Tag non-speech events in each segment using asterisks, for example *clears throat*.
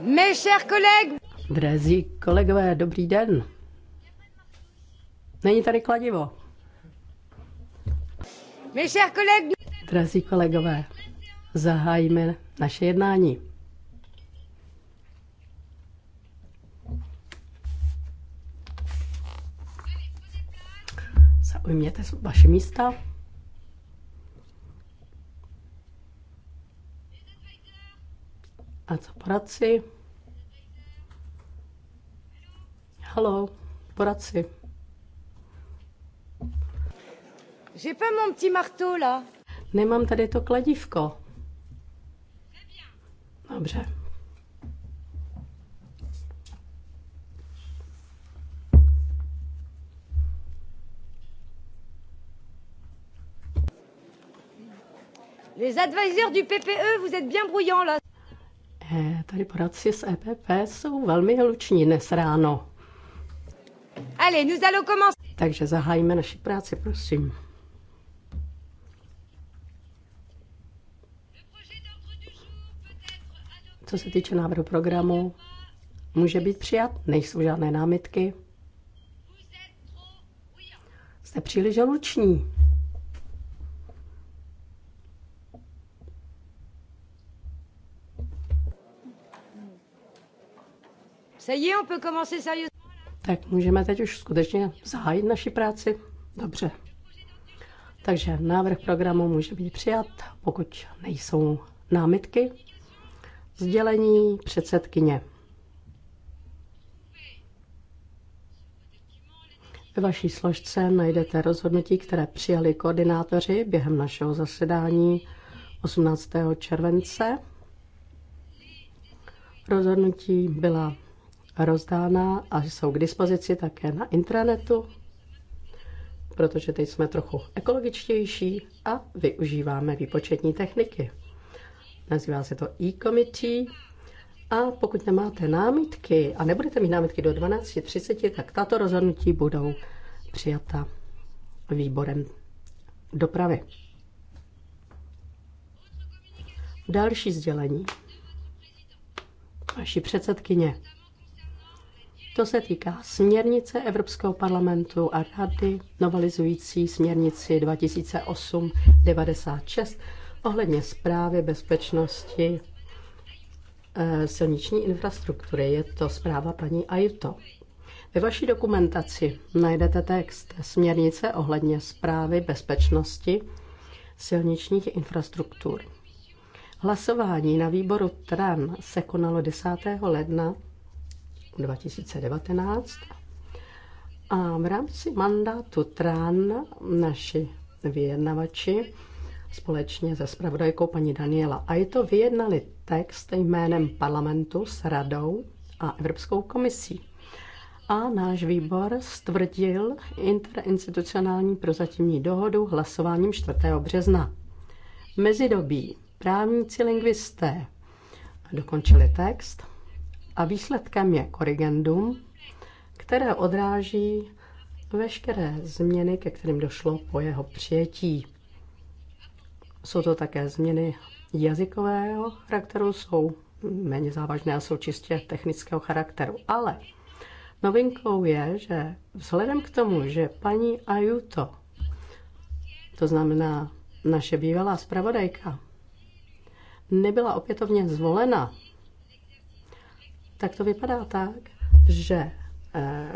Mes Drazí kolegové, dobrý den. Není tady kladivo. Mes Drazí kolegové, zahájíme naše jednání. Zaujměte vaše místa. A co poradci? Halo, poradci. J'ai pas mon petit marteau là. Nemám tady to kladívko. Dobře. Les advisors du PPE, vous êtes bien brouillants là. Eh, tady poradci z EPP jsou velmi hluční dnes ráno. Allez, nous allons commencer. Takže zahájíme naši práci, prosím. Co se týče návrhu programu, může být přijat, nejsou žádné námitky. Jste příliš hluční. Tak můžeme teď už skutečně zahájit naši práci? Dobře. Takže návrh programu může být přijat, pokud nejsou námitky. Sdělení předsedkyně. Ve vaší složce najdete rozhodnutí, které přijali koordinátoři během našeho zasedání 18. července. Rozhodnutí byla rozdána a jsou k dispozici také na intranetu, protože teď jsme trochu ekologičtější a využíváme výpočetní techniky. Nazývá se to e-committee a pokud nemáte námitky a nebudete mít námitky do 12.30, tak tato rozhodnutí budou přijata výborem dopravy. Další sdělení. Vaši předsedkyně to se týká směrnice Evropského parlamentu a rady novelizující směrnici 2008-96 ohledně zprávy bezpečnosti eh, silniční infrastruktury. Je to zpráva paní Ajuto. Ve vaší dokumentaci najdete text směrnice ohledně zprávy bezpečnosti silničních infrastruktur. Hlasování na výboru TRAN se konalo 10. ledna 2019. A v rámci mandátu TRAN naši vyjednavači společně se spravodajkou paní Daniela Aito vyjednali text jménem parlamentu s radou a Evropskou komisí. A náš výbor stvrdil interinstitucionální prozatímní dohodu hlasováním 4. března. Mezidobí právníci lingvisté dokončili text a výsledkem je korrigendum, které odráží veškeré změny, ke kterým došlo po jeho přijetí. Jsou to také změny jazykového charakteru, jsou méně závažné a jsou čistě technického charakteru. Ale novinkou je, že vzhledem k tomu, že paní Ajuto, to znamená naše bývalá zpravodajka, nebyla opětovně zvolena tak to vypadá tak, že eh,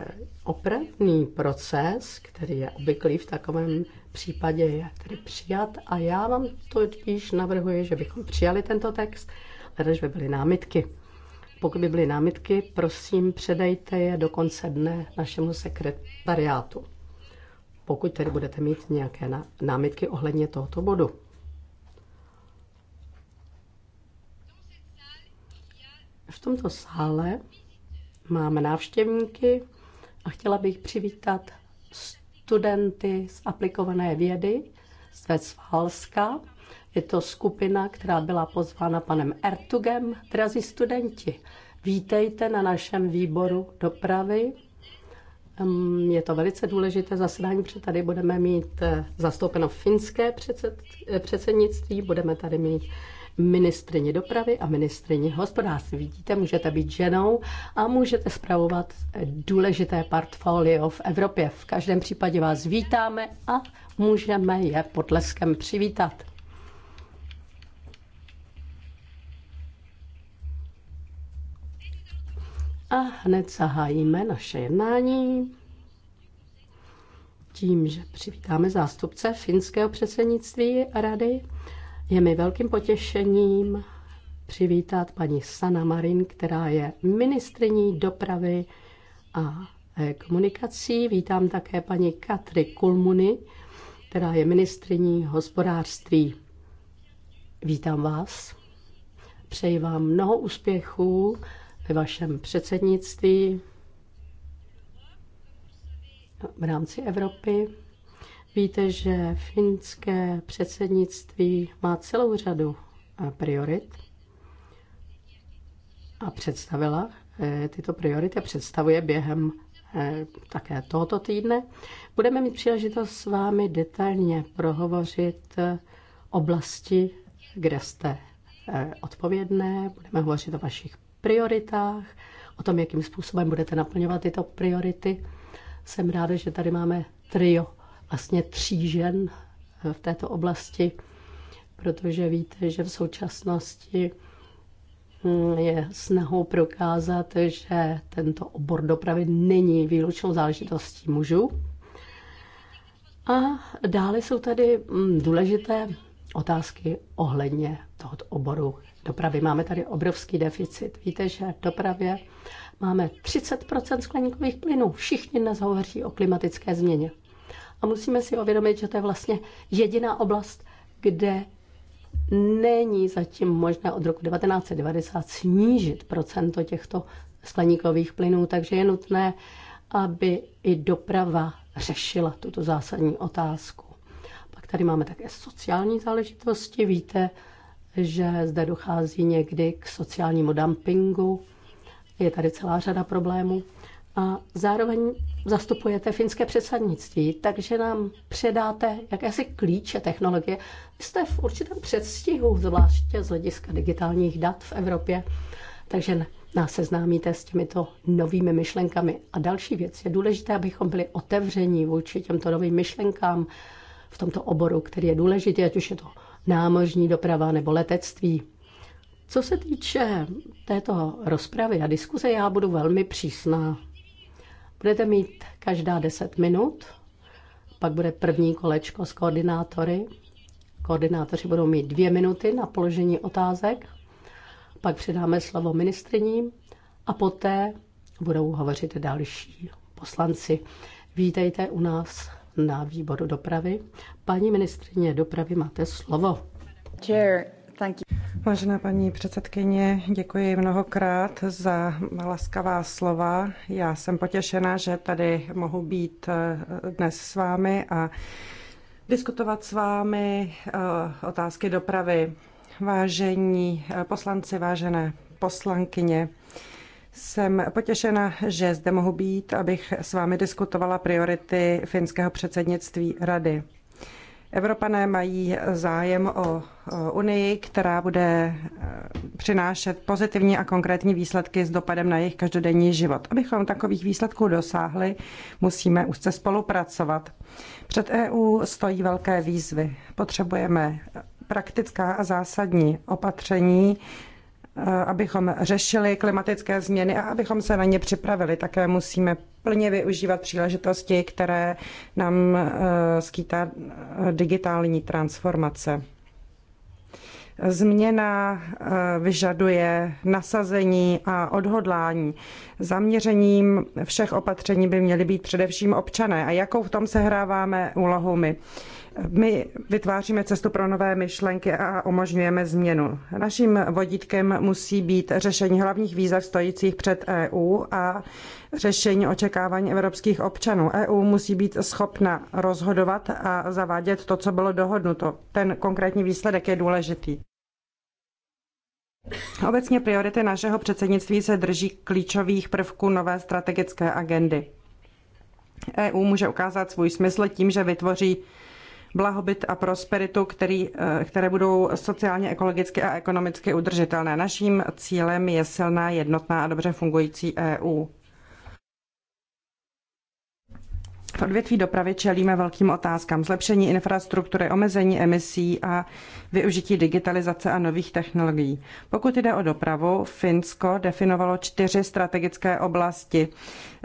opravný proces, který je obvyklý v takovém případě, je tedy přijat a já vám to již navrhuji, že bychom přijali tento text, když by byly námitky. Pokud by byly námitky, prosím, předejte je do konce dne našemu sekretariátu. Pokud tedy budete mít nějaké námitky ohledně tohoto bodu. V tomto sále máme návštěvníky a chtěla bych přivítat studenty z aplikované vědy z Vecfalska. Je to skupina, která byla pozvána panem Ertugem. Drazí studenti, vítejte na našem výboru dopravy. Je to velice důležité zasedání, protože tady budeme mít eh, zastoupeno finské eh, předsednictví, budeme tady mít ministrině dopravy a ministrině hospodářství. Vidíte, můžete být ženou a můžete spravovat důležité portfolio v Evropě. V každém případě vás vítáme a můžeme je potleskem přivítat. A hned zahájíme naše jednání tím, že přivítáme zástupce finského předsednictví a rady je mi velkým potěšením přivítat paní Sana Marin, která je ministriní dopravy a e, komunikací. Vítám také paní Katry Kulmuny, která je ministriní hospodářství. Vítám vás. Přeji vám mnoho úspěchů ve vašem předsednictví v rámci Evropy. Víte, že finské předsednictví má celou řadu eh, priorit a představila eh, tyto priority a představuje během eh, také tohoto týdne. Budeme mít příležitost s vámi detailně prohovořit oblasti, kde jste odpovědné, budeme hovořit o vašich prioritách, o tom, jakým způsobem budete naplňovat tyto priority. Jsem ráda, že tady máme trio vlastně tří žen v této oblasti, protože víte, že v současnosti hm, je snahou prokázat, že tento obor dopravy není výlučnou záležitostí mužů. A dále jsou tady hm, důležité otázky ohledně tohoto oboru dopravy. Máme tady obrovský deficit. Víte, že v dopravě máme 30 skleníkových plynů. Všichni dnes hovoří o klimatické změně. A musíme si uvědomit, že to je vlastně jediná oblast, kde není zatím možné od roku 1990 snížit procento těchto skleníkových plynů, takže je nutné, aby i doprava řešila tuto zásadní otázku. Pak tady máme také sociální záležitosti. Víte, že zde dochází někdy k sociálnímu dumpingu. Je tady celá řada problémů a zároveň zastupujete finské předsednictví, takže nám předáte jakési klíče technologie. Vy jste v určitém předstihu, zvláště z hlediska digitálních dat v Evropě, takže nás seznámíte s těmito novými myšlenkami. A další věc je důležité, abychom byli otevření vůči těmto novým myšlenkám v tomto oboru, který je důležitý, ať už je to námořní doprava nebo letectví. Co se týče této rozpravy a diskuze, já budu velmi přísná Budete mít každá 10 minut, pak bude první kolečko s koordinátory. Koordinátoři budou mít dvě minuty na položení otázek, pak předáme slovo ministriním a poté budou hovořit další poslanci. Vítejte u nás na výboru dopravy. Paní ministrině dopravy, máte slovo. Chair, Thank you. Vážená paní předsedkyně, děkuji mnohokrát za laskavá slova. Já jsem potěšena, že tady mohu být eh, dnes s vámi a diskutovat s vámi eh, otázky dopravy. Vážení eh, poslanci, vážené poslankyně, jsem potěšena, že zde mohu být, abych s vámi diskutovala priority finského předsednictví Rady. Evropané mají zájem o Unii, která bude e, přinášet pozitivní a konkrétní výsledky s dopadem na jejich každodenní život. Abychom takových výsledků dosáhli, musíme úzce spolupracovat. Před EU stojí velké výzvy. Potřebujeme praktická a zásadní opatření Eh, abychom řešili klimatické změny a abychom se na ně připravili. Také musíme plně využívat příležitosti, které nám eh, skýtá eh, digitální transformace. Změna vyžaduje nasazení a odhodlání. Zaměřením všech opatření by měly být především občané. A jakou v tom sehráváme úlohu my? My vytváříme cestu pro nové myšlenky a umožňujeme změnu. Naším vodítkem musí být řešení hlavních výzev stojících před EU a řešení očekávání evropských občanů. EU musí být schopna rozhodovat a zavádět to, co bylo dohodnuto. Ten konkrétní výsledek je důležitý. Obecně priority našeho předsednictví se drží klíčových prvků nové strategické agendy. EU může ukázat svůj smysl tím, že vytvoří blahobyt a prosperitu, který, eh, které budou sociálně, ekologicky a ekonomicky udržitelné. Naším cílem je silná, jednotná a dobře fungující EU. V odvětví dopravy čelíme velkým otázkám zlepšení infrastruktury, omezení emisí a využití digitalizace a nových technologií. Pokud jde o dopravu, Finsko definovalo čtyři strategické oblasti.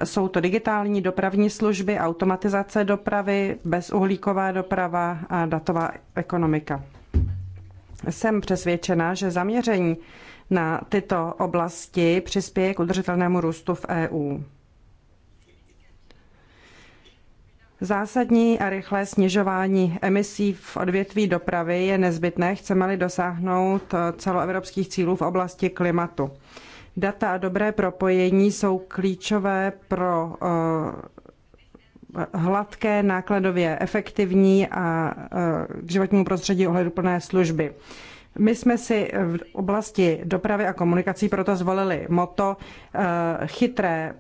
Jsou to digitální dopravní služby, automatizace dopravy, bezuhlíková doprava a datová ekonomika. Jsem přesvědčena, že zaměření na tyto oblasti přispěje k udržitelnému růstu v EU. Zásadní a rychlé snižování emisí v odvětví dopravy je nezbytné, chceme-li dosáhnout eh, celoevropských cílů v oblasti klimatu. Data a dobré propojení jsou klíčové pro eh, hladké, nákladově efektivní a eh, k životnímu prostředí ohleduplné služby. My jsme si v oblasti dopravy a komunikací proto zvolili moto chytré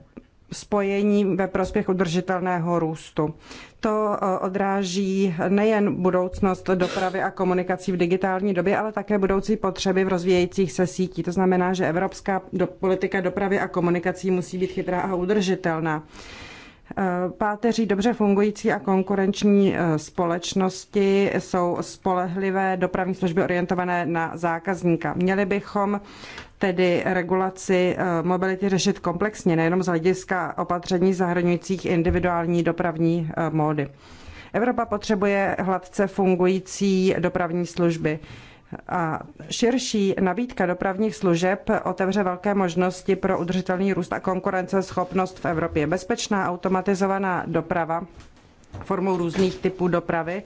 spojení ve prospěch udržitelného růstu. To e, odráží nejen budoucnost dopravy a komunikací v digitální době, ale také budoucí potřeby v rozvíjejících se sítí. To znamená, že evropská politika dopravy a komunikací musí být chytrá a udržitelná. E, páteří dobře fungující a konkurenční e, společnosti jsou spolehlivé dopravní služby orientované na zákazníka. Měli bychom tedy regulaci eh, mobility řešit komplexně, nejenom z hlediska opatření zahrnujících individuální dopravní eh, módy. Evropa potřebuje hladce fungující dopravní služby. A širší nabídka dopravních služeb otevře velké možnosti pro udržitelný růst a konkurenceschopnost v Evropě. Bezpečná automatizovaná doprava formou různých typů dopravy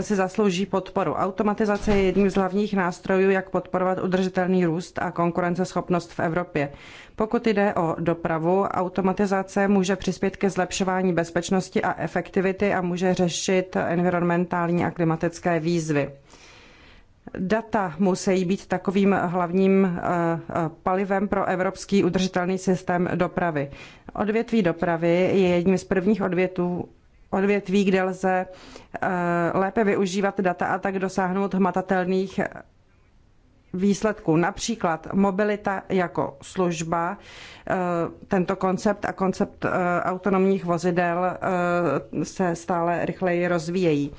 si zaslouží podporu. Automatizace je jedním z hlavních nástrojů, jak podporovat udržitelný růst a konkurenceschopnost v Evropě. Pokud jde o dopravu, automatizace může přispět ke zlepšování bezpečnosti a efektivity a může řešit environmentální a klimatické výzvy. Data musí být takovým hlavním eh, eh, palivem pro evropský udržitelný systém dopravy. Odvětví dopravy je jedním z prvních odvětů, odvětví, kde lze eh, lépe využívat data a tak dosáhnout hmatatelných výsledků. Například mobilita jako služba, eh, tento koncept a koncept eh, autonomních vozidel eh, se stále rychleji rozvíjejí.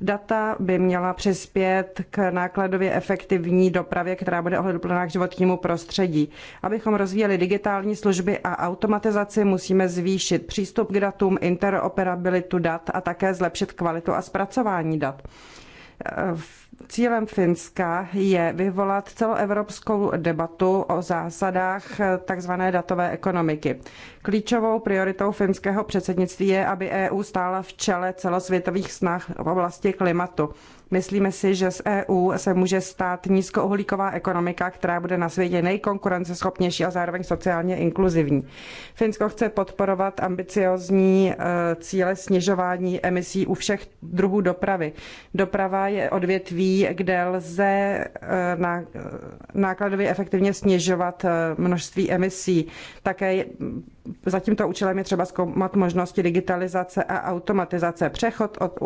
Data by měla přispět k nákladově efektivní dopravě, která bude ohleduplná k životnímu prostředí. Abychom rozvíjeli digitální služby a automatizaci, musíme zvýšit přístup k datům, interoperabilitu dat a také zlepšit kvalitu a zpracování dat. V Cílem Finska je vyvolat celoevropskou debatu o zásadách tzv. datové ekonomiky. Klíčovou prioritou finského předsednictví je, aby EU stála v čele celosvětových snah v oblasti klimatu. Myslíme si, že z EU se může stát nízkouhlíková ekonomika, která bude na světě nejkonkurenceschopnější a zároveň sociálně inkluzivní. Finsko chce podporovat ambiciozní e, cíle snižování emisí u všech druhů dopravy. Doprava je odvětví, kde lze e, e, nákladově efektivně snižovat množství emisí. Také za tímto účelem je třeba zkoumat možnosti digitalizace a automatizace. Přechod od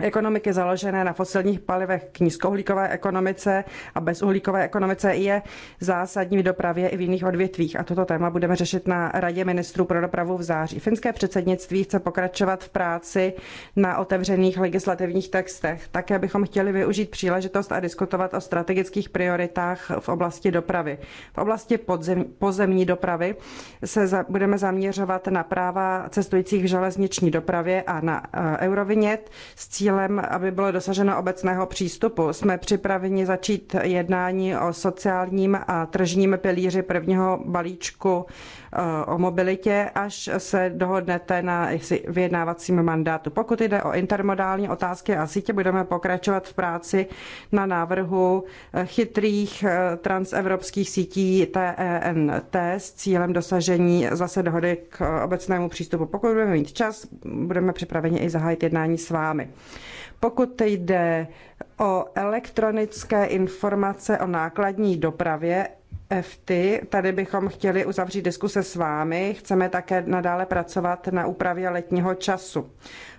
ekonomiky založené na fosilních palivech k nízkouhlíkové ekonomice a bezuhlíkové ekonomice je zásadní v dopravě i v jiných odvětvích. A toto téma budeme řešit na Radě ministrů pro dopravu v září. Finské předsednictví chce pokračovat v práci na otevřených legislativních textech. Také bychom chtěli využít příležitost a diskutovat o strategických prioritách v oblasti dopravy. V oblasti podzem, pozemní dopravy se za, budeme zaměřovat na práva cestujících v železniční dopravě a na uh, eurovinět s cílem cílem, aby bylo dosaženo obecného přístupu. Jsme připraveni začít jednání o sociálním a tržním pilíři prvního balíčku eh, o mobilitě, až se dohodnete na vyjednávacím mandátu. Pokud jde o intermodální otázky a sítě, budeme pokračovat v práci na návrhu eh, chytrých eh, transevropských sítí TENT e s cílem dosažení zase dohody k obecnému přístupu. Pokud budeme mít čas, budeme připraveni i zahájit jednání s vámi. Pokud jde o elektronické informace o nákladní dopravě, FT. Tady bychom chtěli uzavřít diskuse s vámi. Chceme také nadále pracovat na úpravě letního času.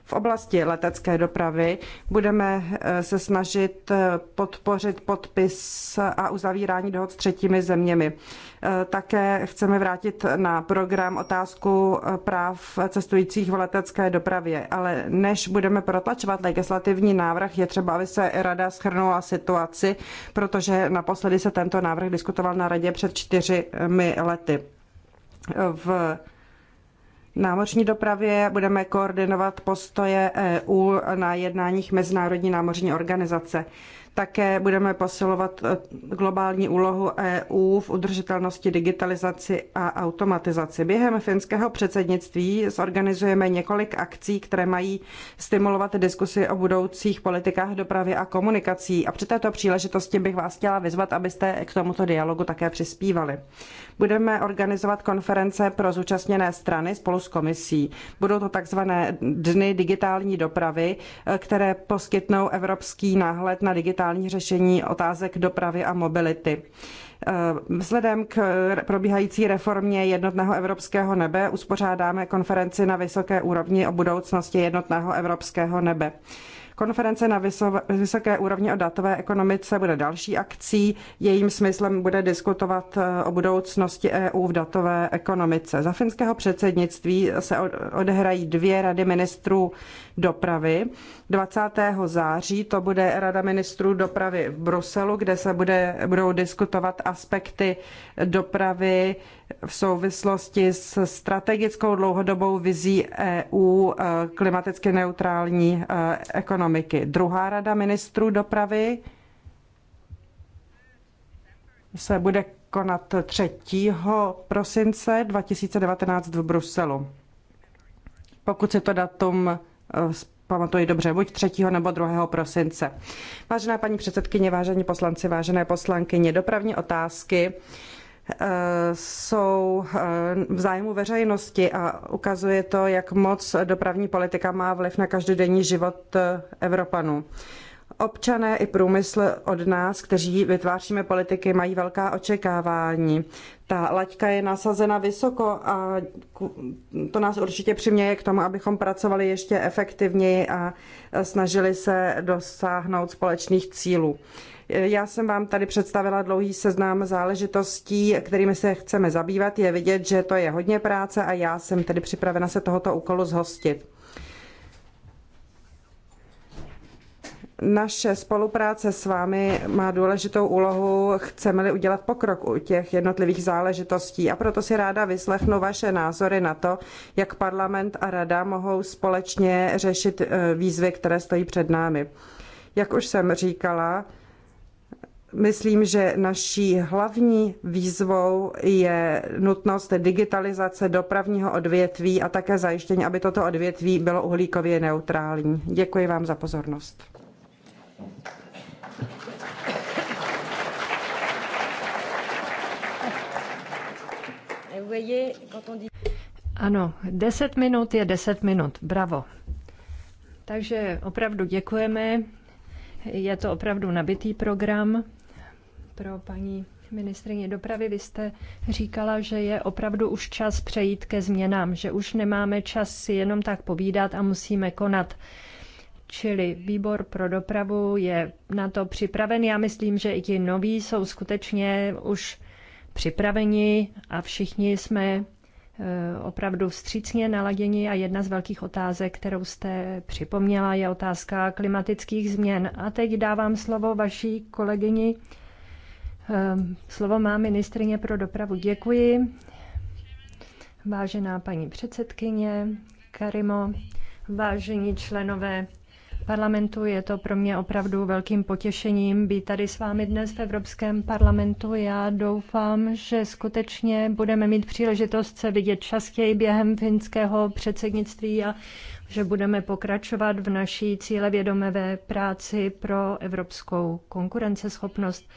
V oblasti letecké dopravy budeme eh, se snažit eh, podpořit podpis a uzavírání dohod s třetími zeměmi. Eh, také chceme vrátit na program otázku eh, práv cestujících v letecké dopravě. Ale než budeme protlačovat legislativní návrh, je třeba, aby se rada schrnula situaci, protože naposledy se tento návrh diskutoval na radě před čtyřmi lety. Eh, v námořní dopravě budeme koordinovat postoje EU na jednáních Mezinárodní námořní organizace. Také budeme posilovat eh, globální úlohu EU v udržitelnosti digitalizaci a automatizaci. Během finského předsednictví zorganizujeme několik akcí, které mají stimulovat diskusy o budoucích politikách dopravy a komunikací. A při této příležitosti bych vás chtěla vyzvat, abyste k tomuto dialogu také přispívali. Budeme organizovat konference pro zúčastněné strany spolu s komisí. Budou to takzvané dny digitální dopravy, eh, které poskytnou evropský náhled na digitální integrální řešení otázek dopravy a mobility. Eh, vzhledem k probíhající reformě jednotného evropského nebe uspořádáme konferenci na vysoké úrovni o budoucnosti jednotného evropského nebe. Konference na vysoké úrovni o datové ekonomice bude další akcí. Jejím smyslem bude diskutovat eh, o budoucnosti EU v datové ekonomice. Za finského předsednictví se odehrají dvě rady ministrů dopravy. 20. září to bude Rada ministrů dopravy v Bruselu, kde se bude, budou diskutovat aspekty dopravy v souvislosti s strategickou dlouhodobou vizí EU eh, klimaticky neutrální eh, ekonomiky. Druhá rada ministrů dopravy se bude konat 3. prosince 2019 v Bruselu. Pokud se to datum eh, pamatuji dobře, buď 3. nebo 2. prosince. Vážená paní předsedkyně, vážení poslanci, vážené poslankyně, dopravní otázky jsou eh, v zájmu veřejnosti a ukazuje to, jak moc dopravní politika má vliv na každodenní život eh, Evropanů. Občané i průmysl od nás, kteří vytváříme politiky, mají velká očekávání ta laťka je nasazena vysoko a to nás určitě přiměje k tomu, abychom pracovali ještě efektivněji a snažili se dosáhnout společných cílů. Já jsem vám tady představila dlouhý seznam záležitostí, kterými se chceme zabývat. Je vidět, že to je hodně práce a já jsem tedy připravena se tohoto úkolu zhostit. Naše spolupráce s vámi má důležitou úlohu, chceme-li udělat pokrok u těch jednotlivých záležitostí a proto si ráda vyslechnu vaše názory na to, jak parlament a rada mohou společně řešit eh, výzvy, které stojí před námi. Jak už jsem říkala, myslím, že naší hlavní výzvou je nutnost digitalizace dopravního odvětví a také zajištění, aby toto odvětví bylo uhlíkově neutrální. Děkuji vám za pozornost. Ano, 10 minut je 10 minut, bravo. Takže opravdu děkujeme. Je to opravdu nabitý program pro paní ministrině dopravy. Vy jste říkala, že je opravdu už čas přejít ke změnám, že už nemáme čas si jenom tak povídat a musíme konat. Čili výbor pro dopravu je na to připraven. Já myslím, že i ti noví jsou skutečně už připraveni a všichni jsme eh, opravdu vstřícně naladěni a jedna z velkých otázek, kterou jste připomněla, je otázka klimatických změn. A teď dávám slovo vaší kolegyni. Ehm, slovo má ministrině pro dopravu. Děkuji. Vážená paní předsedkyně Karimo, vážení členové parlamentu. Je to pro mě opravdu velkým potěšením být tady s vámi dnes v Evropském parlamentu. Já doufám, že skutečně budeme mít příležitost se vidět častěji během finského předsednictví a že budeme pokračovat v naší cílevědomé práci pro evropskou konkurenceschopnost.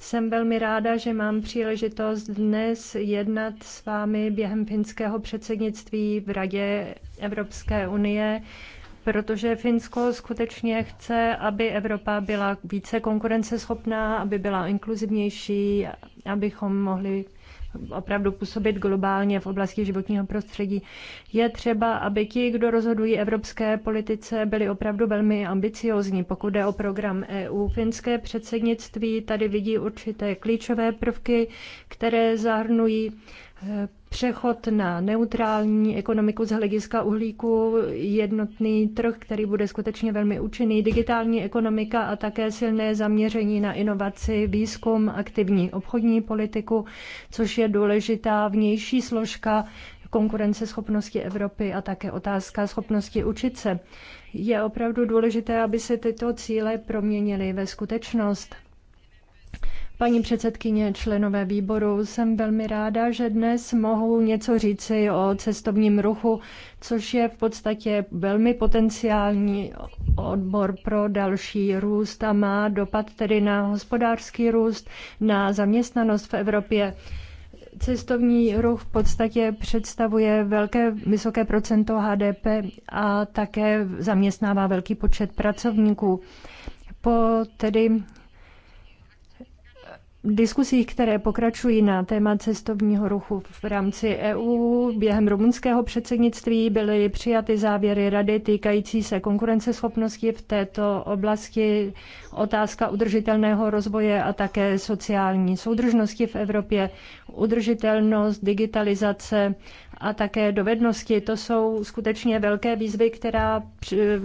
Jsem velmi ráda, že mám příležitost dnes jednat s vámi během finského předsednictví v Radě Evropské unie protože Finsko skutečně chce, aby Evropa byla více konkurenceschopná, aby byla inkluzivnější, abychom mohli opravdu působit globálně v oblasti životního prostředí. Je třeba, aby ti, kdo rozhodují evropské politice, byli opravdu velmi ambiciozní, pokud jde o program EU. Finské předsednictví tady vidí určité klíčové prvky, které zahrnují eh, přechod na neutrální ekonomiku z hlediska uhlíku, jednotný trh, který bude skutečně velmi účinný, digitální ekonomika a také silné zaměření na inovaci, výzkum, aktivní obchodní politiku, což je důležitá vnější složka konkurenceschopnosti Evropy a také otázka schopnosti učit se. Je opravdu důležité, aby se tyto cíle proměnily ve skutečnost. Paní předsedkyně, členové výboru, jsem velmi ráda, že dnes mohu něco říci o cestovním ruchu, což je v podstatě velmi potenciální odbor pro další růst a má dopad tedy na hospodářský růst, na zaměstnanost v Evropě cestovní ruch v podstatě představuje velké, vysoké procento HDP a také zaměstnává velký počet pracovníků. Po tedy diskusích, které pokračují na téma cestovního ruchu v rámci EU během rumunského předsednictví byly přijaty závěry rady týkající se konkurenceschopnosti v této oblasti, otázka udržitelného rozvoje a také sociální soudržnosti v Evropě, udržitelnost, digitalizace a také dovednosti. To jsou skutečně velké výzvy, která,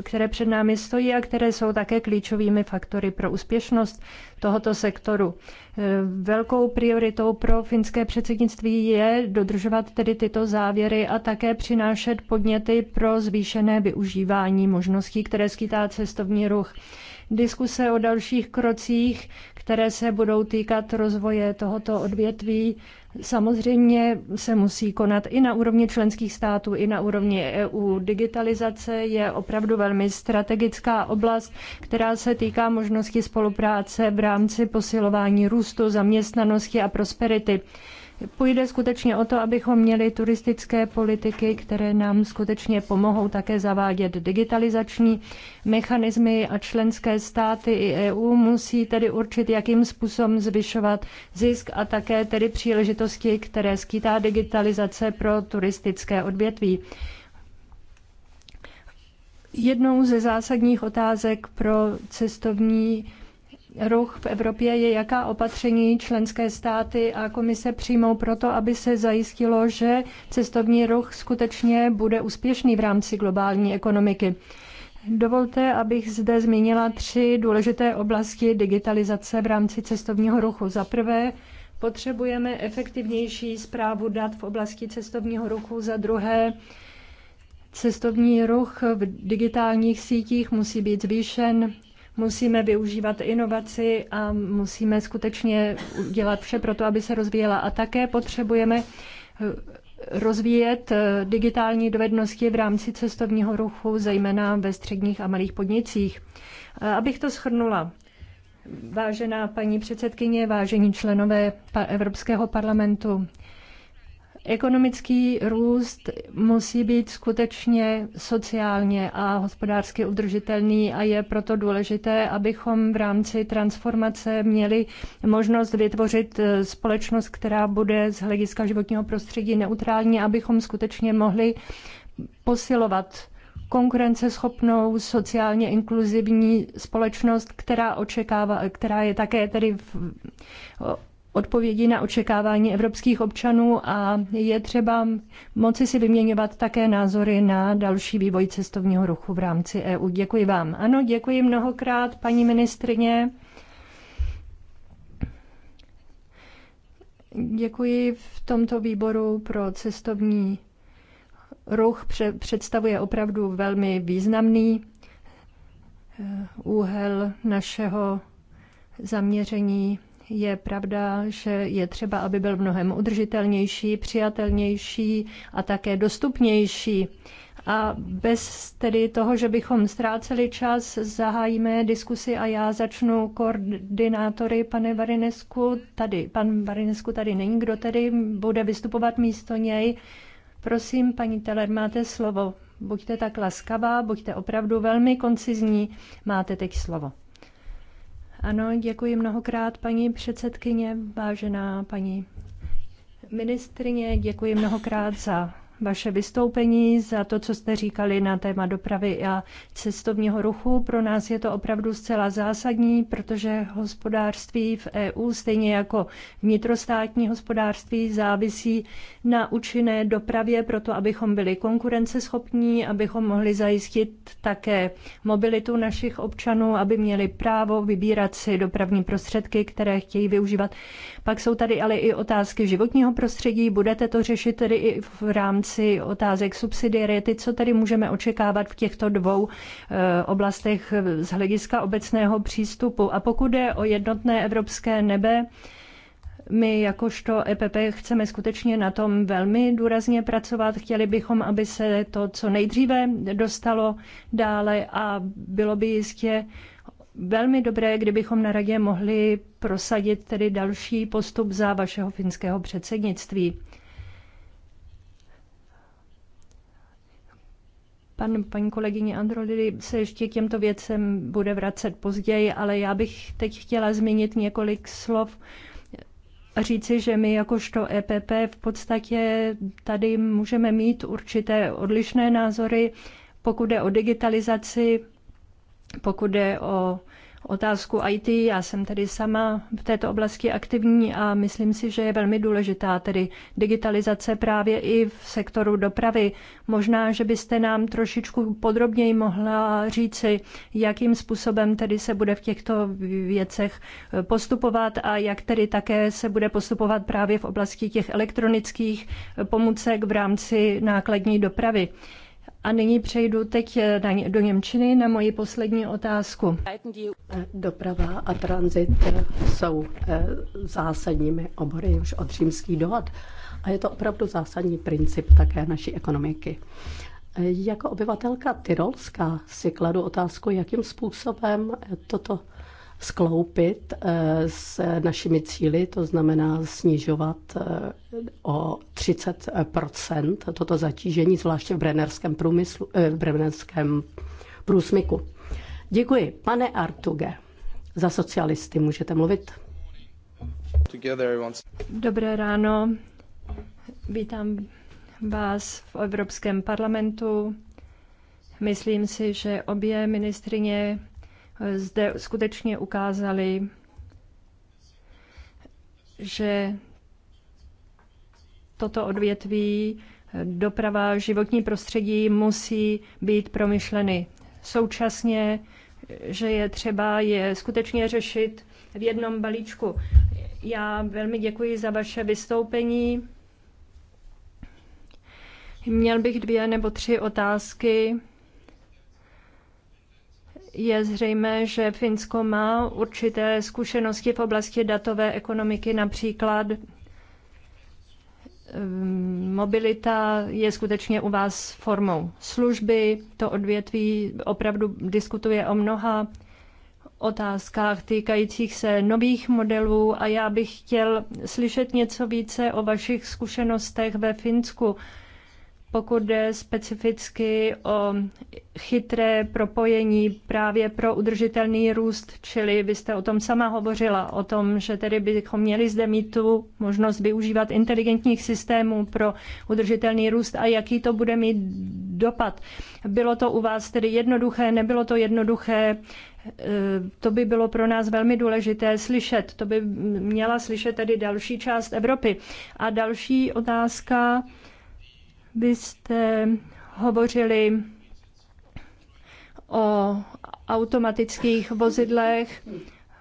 které před námi stojí a které jsou také klíčovými faktory pro úspěšnost tohoto sektoru. Eh, velkou prioritou pro finské předsednictví je dodržovat tedy tyto závěry a také přinášet podněty pro zvýšené využívání možností, které skýtá cestovní ruch. Diskuse o dalších krocích, které se budou týkat rozvoje tohoto odvětví, Samozřejmě se musí konat i na úrovni členských států, i na úrovni EU. Digitalizace je opravdu velmi strategická oblast, která se týká možnosti spolupráce v rámci posilování růstu, zaměstnanosti a prosperity. Půjde skutečně o to, abychom měli turistické politiky, které nám skutečně pomohou také zavádět digitalizační mechanismy a členské státy i EU musí tedy určit, jakým způsobem zvyšovat zisk a také tedy příležitosti, které skýtá digitalizace pro turistické odvětví. Jednou ze zásadních otázek pro cestovní ruch v Evropě je, jaká opatření členské státy a komise přijmou proto, aby se zajistilo, že cestovní ruch skutečně bude úspěšný v rámci globální ekonomiky. Dovolte, abych zde zmínila tři důležité oblasti digitalizace v rámci cestovního ruchu. Za prvé, potřebujeme efektivnější zprávu dat v oblasti cestovního ruchu. Za druhé, cestovní ruch v digitálních sítích musí být zvýšen Musíme využívat inovaci a musíme skutečně dělat vše pro to, aby se rozvíjela. A také potřebujeme eh, rozvíjet eh, digitální dovednosti v rámci cestovního ruchu, zejména ve středních a malých podnicích. Eh, abych to shrnula, vážená paní předsedkyně, vážení členové Evropského parlamentu, Ekonomický růst musí být skutečně sociálně a hospodářsky udržitelný a je proto důležité, abychom v rámci transformace měli možnost vytvořit eh, společnost, která bude z hlediska životního prostředí neutrální, abychom skutečně mohli posilovat konkurenceschopnou, sociálně inkluzivní společnost, která očekává, která je také tedy v odpovědi na očekávání evropských občanů a je třeba moci si vyměňovat také názory na další vývoj cestovního ruchu v rámci EU. Děkuji vám. Ano, děkuji mnohokrát, paní ministrině. Děkuji v tomto výboru pro cestovní ruch. Představuje opravdu velmi významný eh, úhel našeho zaměření je pravda, že je třeba, aby byl mnohem udržitelnější, přijatelnější a také dostupnější. A bez tedy toho, že bychom ztráceli čas, zahájíme diskusi a já začnu koordinátory, pane Varinesku, tady, pan Varinesku tady není, kdo tedy bude vystupovat místo něj. Prosím, paní Teller máte slovo. Buďte tak laskavá, buďte opravdu velmi koncizní, máte teď slovo. Ano, děkuji mnohokrát, paní předsedkyně, vážená paní ministrině, děkuji mnohokrát za vaše vystoupení, za to, co jste říkali na téma dopravy a cestovního ruchu. Pro nás je to opravdu zcela zásadní, protože hospodářství v EU, stejně jako vnitrostátní hospodářství, závisí na účinné dopravě, proto abychom byli konkurenceschopní, abychom mohli zajistit také mobilitu našich občanů, aby měli právo vybírat si dopravní prostředky, které chtějí využívat. Pak jsou tady ale i otázky životního prostředí. Budete to řešit tedy i v rámci rámci otázek subsidiarity, co tedy můžeme očekávat v těchto dvou eh, oblastech z hlediska obecného přístupu. A pokud jde o jednotné evropské nebe, my jakožto EPP chceme skutečně na tom velmi důrazně pracovat. Chtěli bychom, aby se to co nejdříve dostalo dále a bylo by jistě velmi dobré, kdybychom na radě mohli prosadit tedy další postup za vašeho finského předsednictví. Pan, paní kolegyně Androlili se ještě k těmto věcem bude vracet později, ale já bych teď chtěla zmínit několik slov a říci, že my jakožto EPP v podstatě tady můžeme mít určité odlišné názory, pokud jde o digitalizaci, pokud jde o otázku IT. Já jsem tedy sama v této oblasti aktivní a myslím si, že je velmi důležitá tedy digitalizace právě i v sektoru dopravy. Možná, že byste nám trošičku podrobněji mohla říci, jakým způsobem tedy se bude v těchto věcech eh, postupovat a jak tedy také se bude postupovat právě v oblasti těch elektronických eh, pomůcek v rámci nákladní dopravy. A nyní přejdu teď eh, do Němčiny na moji poslední otázku. Doprava a tranzit eh, jsou eh, zásadními obory už od římských dohod a je to opravdu zásadní princip také naší ekonomiky. Jako obyvatelka Tyrolska si kladu otázku, jakým způsobem toto skloupit eh, s našimi cíly, to znamená snižovat eh, o 30 eh, toto zatížení, zvláště v brenerském, průmyslu, v brenerském průsmyku. Děkuji. Pane Artuge, za socialisty můžete mluvit. Dobré ráno. Vítám vás v Evropském parlamentu. Myslím si, že obě ministrině zde skutečně ukázali, že toto odvětví doprava, životní prostředí musí být promyšleny. Současně, že je třeba je skutečně řešit v jednom balíčku. Já velmi děkuji za vaše vystoupení. Měl bych dvě nebo tři otázky je zřejmé, že Finsko má určité zkušenosti v oblasti datové ekonomiky, například ehm, mobilita je skutečně u vás formou služby. To odvětví opravdu diskutuje o mnoha otázkách týkajících se nových modelů a já bych chtěl slyšet něco více o vašich zkušenostech ve Finsku pokud jde specificky o chytré propojení právě pro udržitelný růst, čili vy jste o tom sama hovořila, o tom, že tedy bychom měli zde mít tu možnost využívat inteligentních systémů pro udržitelný růst a jaký to bude mít dopad. Bylo to u vás tedy jednoduché, nebylo to jednoduché, eh, to by bylo pro nás velmi důležité slyšet. To by měla slyšet tedy další část Evropy. A další otázka, Byste hovořili o automatických vozidlech.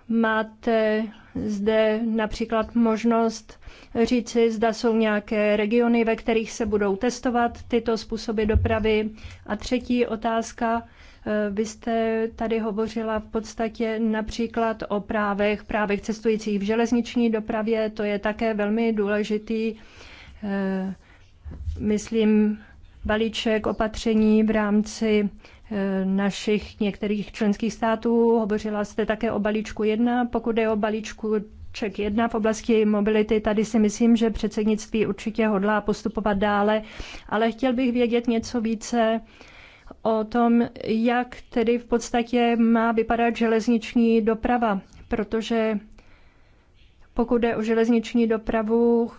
Máte zde například možnost říci, zda jsou nějaké regiony, ve kterých se budou testovat tyto způsoby dopravy. A třetí otázka. Eh, vy jste tady hovořila v podstatě například o právech, právech cestujících v železniční dopravě. To je také velmi důležitý eh, myslím, balíček opatření v rámci e, našich některých členských států. Hovořila jste také o balíčku 1. Pokud je o balíčku Ček 1 v oblasti mobility, tady si myslím, že předsednictví určitě hodlá postupovat dále, ale chtěl bych vědět něco více o tom, jak tedy v podstatě má vypadat železniční doprava, protože pokud jde o železniční dopravu,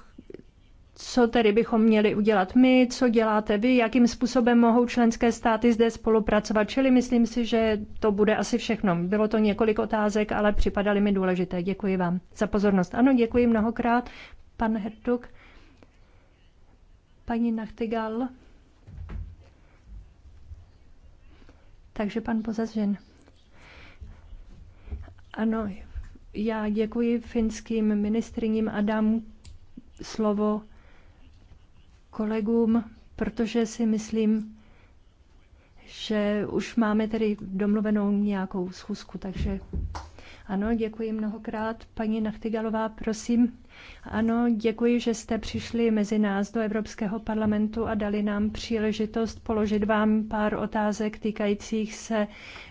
co tedy bychom měli udělat my, co děláte vy, jakým způsobem mohou členské státy zde spolupracovat. Čili myslím si, že to bude asi všechno. Bylo to několik otázek, ale připadaly mi důležité. Děkuji vám za pozornost. Ano, děkuji mnohokrát, pan Hertuk. Paní Nachtigal. Takže pan Pozazžen. Ano, já děkuji finským ministriním a dám slovo kolegům, protože si myslím, že už máme tedy domluvenou nějakou schůzku, takže ano, děkuji mnohokrát. Paní Nachtigalová, prosím. Ano, děkuji, že jste přišli mezi nás do Evropského parlamentu a dali nám příležitost položit vám pár otázek týkajících se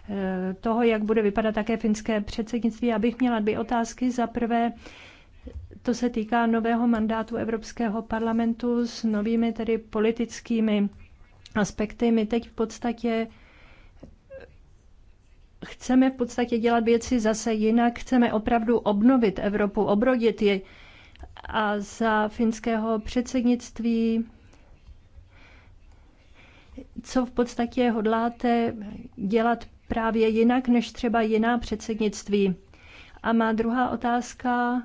eh, toho, jak bude vypadat také finské předsednictví. Abych měla dvě otázky. Za prvé, to se týká nového mandátu Evropského parlamentu s novými tedy politickými aspekty. My teď v podstatě chceme v podstatě dělat věci zase jinak, chceme opravdu obnovit Evropu, obrodit ji. A za finského předsednictví, co v podstatě hodláte dělat právě jinak než třeba jiná předsednictví? A má druhá otázka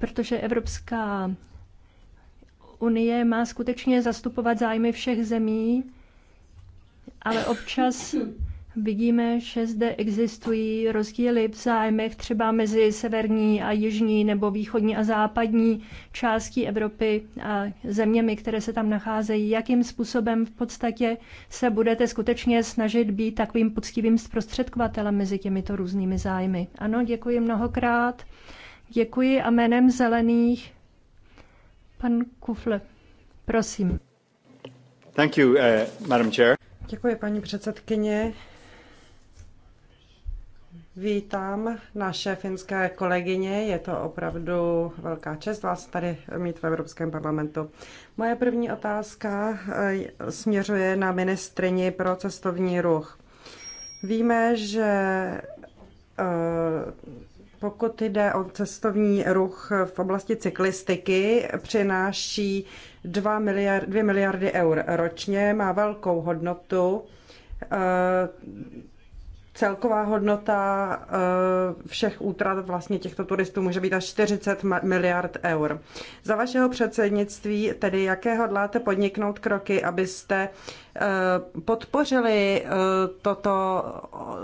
protože Evropská unie má skutečně zastupovat zájmy všech zemí, ale občas vidíme, že zde existují rozdíly v zájmech třeba mezi severní a jižní nebo východní a západní částí Evropy a zeměmi, které se tam nacházejí. Jakým způsobem v podstatě se budete skutečně snažit být takovým poctivým zprostředkovatelem mezi těmito různými zájmy? Ano, děkuji mnohokrát. Děkuji a jménem zelených pan Kufle. Prosím. Thank you, uh, Madam Chair. Děkuji, paní předsedkyně. Vítám naše finské kolegyně, je to opravdu velká čest vás tady mít v Evropském parlamentu. Moje první otázka eh, směřuje na ministrini pro cestovní ruch. Víme, že eh, pokud jde o cestovní ruch v oblasti cyklistiky, přináší 2 miliard, 2 miliardy eur ročně, má velkou hodnotu. Eh, celková hodnota eh, všech útrat vlastně těchto turistů může být až 40 miliard eur. Za vašeho předsednictví tedy jaké hodláte podniknout kroky, abyste eh, podpořili toto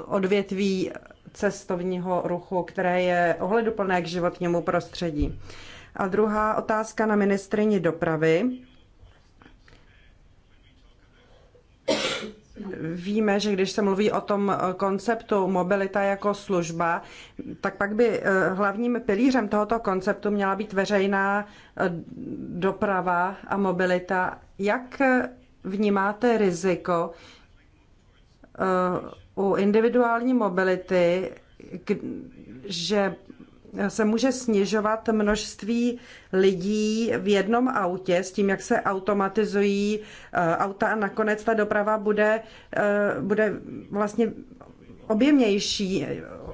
odvětví cestovního ruchu, které je ohleduplné k životnímu prostředí. A druhá otázka na ministrině dopravy. Víme, že když se mluví o tom konceptu mobilita jako služba, tak pak by eh, hlavním pilířem tohoto konceptu měla být veřejná eh, doprava a mobilita. Jak vnímáte riziko eh, u individuální mobility, že se může snižovat množství lidí v jednom autě s tím, jak se automatizují eh, auta a nakonec ta doprava bude, eh, bude vlastně objemnější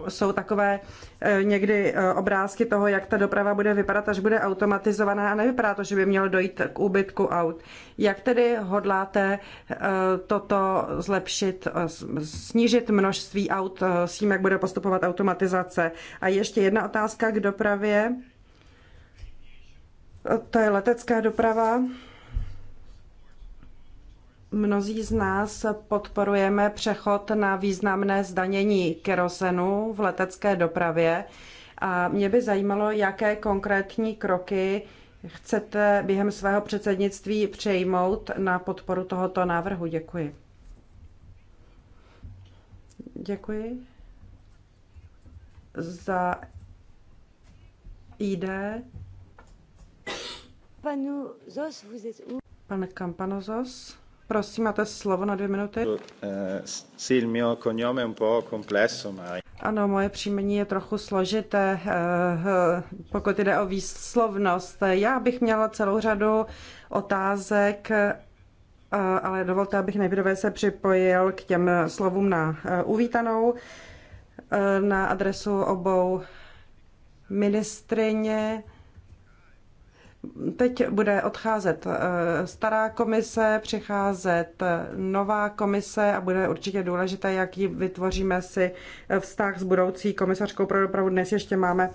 jsou takové e, někdy e, obrázky toho, jak ta doprava bude vypadat, až bude automatizovaná a nevypadá to, že by mělo dojít k úbytku aut. Jak tedy hodláte e, toto zlepšit, snížit množství aut s tím, jak bude postupovat automatizace? A ještě jedna otázka k dopravě. To je letecká doprava. Mnozí z nás podporujeme přechod na významné zdanění kerosenu v letecké dopravě a mě by zajímalo, jaké konkrétní kroky chcete během svého předsednictví přejmout na podporu tohoto návrhu. Děkuji. Děkuji. Za ID. Panuzos, vous êtes où? Pane Kampanozos. Prosím, máte slovo na dvě minuty. Eh, sì, il mio cognome è un po' complesso, ma... Ano, moje příjmení je trochu složité, eh, eh, pokud jde o výslovnost. Já bych měla celou řadu otázek, ale dovolte, abych nejprve se připojil k těm slovům na uvítanou na adresu obou ministrině Teď bude odcházet eh, stará komise, přicházet eh, nová komise a bude určitě důležité, jaký vytvoříme si eh, vztah s budoucí komisařkou pro dopravu. Dnes ještě máme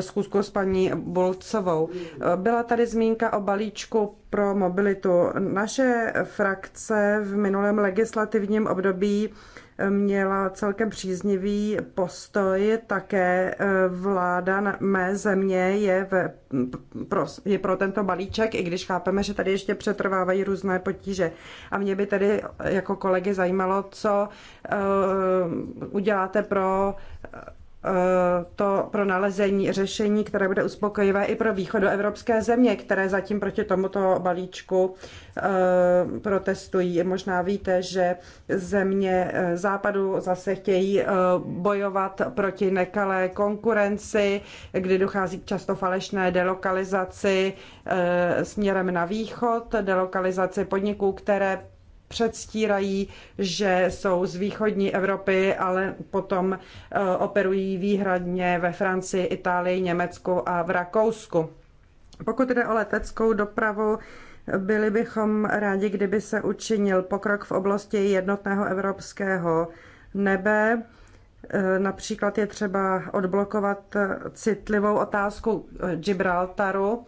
zkusku s paní Bolcovou. Byla tady zmínka o balíčku pro mobilitu. Naše frakce v minulém legislativním období měla celkem příznivý postoj. Také eh, vláda na mé země je, ve, pro, je pro tento balíček, i když chápeme, že tady ještě přetrvávají různé potíže. A mě by tedy jako kolegy zajímalo, co uh, uděláte pro Eh, to pro nalezení řešení, které bude uspokojivé i pro východoevropské země, které zatím proti tomuto balíčku eh, protestují. Možná víte, že země eh, západu zase chtějí bojovat proti nekalé konkurenci, kdy dochází k často falešné delokalizaci směrem na východ, delokalizaci podniků, které předstírají, že jsou z východní Evropy, ale potom eh, operují výhradně ve Francii, Itálii, Německu a v Rakousku. Pokud jde o leteckou dopravu, byli bychom rádi, kdyby se učinil pokrok v oblasti jednotného evropského nebe. Eh, například je třeba odblokovat citlivou otázku Gibraltaru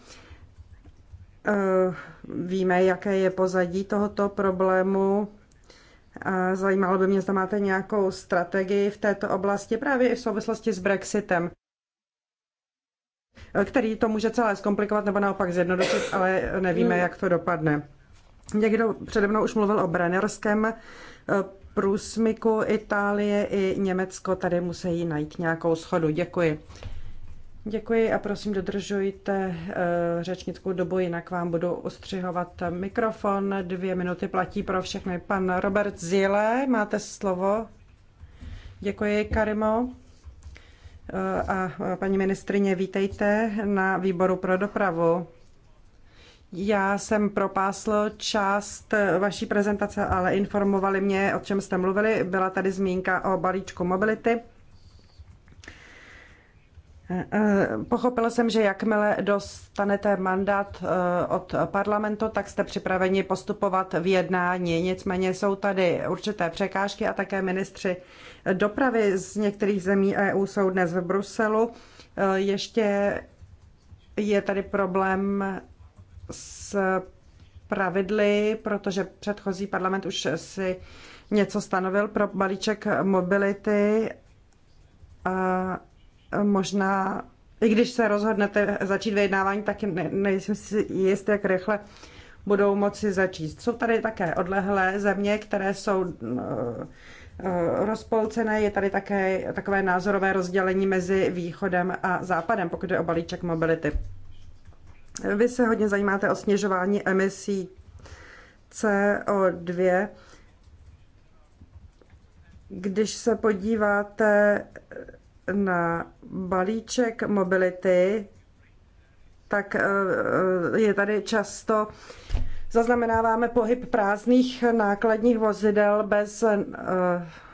eh, Víme, jaké je pozadí tohoto problému. Zajímalo by mě, zda máte nějakou strategii v této oblasti právě i v souvislosti s Brexitem, který to může celé zkomplikovat nebo naopak zjednodušit, ale nevíme, jak to dopadne. Někdo přede mnou už mluvil o Brennerském eh, průsmyku Itálie i Německo tady musí najít nějakou schodu. Děkuji. Děkuji a prosím dodržujte eh, řečnickou dobu, jinak vám budu ostřihovat mikrofon. Dvě minuty platí pro všechny. Pan Robert Zile, máte slovo. Děkuji, Karimo. Eh, a eh, paní ministrině, vítejte na výboru pro dopravu. Já jsem propásl část vaší prezentace, ale informovali mě, o čem jste mluvili. Byla tady zmínka o balíčku mobility Eh, eh, pochopila jsem, že jakmile dostanete mandát eh, od parlamentu, tak jste připraveni postupovat v jednání. Nicméně jsou tady určité překážky a také ministři dopravy z některých zemí EU jsou dnes v Bruselu. Ještě je tady problém s pravidly, protože předchozí parlament už si něco stanovil pro balíček mobility. A možná, i když se rozhodnete začít vyjednávání, tak ne, nejsem si jist, jak rychle budou moci začít. Jsou tady také odlehlé země, které jsou eh, eh, rozpolcené. Je tady také takové názorové rozdělení mezi východem a západem, pokud je o balíček mobility. Vy se hodně zajímáte o snižování emisí CO2. Když se podíváte na balíček mobility, tak eh, eh, je tady často zaznamenáváme pohyb prázdných nákladních vozidel bez, eh,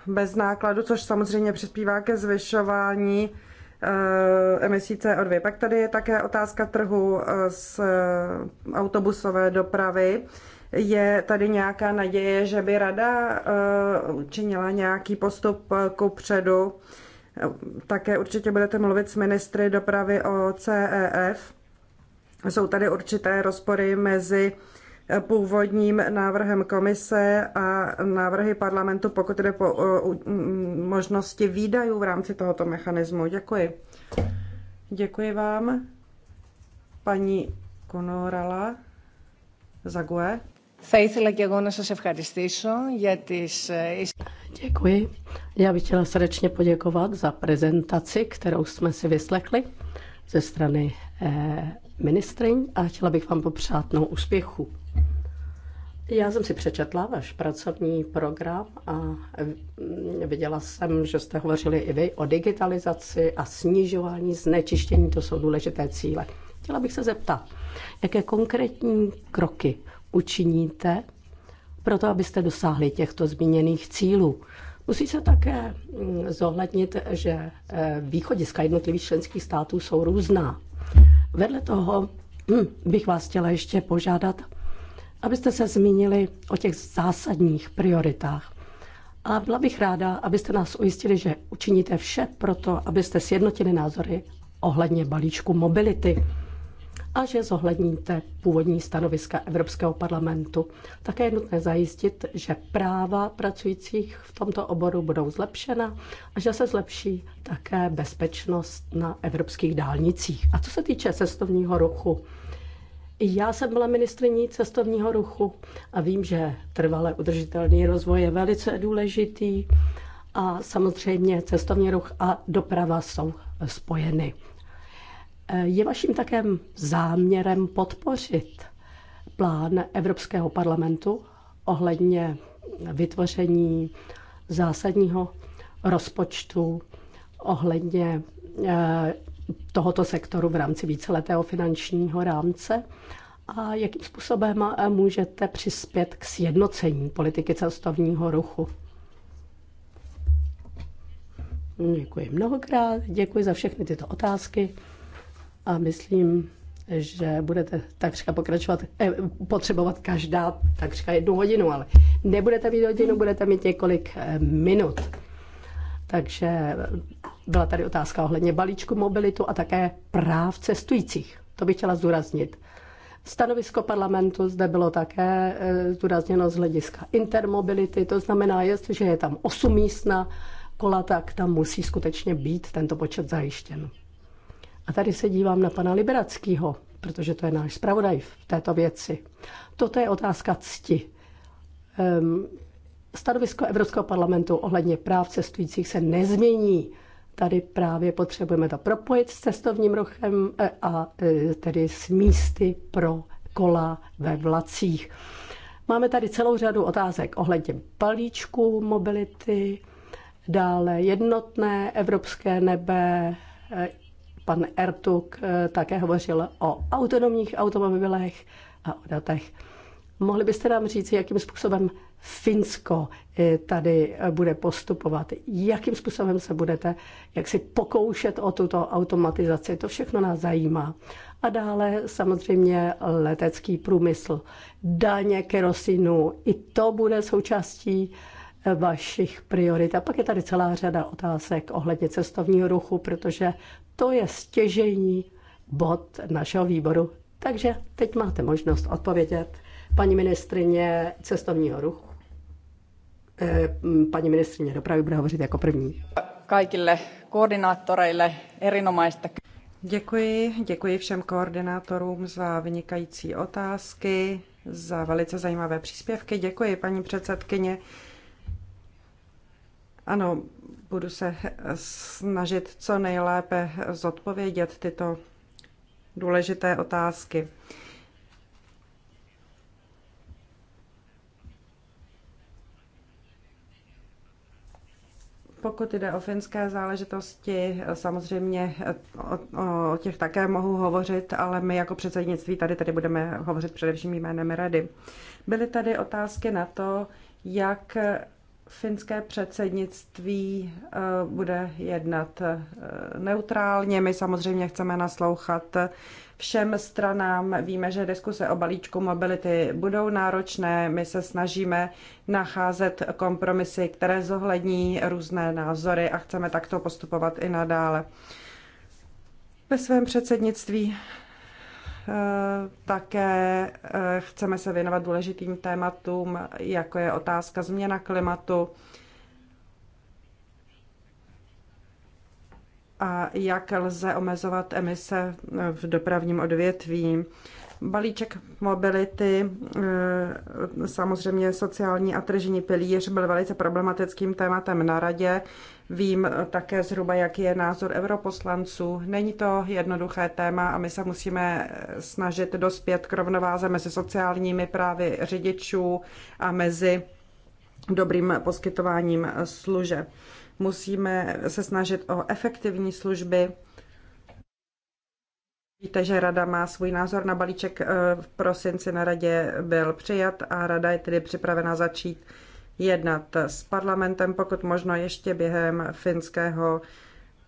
bez nákladu, což samozřejmě přispívá ke zvyšování emisí CO2. Pak tady je také otázka trhu z autobusové dopravy. Je tady nějaká naděje, že by rada učinila nějaký postup ku předu? Také určitě budete mluvit s ministry dopravy o CEF. Jsou tady určité rozpory mezi eh, původním návrhem komise a návrhy parlamentu, pokud jde po eh, mm, možnosti výdajů v rámci tohoto mechanismu. Děkuji. Děkuji vám, paní Konorala Zague. Θα ήθελα και εγώ να σας ευχαριστήσω για τις... Děkuji. Já bych chtěla srdečně poděkovat za prezentaci, kterou jsme si vyslechli ze strany eh, ministryň a chtěla bych vám popřát mnoho úspěchu. Já jsem si přečetla váš pracovní program a mm, viděla jsem, že jste hovořili i vy o digitalizaci a snižování znečištění. To jsou důležité cíle. Chtěla bych se zeptat, jaké konkrétní kroky učiníte pro to, abyste dosáhli těchto zmíněných cílů. Musí se také mm, zohlednit, že e, východiska jednotlivých členských států jsou různá. Vedle toho mm, bych vás chtěla ještě požádat, abyste se zmínili o těch zásadních prioritách. A byla bych ráda, abyste nás ujistili, že učiníte vše pro to, abyste sjednotili názory ohledně balíčku mobility a že zohledníte původní stanoviska Evropského parlamentu. Také je nutné zajistit, že práva pracujících v tomto oboru budou zlepšena a že se zlepší také bezpečnost na evropských dálnicích. A co se týče cestovního ruchu, já jsem byla ministriní cestovního ruchu a vím, že trvale udržitelný rozvoj je velice důležitý a samozřejmě cestovní ruch a doprava jsou spojeny. Eh, je vaším také záměrem podpořit plán Evropského parlamentu ohledně vytvoření zásadního rozpočtu, ohledně eh, tohoto sektoru v rámci víceletého finančního rámce a jakým způsobem eh, můžete přispět k sjednocení politiky cestovního ruchu. Děkuji mnohokrát, děkuji za všechny tyto otázky a myslím, že budete takřka pokračovat, eh, potřebovat každá takřka jednu hodinu, ale nebudete mít hodinu, budete mít několik eh, minut. Takže eh, byla tady otázka ohledně balíčku mobilitu a také práv cestujících. To bych chtěla zdůraznit. Stanovisko parlamentu zde bylo také eh, zdůrazněno z hlediska intermobility, to znamená, jestliže je tam 8 místna kola, tak tam musí skutečně být tento počet zajištěn. A tady se dívám na pana Liberackýho, protože to je náš zpravodaj v této věci. Toto je otázka cti. Um, stanovisko Evropského parlamentu ohledně práv cestujících se nezmění. Tady právě potřebujeme to propojit s cestovním ruchem e, a e, tedy s místy pro kola ve vlacích. Máme tady celou řadu otázek ohledně balíčku mobility, dále jednotné evropské nebe, e, Pan Ertuk eh, také hovořil o autonomních automobilech a o datech. Mohli byste nám říct, jakým způsobem Finsko eh, tady eh, bude postupovat? Jakým způsobem se budete jak si pokoušet o tuto automatizaci? To všechno nás zajímá. A dále samozřejmě letecký průmysl, daně kerosinu, i to bude součástí uh, vašich priorit. A pak je tady celá řada otázek ohledně cestovního ruchu, protože to je stěžení bod našeho výboru. Takže teď máte možnost odpovědět paní ministrině cestovního ruchu. Eh, paní ministrině dopravy bude hovořit jako první. Kaikille koordinátorejle erinomaista. Děkuji, děkuji všem koordinátorům za vynikající otázky, za velice zajímavé příspěvky. Děkuji, paní předsedkyně. Ano, budu se snažit co nejlépe zodpovědět tyto důležité otázky. Pokud jde o finské záležitosti, samozřejmě o, o těch také mohu hovořit, ale my jako předsednictví tady tady budeme hovořit především jménem Rady. Byly tady otázky na to, jak finské předsednictví eh, bude jednat eh, neutrálně. My samozřejmě chceme naslouchat všem stranám. Víme, že diskuse o balíčku mobility budou náročné. My se snažíme nacházet kompromisy, které zohlední různé názory a chceme takto postupovat i nadále. Ve svém předsednictví Eh, také eh, chceme se věnovat důležitým tématům, jako je otázka změna klimatu a jak lze omezovat emise eh, v dopravním odvětví. Balíček mobility, samozřejmě sociální a tržní pilíř byl velice problematickým tématem na radě. Vím také zhruba, jaký je názor europoslanců. Není to jednoduché téma a my se musíme snažit dospět k rovnováze mezi sociálními právy řidičů a mezi dobrým poskytováním služeb. Musíme se snažit o efektivní služby. Víte, že Rada má svůj názor na balíček eh, v prosinci na Radě byl přijat a Rada je tedy připravena začít jednat s parlamentem, pokud možno ještě během finského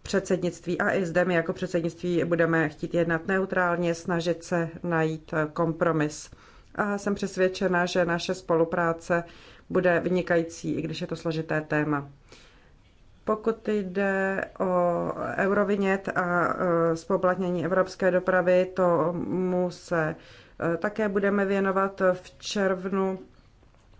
předsednictví a i zde my jako předsednictví budeme chtít jednat neutrálně, snažit se najít kompromis. A jsem přesvědčena, že naše spolupráce bude vynikající, i když je to složité téma. Pokud jde o eurovinět a e, spoplatnění evropské dopravy, tomu se e, také budeme věnovat v červnu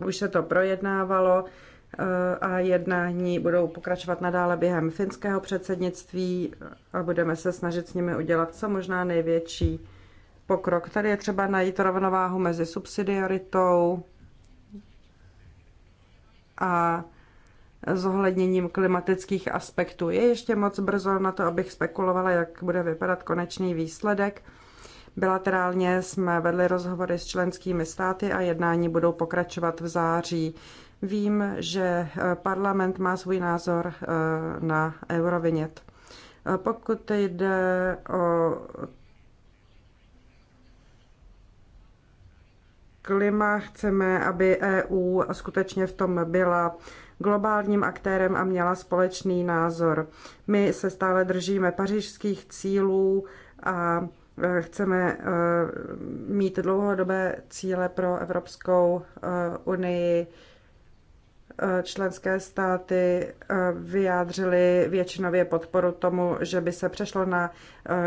už se to projednávalo eh, a jednání budou pokračovat nadále během finského předsednictví eh, a budeme se snažit s nimi udělat co možná největší pokrok. Tady je třeba najít rovnováhu mezi subsidiaritou a zohledněním klimatických aspektů. Je ještě moc brzo na to, abych spekulovala, jak bude vypadat konečný výsledek. Bilaterálně jsme vedli rozhovory s členskými státy a jednání budou pokračovat v září. Vím, že eh, parlament má svůj názor eh, na eurovinět. Eh, pokud jde o klima, chceme, aby EU skutečně v tom byla globálním aktérem a měla společný názor. My se stále držíme pařížských cílů a Eh, chceme eh, mít dlouhodobé cíle pro Evropskou eh, unii. Členské státy vyjádřily většinově podporu tomu, že by se přešlo na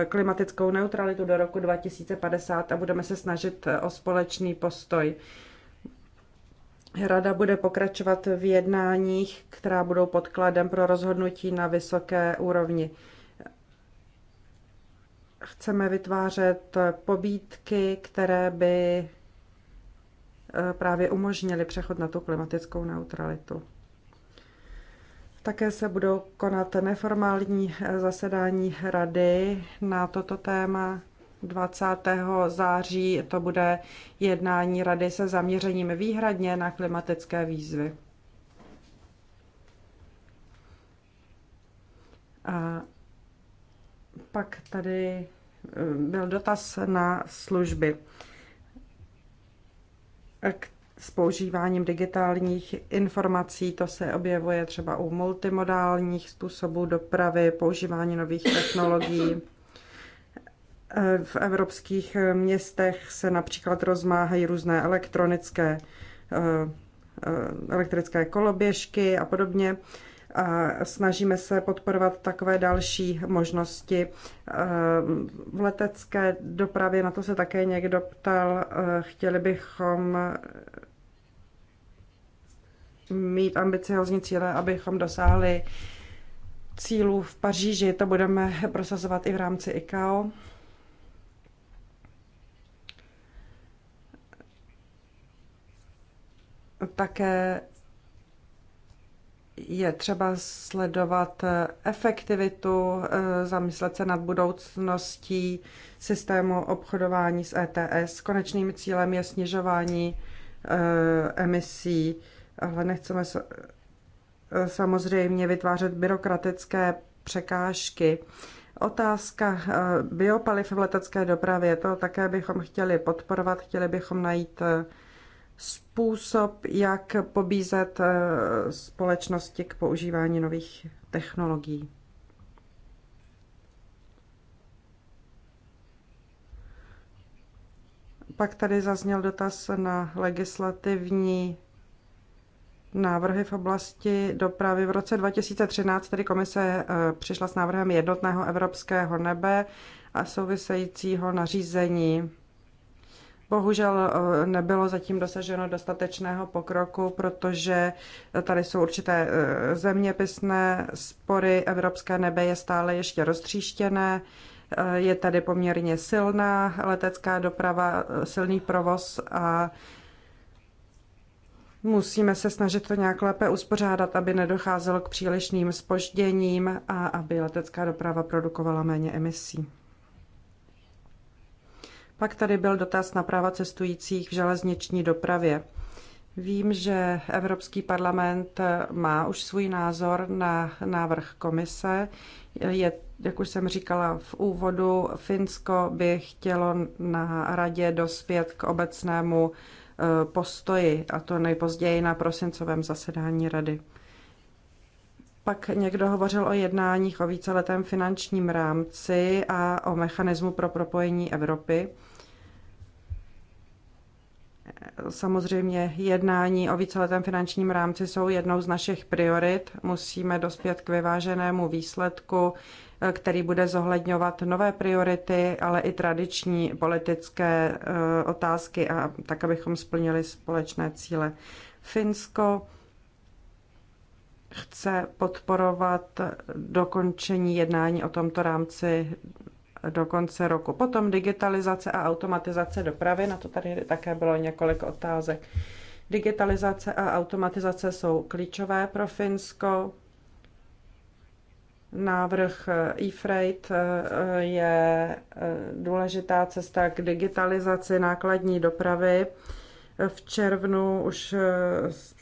klimatickou neutralitu do roku 2050 a budeme se snažit o společný postoj. Rada bude pokračovat v jednáních, která budou podkladem pro rozhodnutí na vysoké úrovni chceme vytvářet pobídky, které by eh, právě umožnily přechod na tu klimatickou neutralitu. Také se budou konat neformální eh, zasedání rady na toto téma 20. září. To bude jednání rady se zaměřením výhradně na klimatické výzvy. A pak tady eh, byl dotaz na služby s používáním digitálních informací. To se objevuje třeba u multimodálních způsobů dopravy, používání nových technologií. Eh, v evropských eh, městech se například rozmáhají různé elektronické elektrické koloběžky a podobně a snažíme se podporovat takové další možnosti. Eh, v letecké dopravě, na to se také někdo ptal, eh, chtěli bychom mít ambiciozní cíle, abychom dosáhli cílů v Paříži. To budeme prosazovat i v rámci ICAO. Také je třeba sledovat eh, efektivitu, eh, zamyslet se nad budoucností systému obchodování s ETS. Konečným cílem je snižování eh, emisí, ale nechceme samozřejmě vytvářet byrokratické překážky. Otázka biopaliv v letecké dopravě, to také bychom chtěli podporovat, chtěli bychom najít způsob, jak pobízet eh, společnosti k používání nových technologií. Pak tady zazněl dotaz na legislativní návrhy v oblasti dopravy. V roce 2013 tedy komise eh, přišla s návrhem jednotného evropského nebe a souvisejícího nařízení Bohužel eh, nebylo zatím dosaženo dostatečného pokroku, protože tady jsou určité eh, zeměpisné spory. Evropské nebe je stále ještě roztříštěné. Eh, je tady poměrně silná letecká doprava, silný provoz a musíme se snažit to nějak lépe uspořádat, aby nedocházelo k přílišným spožděním a aby letecká doprava produkovala méně emisí. Pak tady byl dotaz na práva cestujících v železniční dopravě. Vím, že Evropský parlament eh, má už svůj názor na návrh komise. Je, jak už jsem říkala v úvodu, Finsko by chtělo na radě dospět k obecnému eh, postoji, a to nejpozději na prosincovém zasedání rady. Pak někdo hovořil o jednáních o víceletém finančním rámci a o mechanismu pro propojení Evropy. Samozřejmě jednání o víceletém finančním rámci jsou jednou z našich priorit. Musíme dospět k vyváženému výsledku, který bude zohledňovat nové priority, ale i tradiční politické eh, otázky a tak, abychom splnili společné cíle. Finsko chce podporovat dokončení jednání o tomto rámci do konce roku. Potom digitalizace a automatizace dopravy, na to tady také bylo několik otázek. Digitalizace a automatizace jsou klíčové pro Finsko. Návrh e-freight eh, je eh, důležitá cesta k digitalizaci nákladní dopravy. V červnu už eh,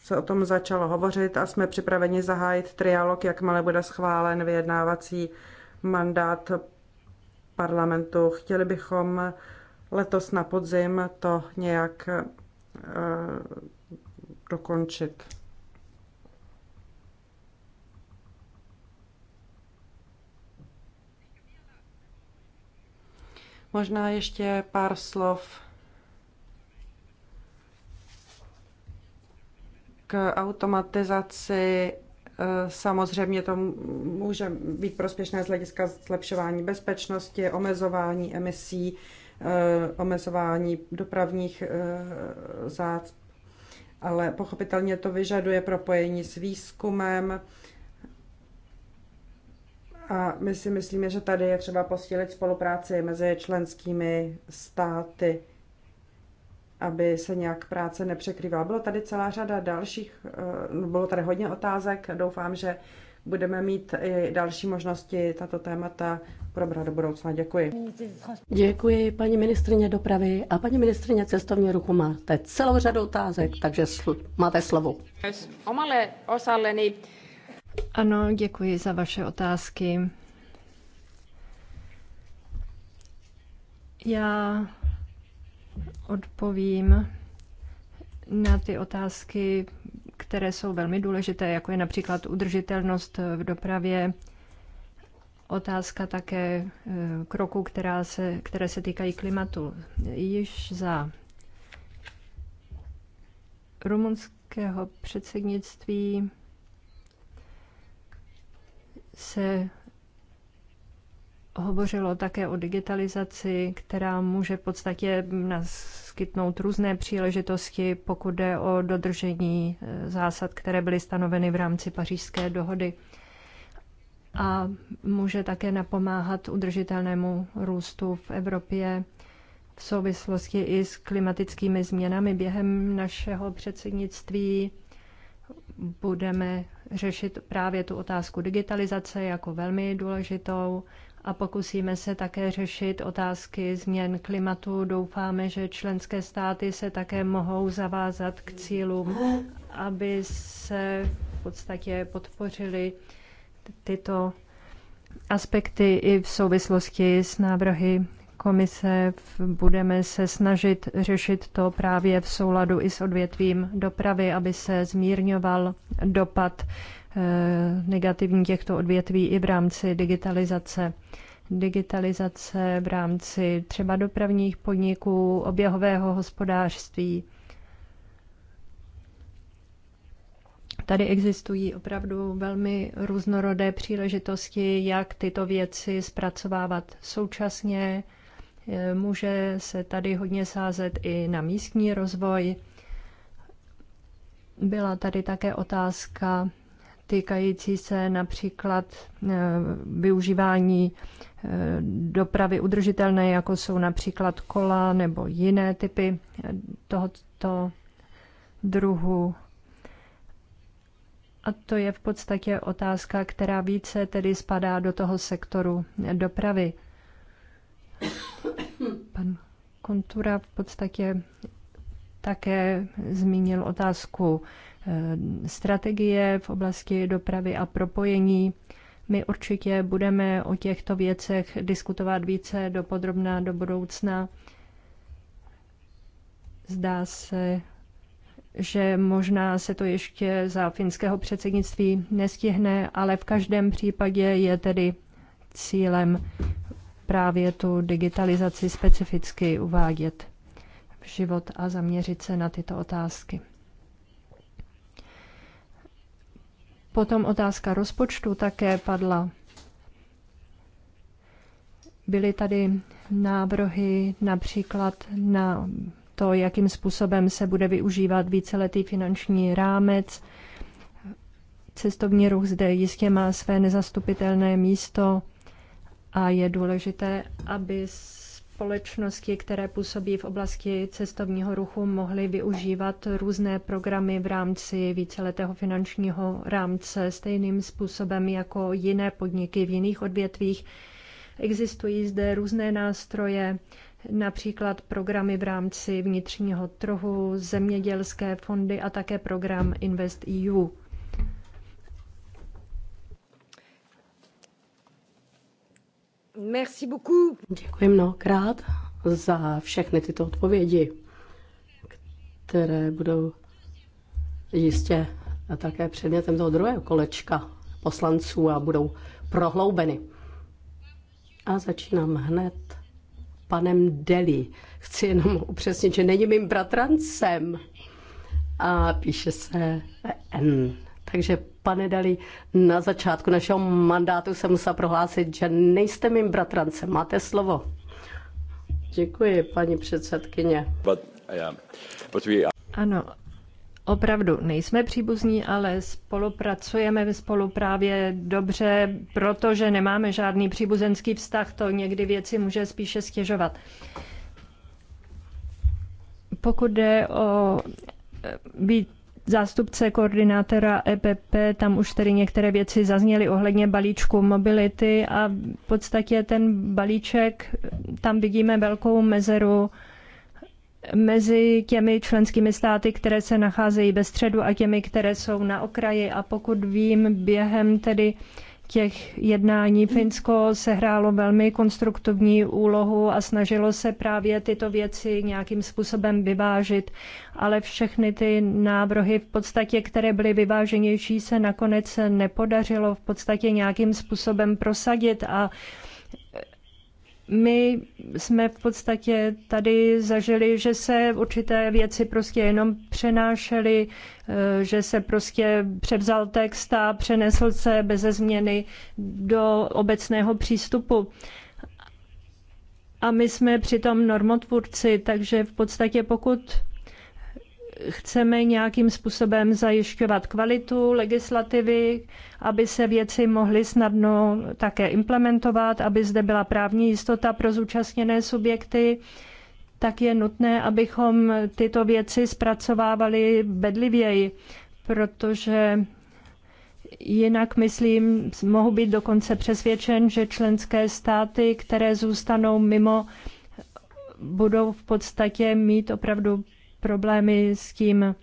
se o tom začalo hovořit a jsme připraveni zahájit trialog, jakmile bude schválen vyjednávací mandát parlamentu. Chtěli bychom letos na podzim to nějak eh, dokončit. Možná ještě pár slov k automatizaci Eh, samozřejmě to může být prospěšné z hlediska zlepšování bezpečnosti, omezování emisí, eh, omezování dopravních eh, zác, ale pochopitelně to vyžaduje propojení s výzkumem. A my si myslíme, že tady je třeba posílit spolupráci mezi členskými státy aby se nějak práce nepřekrývala. Bylo tady celá řada dalších, eh, no, bylo tady hodně otázek. Doufám, že budeme mít i další možnosti tato témata probrat do budoucna. Děkuji. Děkuji, paní ministrině dopravy a paní ministrině cestovní ruchu. Máte celou řadu otázek, takže sl- máte slovo. Ano, děkuji za vaše otázky. Já odpovím na ty otázky, které jsou velmi důležité, jako je například udržitelnost v dopravě, otázka také eh, kroku, která se, které se týkají klimatu. Již za rumunského předsednictví se hovořilo také o digitalizaci, která může v podstatě naskytnout různé příležitosti, pokud jde o dodržení eh, zásad, které byly stanoveny v rámci pařížské dohody. A může také napomáhat udržitelnému růstu v Evropě v souvislosti i s klimatickými změnami. Během našeho předsednictví budeme řešit právě tu otázku digitalizace jako velmi důležitou a pokusíme se také řešit otázky změn klimatu. Doufáme, že členské státy se také mohou zavázat k cílům, aby se v podstatě podpořili tyto aspekty i v souvislosti s návrhy komise. Budeme se snažit řešit to právě v souladu i s odvětvím dopravy, aby se zmírňoval dopad Eh, negativní těchto odvětví i v rámci digitalizace. Digitalizace v rámci třeba dopravních podniků, oběhového hospodářství. Tady existují opravdu velmi různorodé příležitosti, jak tyto věci zpracovávat současně. Eh, může se tady hodně sázet i na místní rozvoj. Byla tady také otázka týkající se například eh, využívání eh, dopravy udržitelné, jako jsou například kola nebo jiné typy eh, tohoto druhu. A to je v podstatě otázka, která více tedy spadá do toho sektoru dopravy. Pan Kontura v podstatě také zmínil otázku Eh, strategie v oblasti dopravy a propojení. My určitě budeme o těchto věcech diskutovat více dopodrobná do budoucna. Zdá se, že možná se to ještě za finského předsednictví nestihne, ale v každém případě je tedy cílem právě tu digitalizaci specificky uvádět v život a zaměřit se na tyto otázky. Potom otázka rozpočtu také padla. Byly tady návrhy například na to, jakým způsobem se bude využívat víceletý finanční rámec. Cestovní ruch zde jistě má své nezastupitelné místo a je důležité, aby společnosti, které působí v oblasti cestovního ruchu, mohly využívat různé programy v rámci víceletého finančního rámce stejným způsobem jako jiné podniky v jiných odvětvích. Existují zde různé nástroje, například programy v rámci vnitřního trhu, zemědělské fondy a také program Invest EU. Merci beaucoup. Děkuji mnohokrát za všechny tyto odpovědi, které budou jistě také předmětem toho druhého kolečka poslanců a budou prohloubeny. A začínám hned panem Deli. Chci jenom upřesnit, že není mým bratrancem. A píše se N. Takže, pane Dali, na začátku našeho mandátu jsem musela prohlásit, že nejste mým bratrancem. Máte slovo. Děkuji, paní předsedkyně. Ano, Opravdu nejsme příbuzní, ale spolupracujeme ve spoluprávě dobře, protože nemáme žádný příbuzenský vztah, to někdy věci může spíše stěžovat. Pokud jde o eh, být zástupce koordinátora EPP, tam už tedy některé věci zazněly ohledně balíčku mobility a v podstatě ten balíček, tam vidíme velkou mezeru mezi těmi členskými státy, které se nacházejí ve středu a těmi, které jsou na okraji. A pokud vím, během tedy těch jednání Finsko sehrálo velmi konstruktivní úlohu a snažilo se právě tyto věci nějakým způsobem vyvážit, ale všechny ty návrhy v podstatě, které byly vyváženější, se nakonec nepodařilo v podstatě nějakým způsobem prosadit a my jsme v podstatě tady zažili, že se určité věci prostě jenom přenášely, eh, že se prostě převzal text a přenesl se beze změny do obecného přístupu. A my jsme přitom normotvůrci, takže v podstatě pokud chceme nějakým způsobem zajišťovat kvalitu legislativy, aby se věci mohly snadno také implementovat, aby zde byla právní jistota pro zúčastněné subjekty, tak je nutné, abychom tyto věci zpracovávali bedlivěji, protože jinak, myslím, mohu být dokonce přesvědčen, že členské státy, které zůstanou mimo, budou v podstatě mít opravdu problémy s tím, eh,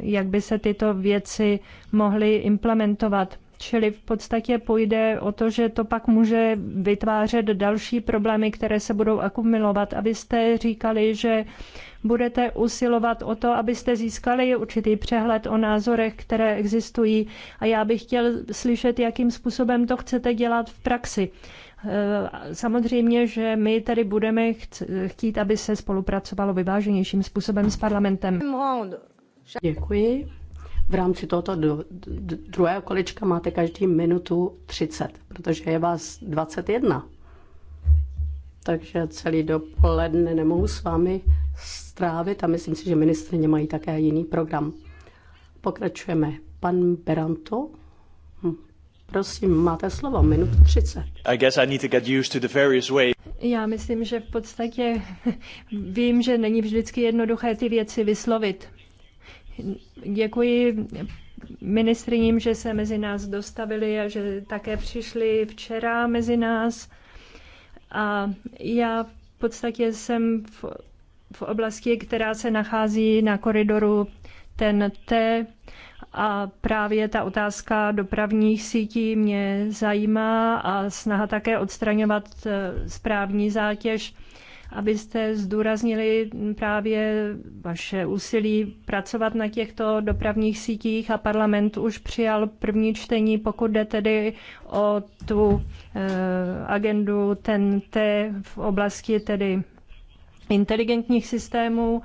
jak by se tyto věci mohly implementovat. Čili v podstatě půjde o to, že to pak může vytvářet další problémy, které se budou akumulovat. A vy jste říkali, že budete usilovat o to, abyste získali určitý přehled o názorech, které existují. A já bych chtěl slyšet, jakým způsobem to chcete dělat v praxi. Eh, samozřejmě, že my tady budeme chtít, aby se spolupracovalo vyváženějším způsobem s parlamentem. Děkuji. V rámci tohoto druhého kolečka máte každý minutu 30, protože je vás 21. Takže celý dopoledne nemohu s vámi strávit a myslím si, že ministrně mají také jiný program. Pokračujeme. Pan Beranto. Prosím, máte slovo, minut 30. I guess I need to get used to the various ways. Já myslím, že v podstatě *laughs* vím, že není vždycky jednoduché ty věci vyslovit. Děkuji ministriním, že se mezi nás dostavili a že také přišli včera mezi nás. A já v podstatě jsem v, v oblasti, která se nachází na koridoru ten T a právě ta otázka dopravních sítí mě zajímá a snaha také odstraňovat e, správní zátěž, abyste zdůraznili právě vaše úsilí pracovat na těchto dopravních sítích a parlament už přijal první čtení, pokud jde tedy o tu e, agendu TNT v oblasti tedy inteligentních systémů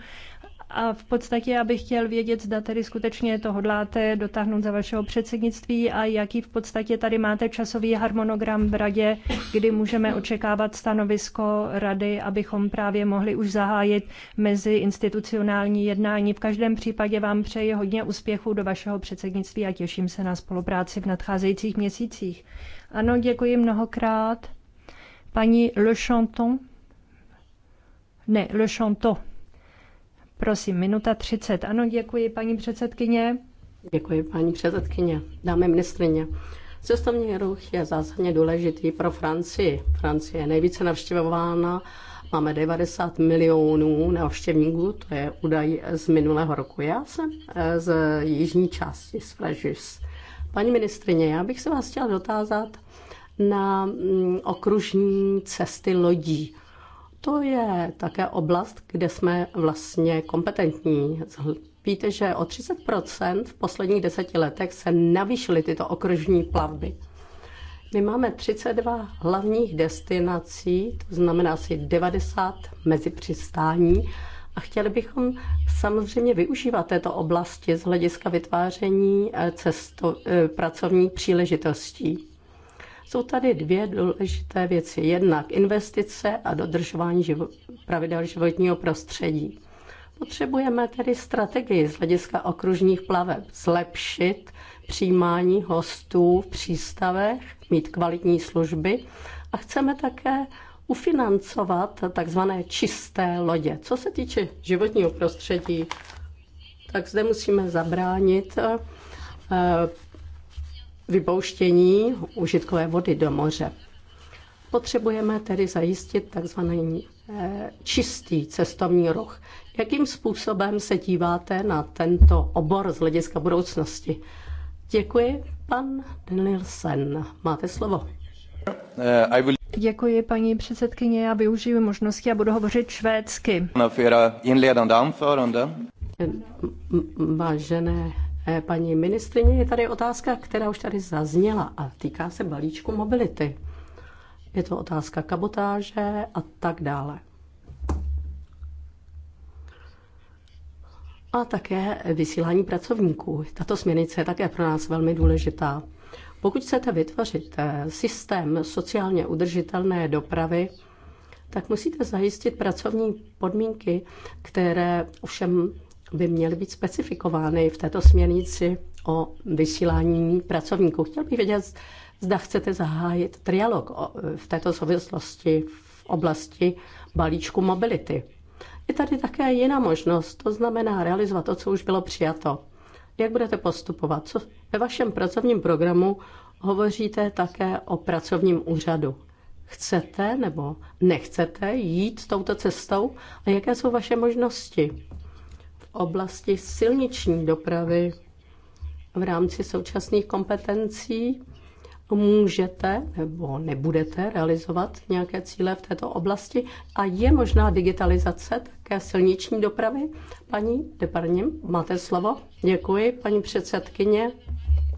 a v podstatě, abych chtěl vědět, zda tedy skutečně to hodláte dotáhnout za vašeho předsednictví a jaký v podstatě tady máte časový harmonogram v radě, kdy můžeme očekávat stanovisko rady, abychom právě mohli už zahájit mezi institucionální jednání. V každém případě vám přeji hodně úspěchů do vašeho předsednictví a těším se na spolupráci v nadcházejících měsících. Ano, děkuji mnohokrát. Paní Le Chanton, ne, Le Chanton, Prosím, minuta 30. Ano, děkuji, paní předsedkyně. Děkuji, paní předsedkyně. Dámy ministrině. Cestovní ruch je zásadně důležitý pro Francii. Francie je nejvíce navštěvována, máme 90 milionů návštěvníků, to je údaj z minulého roku. Já jsem eh, z jižní části, z Fražis. Paní ministrině, já bych se vás chtěla dotázat na mm, okružní cesty lodí. To je také oblast, kde jsme vlastně kompetentní. Víte, že o 30 v posledních deseti letech se navýšily tyto okružní plavby. My máme 32 hlavních destinací, to znamená asi 90 přistání a chtěli bychom samozřejmě využívat této oblasti z hlediska vytváření eh, cesto, eh, pracovních příležitostí. Jsou tady dvě důležité věci. Jednak investice a dodržování živo- pravidel životního prostředí. Potřebujeme tedy strategii z hlediska okružních plaveb zlepšit přijímání hostů v přístavech, mít kvalitní služby a chceme také ufinancovat takzvané čisté lodě. Co se týče životního prostředí, tak zde musíme zabránit eh, vypouštění užitkové vody do moře. Potřebujeme tedy zajistit takzvaný eh, čistý cestovní ruch. Jakým způsobem se díváte na tento obor z hlediska budoucnosti? Děkuji, pan Danielsen. Máte slovo. Eh, Děkuji, paní předsedkyně. Já využiju možnosti a budu hovořit švédsky. Vážené Eh, paní ministrině, je tady otázka, která už tady zazněla a týká se balíčku mobility. Je to otázka kabotáže a tak dále. A také vysílání pracovníků. Tato směrnice je také pro nás velmi důležitá. Pokud chcete vytvořit eh, systém sociálně udržitelné dopravy, tak musíte zajistit pracovní podmínky, které ovšem by měly být specifikovány v této směrnici o vysílání pracovníků. Chtěl bych vědět, zda chcete zahájit trialog v této souvislosti v oblasti balíčku mobility. Je tady také jiná možnost, to znamená realizovat to, co už bylo přijato. Jak budete postupovat? Co ve vašem pracovním programu hovoříte také o pracovním úřadu. Chcete nebo nechcete jít touto cestou a jaké jsou vaše možnosti? oblasti silniční dopravy v rámci současných kompetencí můžete nebo nebudete realizovat nějaké cíle v této oblasti a je možná digitalizace také silniční dopravy? Paní Deparně, máte slovo. Děkuji, paní předsedkyně.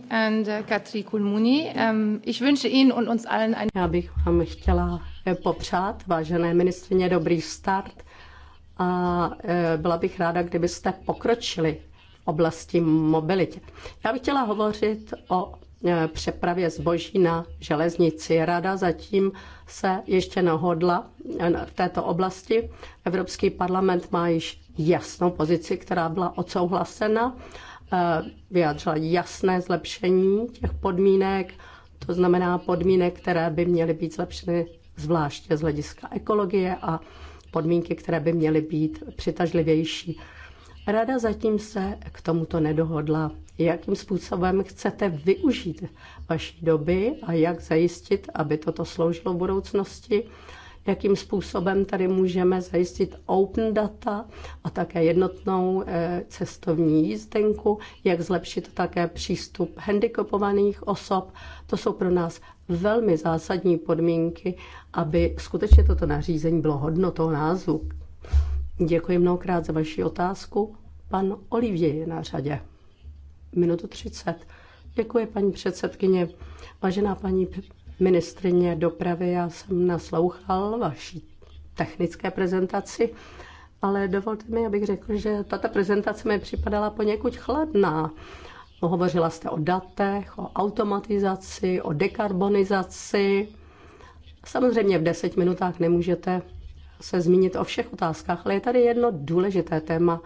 And uh, Katri Kulmuni, um, ich wünsche Ihnen und uns allen ein... Já bych vám chtěla popřát, vážené ministrině, dobrý start a e, byla bych ráda, kdybyste pokročili v oblasti mobilitě. Já bych chtěla hovořit o e, přepravě zboží na železnici. Rada zatím se ještě nehodla e, v této oblasti. Evropský parlament má již jasnou pozici, která byla odsouhlasena, vyjádřila jasné zlepšení těch podmínek, to znamená podmínek, které by měly být zlepšeny zvláště z hlediska ekologie a podmínky, které by měly být přitažlivější. Rada zatím se k tomuto nedohodla. Jakým způsobem chcete využít vaší doby a jak zajistit, aby toto sloužilo v budoucnosti jakým způsobem tady můžeme zajistit open data a také jednotnou eh, cestovní jízdenku, jak zlepšit také přístup handicapovaných osob. To jsou pro nás velmi zásadní podmínky, aby skutečně toto nařízení bylo hodno toho názvu. Děkuji mnohokrát za vaši otázku. Pan Olivier je na řadě. Minutu 30. Děkuji, paní předsedkyně. Vážená paní ministrině dopravy, já jsem naslouchal vaší technické prezentaci, ale dovolte mi, abych řekl, že tato prezentace mi připadala poněkud chladná. Hovořila jste o datech, o automatizaci, o dekarbonizaci. Samozřejmě v deset minutách nemůžete se zmínit o všech otázkách, ale je tady jedno důležité téma,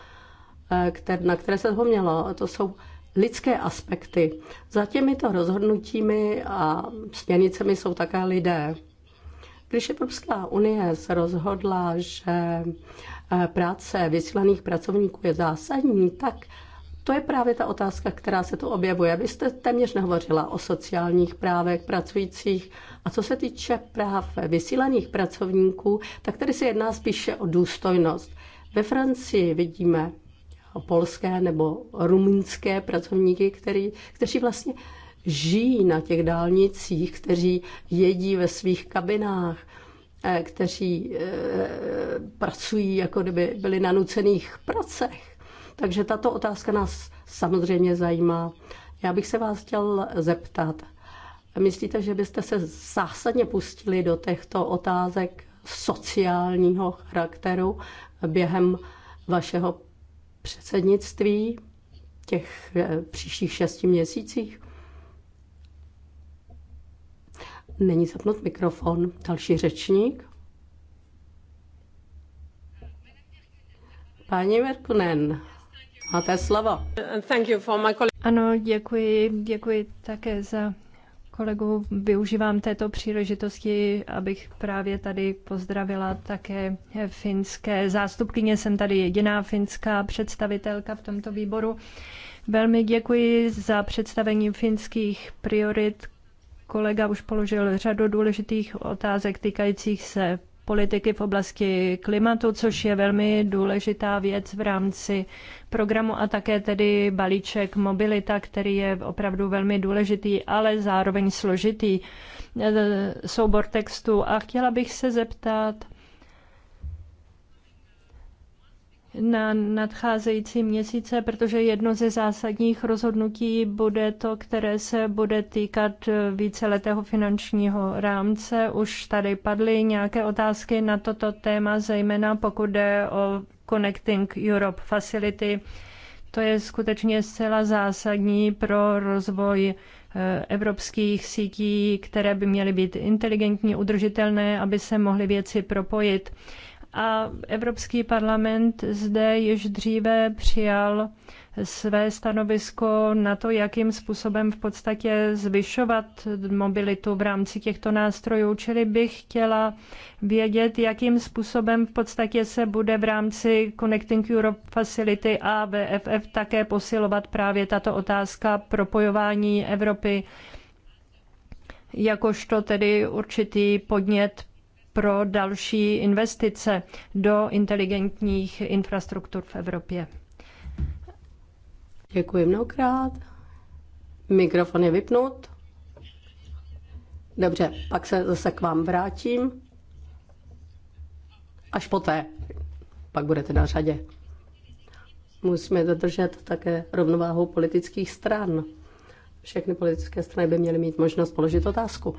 eh, na které se zapomnělo. To jsou lidské aspekty. Za těmito rozhodnutími a směrnicemi jsou také lidé. Když Evropská unie se rozhodla, že eh, práce vysílaných pracovníků je zásadní, tak to je právě ta otázka, která se tu objevuje. Vy jste téměř nehovořila o sociálních právech pracujících. A co se týče práv vysílaných pracovníků, tak tady se jedná spíše o důstojnost. Ve Francii vidíme, polské nebo rumunské pracovníky, který, kteří vlastně žijí na těch dálnicích, kteří jedí ve svých kabinách, eh, kteří eh, pracují, jako kdyby byli na nucených pracech. Takže tato otázka nás samozřejmě zajímá. Já bych se vás chtěl zeptat, myslíte, že byste se zásadně pustili do těchto otázek sociálního charakteru během vašeho předsednictví těch eh, příštích šesti měsících? Není zapnut mikrofon. Další řečník. Paní Merkunen, máte slovo. Ano, děkuji, děkuji také za kolegu, Využívám této příležitosti, abych právě tady pozdravila také finské zástupkyně. Jsem tady jediná finská představitelka v tomto výboru. Velmi děkuji za představení finských priorit. Kolega už položil řadu důležitých otázek týkajících se politiky v oblasti klimatu, což je velmi důležitá věc v rámci programu a také tedy balíček mobilita, který je opravdu velmi důležitý, ale zároveň složitý e, soubor textu. A chtěla bych se zeptat, na nadcházející měsíce, protože jedno ze zásadních rozhodnutí bude to, které se bude týkat eh, víceletého finančního rámce. Už tady padly nějaké otázky na toto téma, zejména pokud jde o Connecting Europe Facility. To je skutečně zcela zásadní pro rozvoj eh, evropských sítí, které by měly být inteligentní, udržitelné, aby se mohly věci propojit a Evropský parlament zde již dříve přijal své stanovisko na to, jakým způsobem v podstatě zvyšovat mobilitu v rámci těchto nástrojů. Čili bych chtěla vědět, jakým způsobem v podstatě se bude v rámci Connecting Europe Facility a VFF také posilovat právě tato otázka propojování Evropy jakožto tedy určitý podnět pro další investice do inteligentních infrastruktur v Evropě. Děkuji mnohokrát. Mikrofon je vypnut. Dobře, pak se zase k vám vrátím. Až poté. Pak budete na řadě. Musíme dodržet také rovnováhu politických stran. Všechny politické strany by měly mít možnost položit otázku.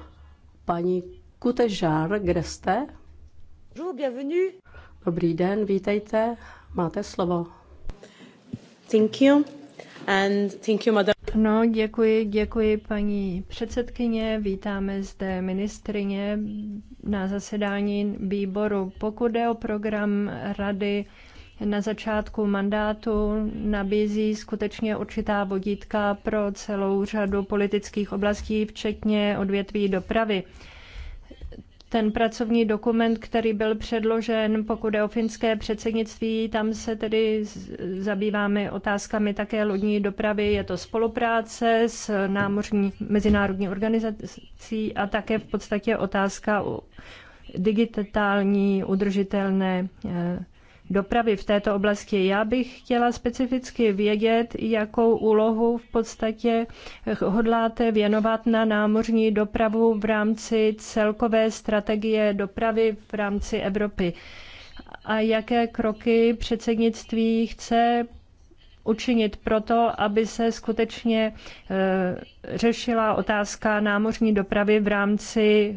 Paní Kutežár, kde jste? Dobrý den, vítejte, máte slovo. Thank you. And thank you, madam. No, děkuji, děkuji paní předsedkyně. Vítáme zde ministrině na zasedání výboru. Pokud je o program rady na začátku mandátu, nabízí skutečně určitá vodítka pro celou řadu politických oblastí, včetně odvětví dopravy ten pracovní dokument, který byl předložen, pokud je o finské předsednictví, tam se tedy zabýváme otázkami také lodní dopravy. Je to spolupráce s námořní mezinárodní organizací a také v podstatě otázka o digitální udržitelné eh, dopravy v této oblasti. Já bych chtěla specificky vědět, jakou úlohu v podstatě hodláte věnovat na námořní dopravu v rámci celkové strategie dopravy v rámci Evropy a jaké kroky předsednictví chce učinit proto, aby se skutečně eh, řešila otázka námořní dopravy v rámci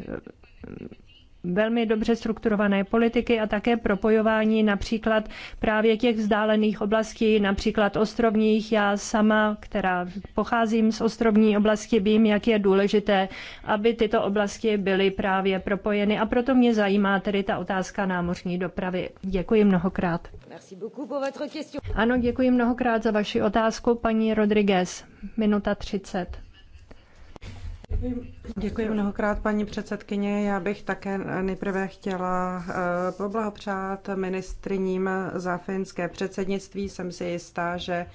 velmi dobře strukturované politiky a také propojování například právě těch vzdálených oblastí, například ostrovních. Já sama, která pocházím z ostrovní oblasti, vím, jak je důležité, aby tyto oblasti byly právě propojeny a proto mě zajímá tedy ta otázka námořní dopravy. Děkuji mnohokrát. Ano, děkuji mnohokrát za vaši otázku, paní Rodriguez. Minuta 30. Děkuji mnohokrát, paní předsedkyně. Já bych také nejprve chtěla eh, poblahopřát ministriním za finské předsednictví. Jsem si jistá, že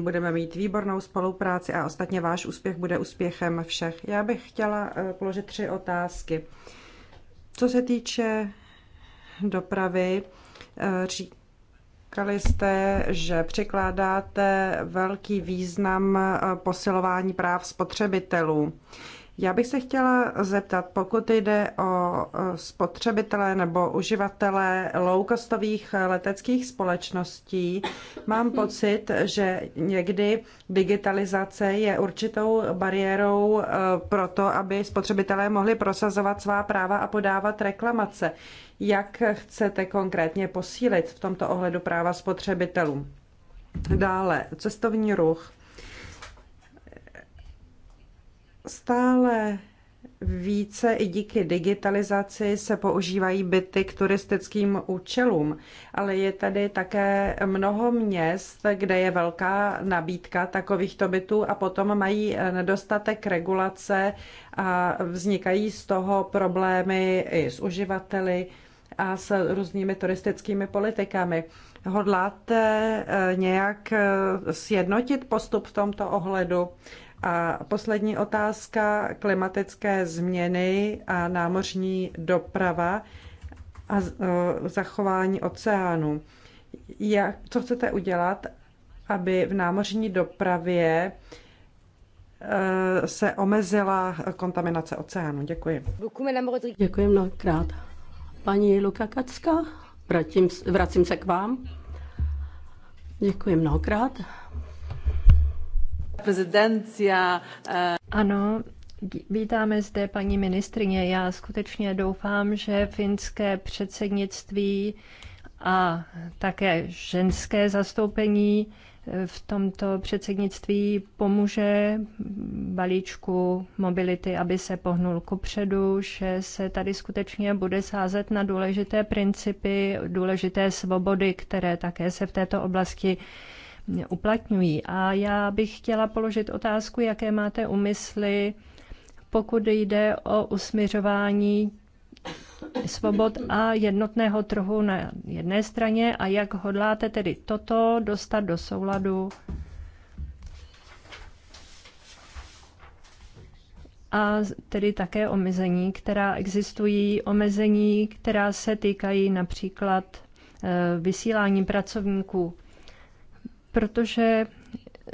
budeme mít výbornou spolupráci a ostatně váš úspěch bude úspěchem všech. Já bych chtěla eh, položit tři otázky. Co se týče dopravy, eh, Říkali jste, že přikládáte velký význam eh, posilování práv spotřebitelů. Já bych se chtěla zeptat, pokud jde o spotřebitele nebo uživatele loukostových leteckých společností, mám pocit, že někdy digitalizace je určitou bariérou e, pro to, aby spotřebitelé mohli prosazovat svá práva a podávat reklamace. Jak chcete konkrétně posílit v tomto ohledu práva spotřebitelů? Dále, cestovní ruch stále více i díky digitalizaci se používají byty k turistickým účelům, ale je tady také mnoho měst, kde je velká nabídka takovýchto bytů a potom mají nedostatek regulace a vznikají z toho problémy i s uživateli a s různými turistickými politikami. Hodláte eh, nějak eh, sjednotit postup v tomto ohledu? A poslední otázka, klimatické změny a námořní doprava a e, zachování oceánu. Jak, co chcete udělat, aby v námořní dopravě e, se omezila kontaminace oceánu? Děkuji. Děkuji mnohokrát. Paní Luka Kacka, vracím, se k vám. Děkuji mnohokrát. Prezidencia. E, ano, Vítáme zde paní ministrině. Já skutečně doufám, že finské předsednictví a také ženské zastoupení e, v tomto předsednictví pomůže balíčku mobility, aby se pohnul kupředu, že se tady skutečně bude sázet na důležité principy, důležité svobody, které také se v této oblasti uplatňují. A já bych chtěla položit otázku, jaké máte úmysly, pokud jde o usměřování svobod a jednotného trhu na jedné straně a jak hodláte tedy toto dostat do souladu a tedy také omezení, která existují, omezení, která se týkají například eh, vysílání pracovníků protože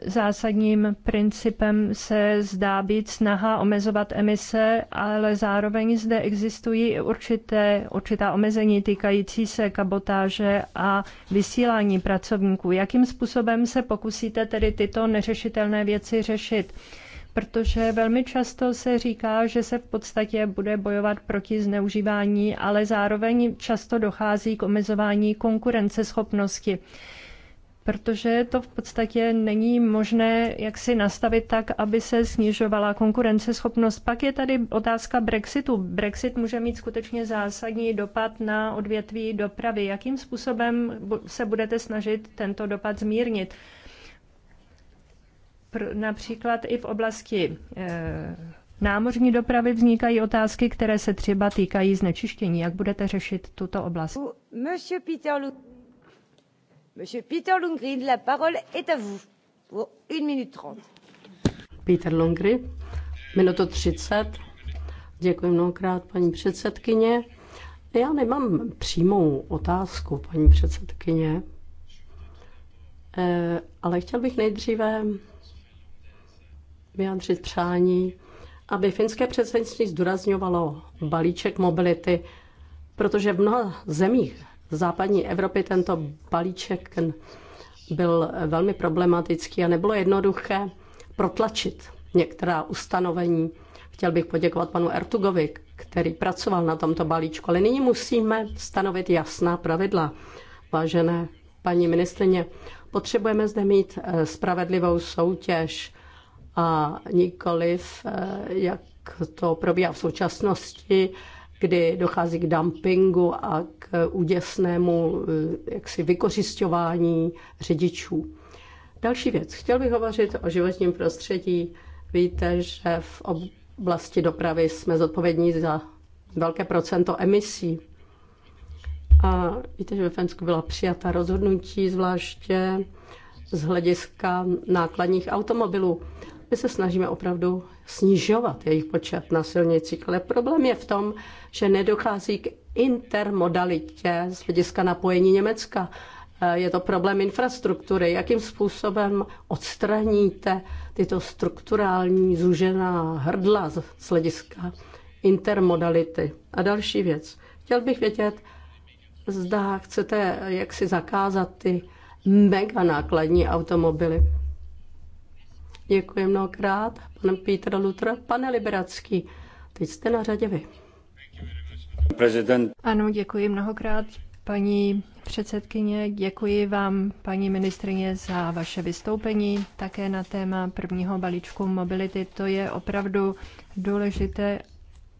zásadním principem se zdá být snaha omezovat emise, ale zároveň zde existují určité, určitá omezení týkající se kabotáže a vysílání pracovníků. Jakým způsobem se pokusíte tedy tyto neřešitelné věci řešit? protože velmi často se říká, že se v podstatě bude bojovat proti zneužívání, ale zároveň často dochází k omezování konkurenceschopnosti protože to v podstatě není možné jak si nastavit tak, aby se snižovala konkurenceschopnost. Pak je tady otázka Brexitu. Brexit může mít skutečně zásadní dopad na odvětví dopravy. Jakým způsobem se budete snažit tento dopad zmírnit? Například i v oblasti eh, námořní dopravy vznikají otázky, které se třeba týkají znečištění. Jak budete řešit tuto oblast? Monsieur Peter Monsieur Peter Lundgren, la parole est à vous pour 1 minute 30. Peter Lundgren, minuto 30. Děkuji mnohokrát, paní předsedkyně. Já nemám přímou otázku, paní předsedkyně, eh, ale chtěl bych nejdříve vyjádřit přání, aby finské předsednictví zdůrazňovalo balíček mobility, protože v mnoha zemích západní Evropy tento balíček byl velmi problematický a nebylo jednoduché protlačit některá ustanovení. Chtěl bych poděkovat panu Ertugovi, který pracoval na tomto balíčku, ale nyní musíme stanovit jasná pravidla. Vážené paní ministrině, potřebujeme zde mít eh, spravedlivou soutěž a nikoliv, eh, jak to probíhá v současnosti, kdy dochází k dumpingu a k úděsnému eh, jaksi vykořišťování řidičů. Další věc. Chtěl bych hovořit o životním prostředí. Víte, že v oblasti dopravy jsme zodpovědní za velké procento emisí. A víte, že ve Fensku byla přijata rozhodnutí, zvláště z hlediska nákladních automobilů. My se snažíme opravdu snižovat jejich počet na silnicích, ale problém je v tom, že nedochází k intermodalitě z hlediska napojení Německa. Eh, je to problém infrastruktury. Jakým způsobem odstraníte tyto strukturální zúžená hrdla z hlediska intermodality? A další věc. Chtěl bych vědět, zda chcete jaksi zakázat ty mega nákladní automobily. Děkuji mnohokrát, pan Peter Luther. Pane Liberacký, teď jste na řadě vy. Ano, děkuji mnohokrát, paní předsedkyně. Děkuji vám, paní ministrině, za vaše vystoupení také na téma prvního balíčku mobility. To je opravdu důležité,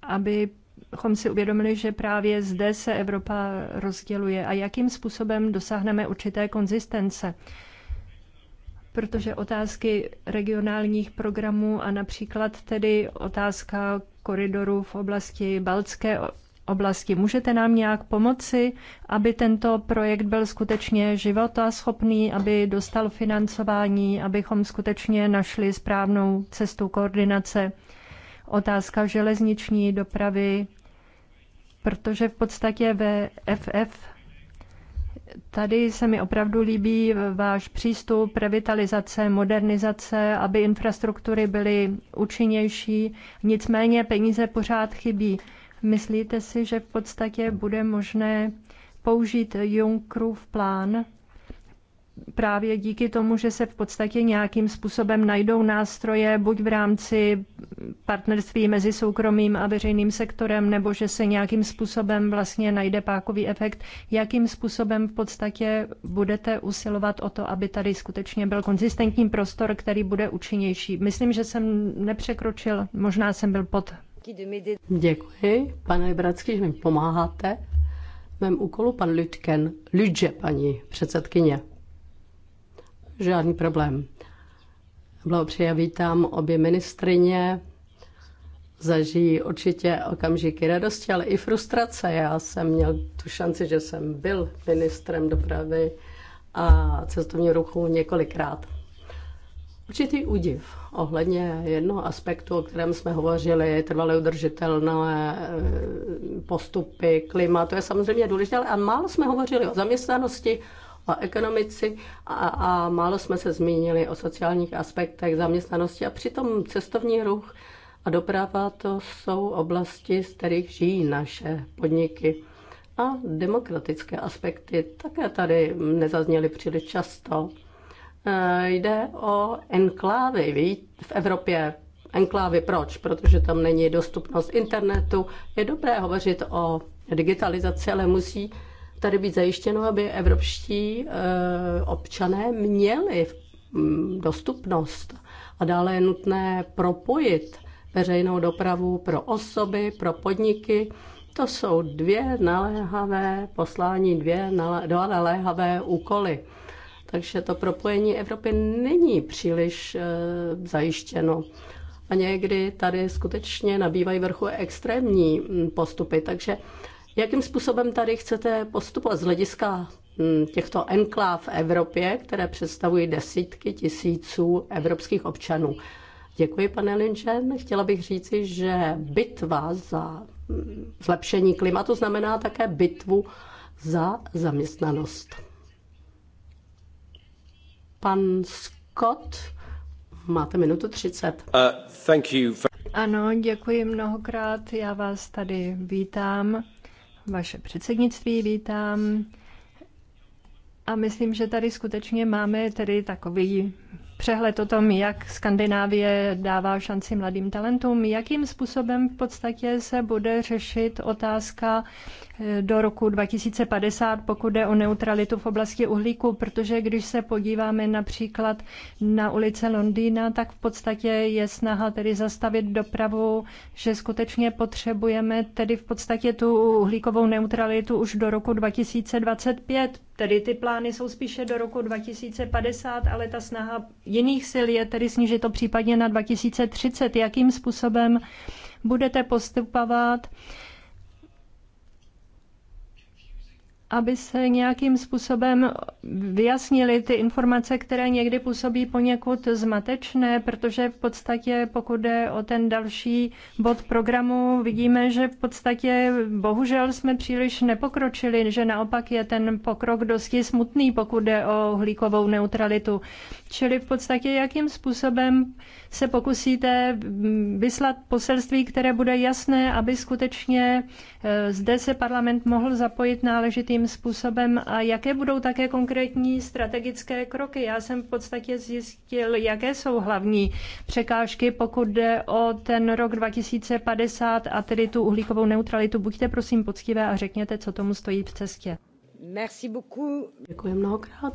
aby chom si uvědomili, že právě zde se Evropa rozděluje a jakým způsobem dosáhneme určité konzistence protože otázky regionálních programů a například tedy otázka koridoru v oblasti Balcké oblasti. Můžete nám nějak pomoci, aby tento projekt byl skutečně životaschopný, aby dostal financování, abychom skutečně našli správnou cestu koordinace? Otázka železniční dopravy, protože v podstatě ve FF Tady se mi opravdu líbí váš přístup revitalizace, modernizace, aby infrastruktury byly účinnější. Nicméně peníze pořád chybí. Myslíte si, že v podstatě bude možné použít Junckerův plán právě díky tomu, že se v podstatě nějakým způsobem najdou nástroje, buď v rámci partnerství mezi soukromým a veřejným sektorem, nebo že se nějakým způsobem vlastně najde pákový efekt, jakým způsobem v podstatě budete usilovat o to, aby tady skutečně byl konzistentní prostor, který bude účinnější. Myslím, že jsem nepřekročil, možná jsem byl pod. Děkuji, pane Bratský, že mi pomáháte. V mém úkolu pan Lütken, Lütže, paní předsedkyně žádný problém. Blahopřeji a vítám obě ministrině. Zažijí určitě okamžiky radosti, ale i frustrace. Já jsem měl tu šanci, že jsem byl ministrem dopravy a cestovního ruchu několikrát. Určitý údiv ohledně jednoho aspektu, o kterém jsme hovořili, trvalé udržitelné e, postupy, klima, to je samozřejmě důležité, ale málo jsme hovořili o zaměstnanosti, o ekonomici a, a málo jsme se zmínili o sociálních aspektech zaměstnanosti a přitom cestovní ruch a doprava to jsou oblasti, z kterých žijí naše podniky. A demokratické aspekty také tady nezazněly příliš často. E, jde o enklávy v Evropě. Enklávy proč? Protože tam není dostupnost internetu. Je dobré hovořit o digitalizaci, ale musí tady být zajištěno, aby evropští eh, občané měli mm, dostupnost. A dále je nutné propojit veřejnou dopravu pro osoby, pro podniky. To jsou dvě naléhavé poslání, dvě, dva naléhavé úkoly. Takže to propojení Evropy není příliš eh, zajištěno. A někdy tady skutečně nabývají vrchu extrémní mm, postupy. Takže Jakým způsobem tady chcete postupovat z hlediska hm, těchto enkláv v Evropě, které představují desítky tisíců evropských občanů? Děkuji, pane Linčen. Chtěla bych říci, že bitva za hm, zlepšení klimatu znamená také bitvu za zaměstnanost. Pan Scott, máte minutu 30. Uh, thank you. Ano, děkuji mnohokrát. Já vás tady vítám vaše předsednictví vítám. A myslím, že tady skutečně máme tedy takový přehled o tom, jak Skandinávie dává šanci mladým talentům, jakým způsobem v podstatě se bude řešit otázka eh, do roku 2050, pokud jde o neutralitu v oblasti uhlíku, protože když se podíváme například na ulice Londýna, tak v podstatě je snaha tedy zastavit dopravu, že skutečně potřebujeme tedy v podstatě tu uhlíkovou neutralitu už do roku 2025 Tedy ty plány jsou spíše do roku 2050, ale ta snaha jiných sil je tedy snížit to případně na 2030. Jakým způsobem budete postupovat? aby se nějakým způsobem vyjasnily ty informace, které někdy působí poněkud zmatečné, protože v podstatě, pokud jde o ten další bod programu, vidíme, že v podstatě bohužel jsme příliš nepokročili, že naopak je ten pokrok dosti smutný, pokud jde o hlíkovou neutralitu. Čili v podstatě, jakým způsobem se pokusíte vyslat poselství, které bude jasné, aby skutečně e, zde se parlament mohl zapojit náležitým způsobem a jaké budou také konkrétní strategické kroky. Já jsem v podstatě zjistil, jaké jsou hlavní překážky, pokud jde o ten rok 2050 a tedy tu uhlíkovou neutralitu. Buďte prosím poctivé a řekněte, co tomu stojí v cestě. Merci beaucoup. Děkuji mnohokrát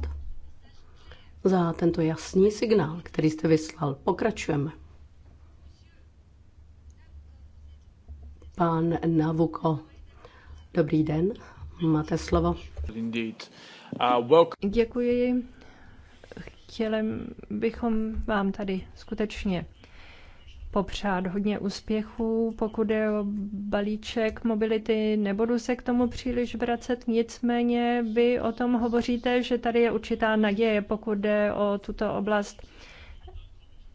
za tento jasný signál, který jste vyslal. Pokračujeme. Pán Navuko, dobrý den, máte slovo. Uh, Děkuji. Chtěli bychom vám tady skutečně popřát hodně úspěchů, pokud je o balíček mobility. Nebudu se k tomu příliš vracet, nicméně vy o tom hovoříte, že tady je určitá naděje, pokud jde o tuto oblast.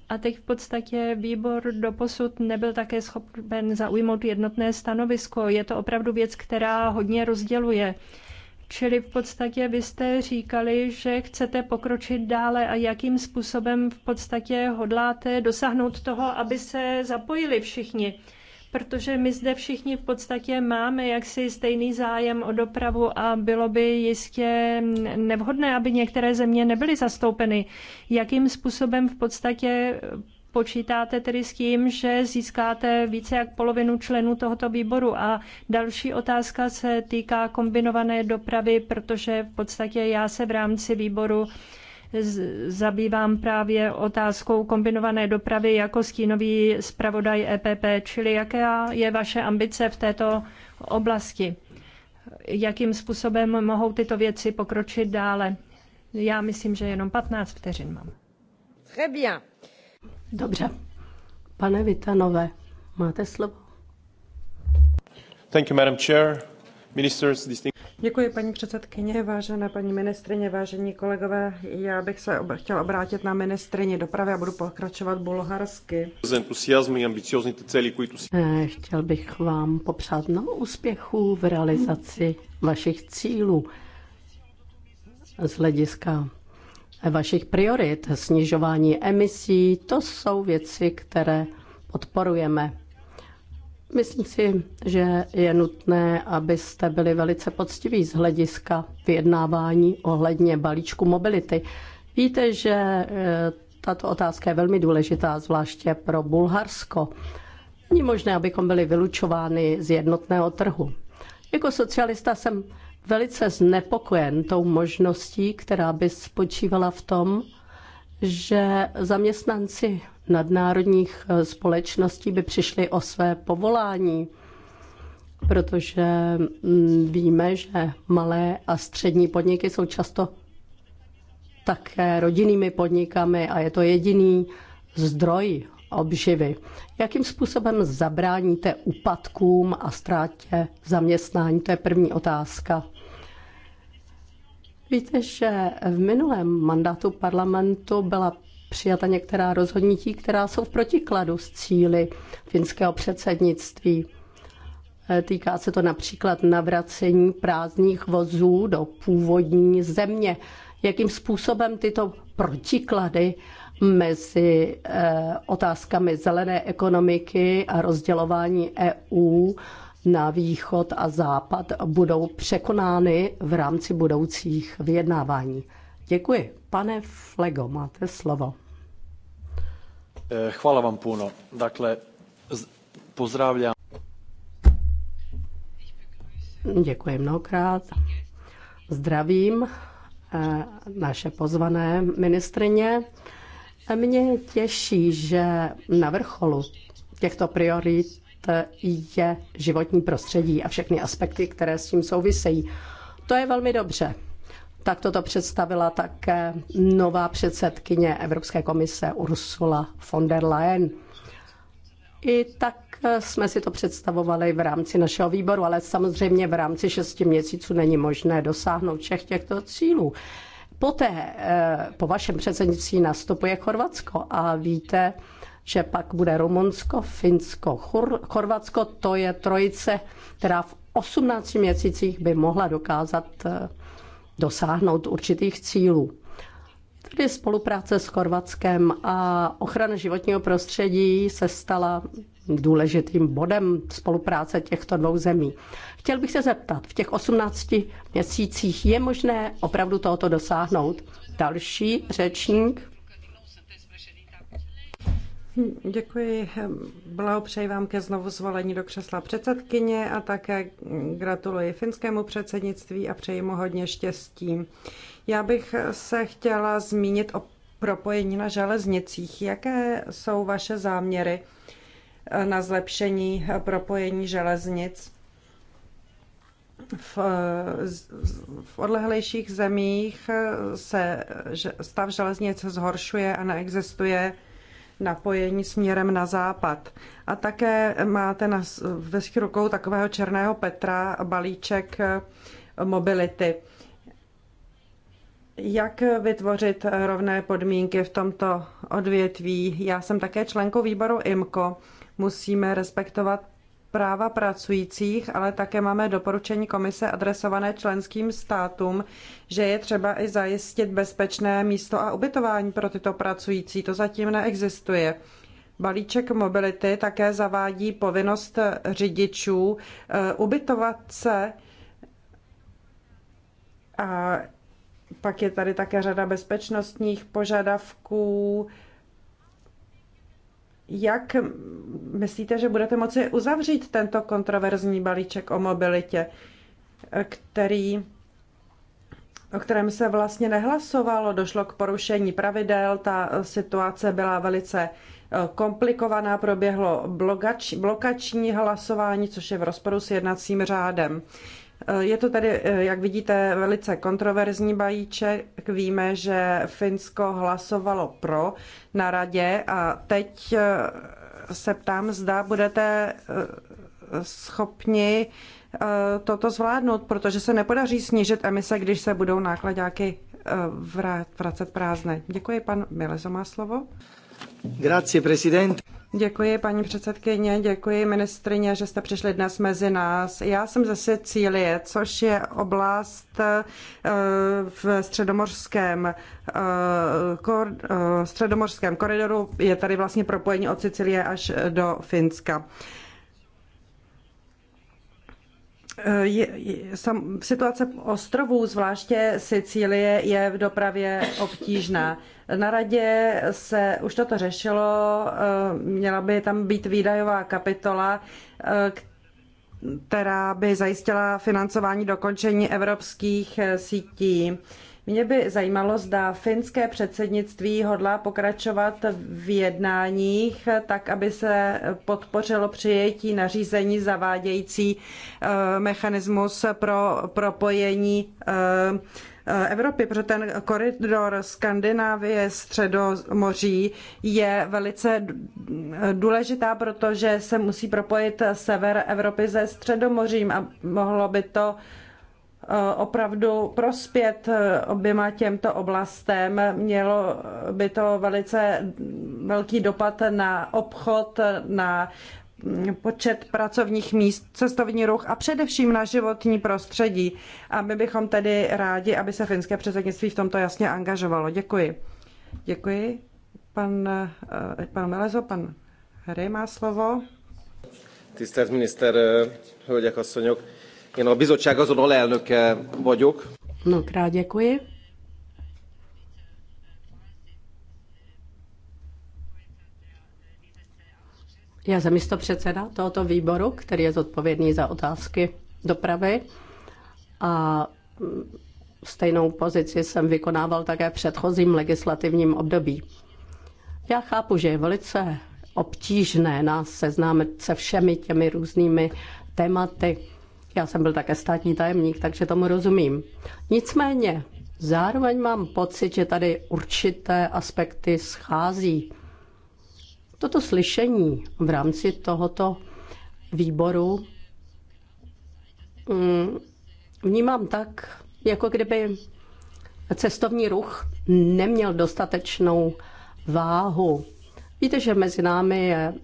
A teď v podstatě výbor do posud nebyl také schopen zaujmout jednotné stanovisko. Je to opravdu věc, která hodně rozděluje. Čili v podstatě vy jste říkali, že chcete pokročit dále a jakým způsobem v podstatě hodláte dosáhnout toho, aby se zapojili všichni. Protože my zde všichni v podstatě máme jaksi stejný zájem o dopravu a bylo by jistě nevhodné, aby některé země nebyly zastoupeny. Jakým způsobem v podstatě Počítáte tedy s tím, že získáte více jak polovinu členů tohoto výboru? A další otázka se týká kombinované dopravy, protože v podstatě já se v rámci výboru zabývám právě otázkou kombinované dopravy jako stínový zpravodaj EPP, čili jaká je vaše ambice v této oblasti? Jakým způsobem mohou tyto věci pokročit dále? Já myslím, že jenom 15 vteřin mám. Très bien. Dobře. Pane Vitanové, máte slovo. Thank you, Madam Chair. Ministers, distinct... Děkuji, paní předsedkyně, vážená paní ministrině, vážení kolegové. Já bych se ob- chtěl obrátit na ministrině dopravy a budu pokračovat bulharsky. Eh, chtěl bych vám popřát mnoho úspěchů v realizaci vašich cílů z hlediska vašich priorit, snižování emisí, to jsou věci, které podporujeme. Myslím si, že je nutné, abyste byli velice poctiví z hlediska vyjednávání ohledně balíčku mobility. Víte, že eh, tato otázka je velmi důležitá, zvláště pro Bulharsko. Není možné, abychom byli vylučováni z jednotného trhu. Jako socialista jsem velice znepokojen tou možností, která by spočívala v tom, že zaměstnanci nadnárodních eh, společností by přišli o své povolání, protože mm, víme, že malé a střední podniky jsou často také rodinnými podnikami a je to jediný zdroj obživy. Jakým způsobem zabráníte úpadkům a ztrátě zaměstnání? To je první otázka. Víte, že v minulém mandátu parlamentu byla přijata některá rozhodnutí, která jsou v protikladu s cíly finského předsednictví. E, týká se to například navracení prázdných vozů do původní země. Jakým způsobem tyto protiklady mezi e, otázkami zelené ekonomiky a rozdělování EU na východ a západ budou překonány v rámci budoucích vyjednávání. Děkuji. Pane Flego, máte slovo. Eh, Chvala vám půno. Dakle, pozdravím. Děkuji mnohokrát. Zdravím eh, naše pozvané ministrině. Mě těší, že na vrcholu těchto priorit je životní prostředí a všechny aspekty, které s tím souvisejí. To je velmi dobře. Tak toto představila také nová předsedkyně Evropské komise Ursula von der Leyen. I tak jsme si to představovali v rámci našeho výboru, ale samozřejmě v rámci šesti měsíců není možné dosáhnout všech těchto cílů. Poté eh, po vašem předsednictví nastupuje Chorvatsko a víte, že pak bude Rumunsko, Finsko, Chor- Chorvatsko, to je trojice, která v 18 měsících by mohla dokázat eh, dosáhnout určitých cílů. Tedy spolupráce s Chorvatskem a ochrana životního prostředí se stala důležitým bodem spolupráce těchto dvou zemí. Chtěl bych se zeptat, v těch 18 měsících je možné opravdu tohoto dosáhnout? Další řečník. Děkuji, blahopřeji vám ke znovu zvolení do křesla předsedkyně a také gratuluji finskému předsednictví a přeji mu hodně štěstí. Já bych se chtěla zmínit o propojení na železnicích. Jaké jsou vaše záměry na zlepšení propojení železnic? v, v odlehlejších zemích se stav železnic zhoršuje a neexistuje napojení směrem na západ. A také máte na, ve rukou takového černého Petra balíček eh, mobility. Jak vytvořit rovné podmínky v tomto odvětví? Já jsem také členkou výboru IMCO. Musíme respektovat práva pracujících, ale také máme doporučení komise adresované členským státům, že je třeba i zajistit bezpečné místo a ubytování pro tyto pracující. To zatím neexistuje. Balíček mobility také zavádí povinnost řidičů eh, ubytovat se a pak je tady také řada bezpečnostních požadavků, jak myslíte, že budete moci uzavřít tento kontroverzní balíček o mobilitě, který, o kterém se vlastně nehlasovalo, došlo k porušení pravidel, ta situace byla velice eh, komplikovaná, proběhlo blokač, blokační hlasování, což je v rozporu s jednacím řádem. Je to tedy, eh, jak vidíte, velice kontroverzní bajíček. Víme, že Finsko hlasovalo pro na radě a teď eh, se ptám, zda budete eh, schopni toto zvládnout, protože se nepodaří snížit emise, když se budou nákladňáky vracet prázdné. Děkuji, pan Milezo má slovo. Grazie, prezident. Děkuji, paní předsedkyně, děkuji ministrině, že jste přišli dnes mezi nás. Já jsem ze Sicílie, což je oblast eh, v středomorském, eh, eh, středomorském koridoru. Je tady vlastně propojení od Sicílie až do Finska. Eh, je, je, sam, situace ostrovů, zvláště Sicílie, je v dopravě obtížná. Na radě se už toto řešilo, eh, měla by tam být výdajová kapitola, eh, která by zajistila financování dokončení evropských sítí. Mě by zajímalo, zda finské předsednictví hodlá pokračovat v jednáních tak, aby se podpořilo přijetí nařízení zavádějící eh, mechanismus pro propojení eh, eh, Evropy, protože ten koridor Skandinávie, Středomoří je velice důležitá, protože se musí propojit sever Evropy se Středomořím a mohlo by to Eh, opravdu prospět eh, oběma těmto oblastem. Mělo by to velice velký dopad na obchod, na mm, počet pracovních míst, cestovní ruch a především na životní prostředí. A my bychom tedy rádi, aby se finské předsednictví v tomto jasně angažovalo. Děkuji. Děkuji. Pan, eh, pan Melezo, pan Hry má slovo. jste minister, hodně jako Én a bizottság azon alelnöke vagyok. No, rá děkuji. Já jsem místo předseda tohoto výboru, který je zodpovědný za otázky dopravy a mm, stejnou pozici jsem vykonával také v předchozím legislativním období. Já chápu, že je velice obtížné nás seznámit se všemi těmi různými tématy, já jsem byl také státní tajemník, takže tomu rozumím. Nicméně, zároveň mám pocit, že tady určité aspekty schází. Toto slyšení v rámci tohoto výboru mm, vnímám tak, jako kdyby cestovní ruch neměl dostatečnou váhu. Víte, že mezi námi je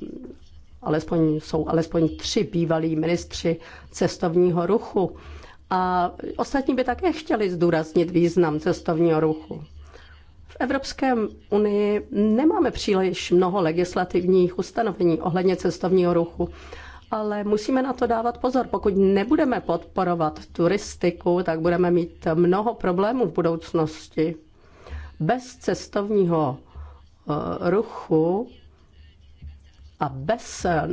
alespoň, jsou alespoň tři bývalí ministři cestovního ruchu. A ostatní by také chtěli zdůraznit význam cestovního ruchu. V Evropské unii nemáme příliš mnoho legislativních ustanovení ohledně cestovního ruchu, ale musíme na to dávat pozor. Pokud nebudeme podporovat turistiku, tak budeme mít mnoho problémů v budoucnosti. Bez cestovního eh, ruchu a bez eh,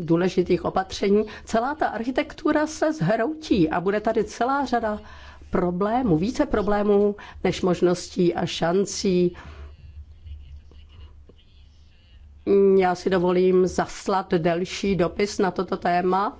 důležitých opatření celá ta architektura se zhroutí a bude tady celá řada problémů, více problémů než možností a šancí. Já si dovolím zaslat delší dopis na toto téma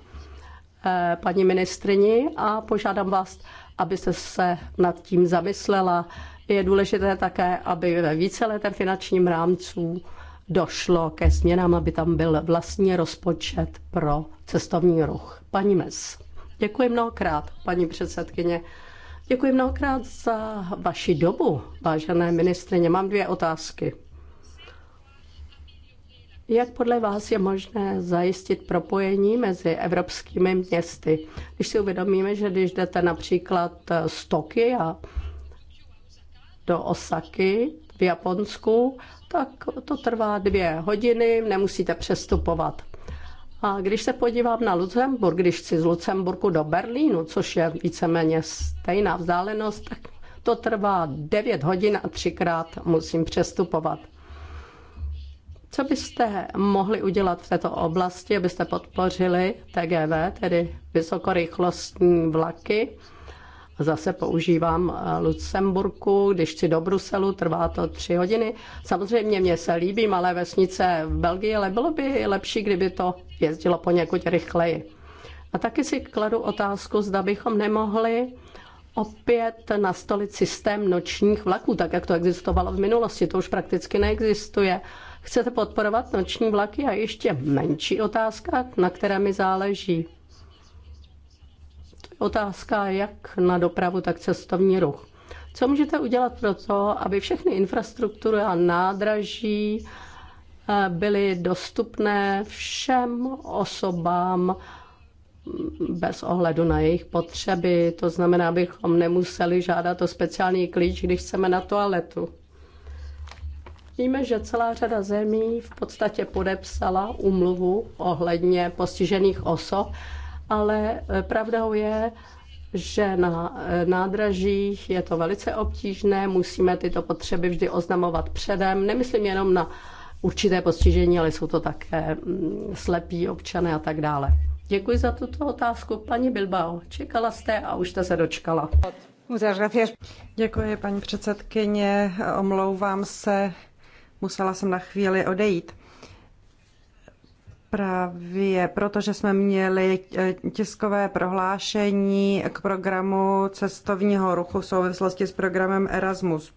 eh, paní ministrini a požádám vás, abyste se nad tím zamyslela. Je důležité také, aby ve víceletém finančním rámcu došlo ke změnám, aby tam byl vlastní rozpočet pro cestovní ruch. Paní Mes, děkuji mnohokrát, paní předsedkyně. Děkuji mnohokrát za vaši dobu, vážené ministrině. Mám dvě otázky. Jak podle vás je možné zajistit propojení mezi evropskými městy? Když si uvědomíme, že když jdete například z Tokia do Osaky, v Japonsku, tak to trvá dvě hodiny, nemusíte přestupovat. A když se podívám na Lucemburg, když chci z Lucemburku do Berlínu, což je víceméně stejná vzdálenost, tak to trvá 9 hodin a třikrát musím přestupovat. Co byste mohli udělat v této oblasti, abyste podpořili TGV, tedy vysokorychlostní vlaky? Zase používám eh, Lucemburku, když chci do Bruselu, trvá to tři hodiny. Samozřejmě mě se líbí malé vesnice v Belgii, ale bylo by lepší, kdyby to jezdilo poněkud rychleji. A taky si kladu otázku, zda bychom nemohli opět nastolit systém nočních vlaků, tak jak to existovalo v minulosti, to už prakticky neexistuje. Chcete podporovat noční vlaky a ještě menší otázka, na které mi záleží. Otázka jak na dopravu, tak cestovní ruch. Co můžete udělat pro to, aby všechny infrastruktury a nádraží eh, byly dostupné všem osobám mm, bez ohledu na jejich potřeby? To znamená, abychom nemuseli žádat o speciální klíč, když chceme na toaletu. Víme, že celá řada zemí v podstatě podepsala umluvu ohledně postižených osob ale eh, pravdou je, že na eh, nádražích je to velice obtížné, musíme tyto potřeby vždy oznamovat předem. Nemyslím jenom na určité postižení, ale jsou to také mm, slepí občané a tak dále. Děkuji za tuto otázku. Paní Bilbao, čekala jste a už jste se dočkala. Děkuji, paní předsedkyně. Omlouvám se, musela jsem na chvíli odejít. Právě protože jsme měli eh, tiskové prohlášení k programu cestovního ruchu v souvislosti s programem Erasmus+,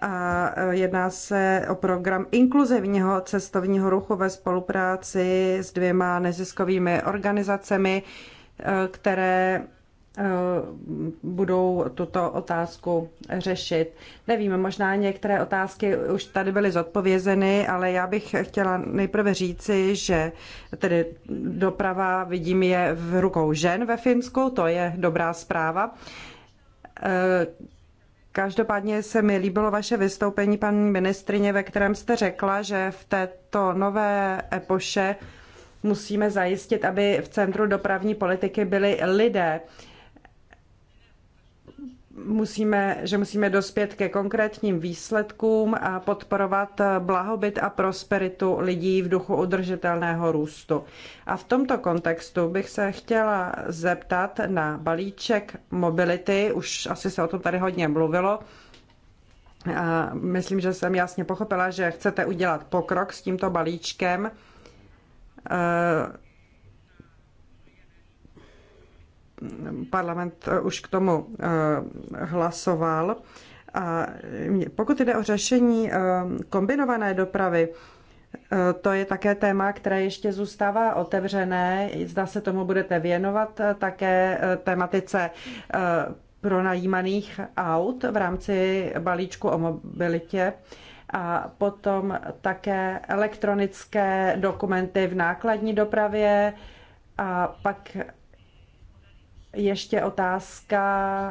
a eh, jedná se o program inkluzivního cestovního ruchu ve spolupráci s dvěma neziskovými organizacemi, eh, které Eh, budou tuto otázku řešit. Nevím, možná některé otázky už tady byly zodpovězeny, ale já bych chtěla nejprve říci, že tedy doprava, vidím, je v rukou žen ve Finsku, to je dobrá zpráva. Eh, každopádně se mi líbilo vaše vystoupení, paní ministrině, ve kterém jste řekla, že v této nové epoše musíme zajistit, aby v centru dopravní politiky byli lidé musíme, že musíme dospět ke konkrétním výsledkům a podporovat blahobyt a prosperitu lidí v duchu udržitelného růstu. A v tomto kontextu bych se chtěla zeptat na balíček mobility, už asi se o tom tady hodně mluvilo, a myslím, že jsem jasně pochopila, že chcete udělat pokrok s tímto balíčkem parlament už k tomu eh, hlasoval. A pokud jde o řešení eh, kombinované dopravy, eh, to je také téma, které ještě zůstává otevřené. Zda se tomu budete věnovat také tematice pronajímaných aut v rámci balíčku o mobilitě a potom také elektronické dokumenty v nákladní dopravě a pak ještě otázka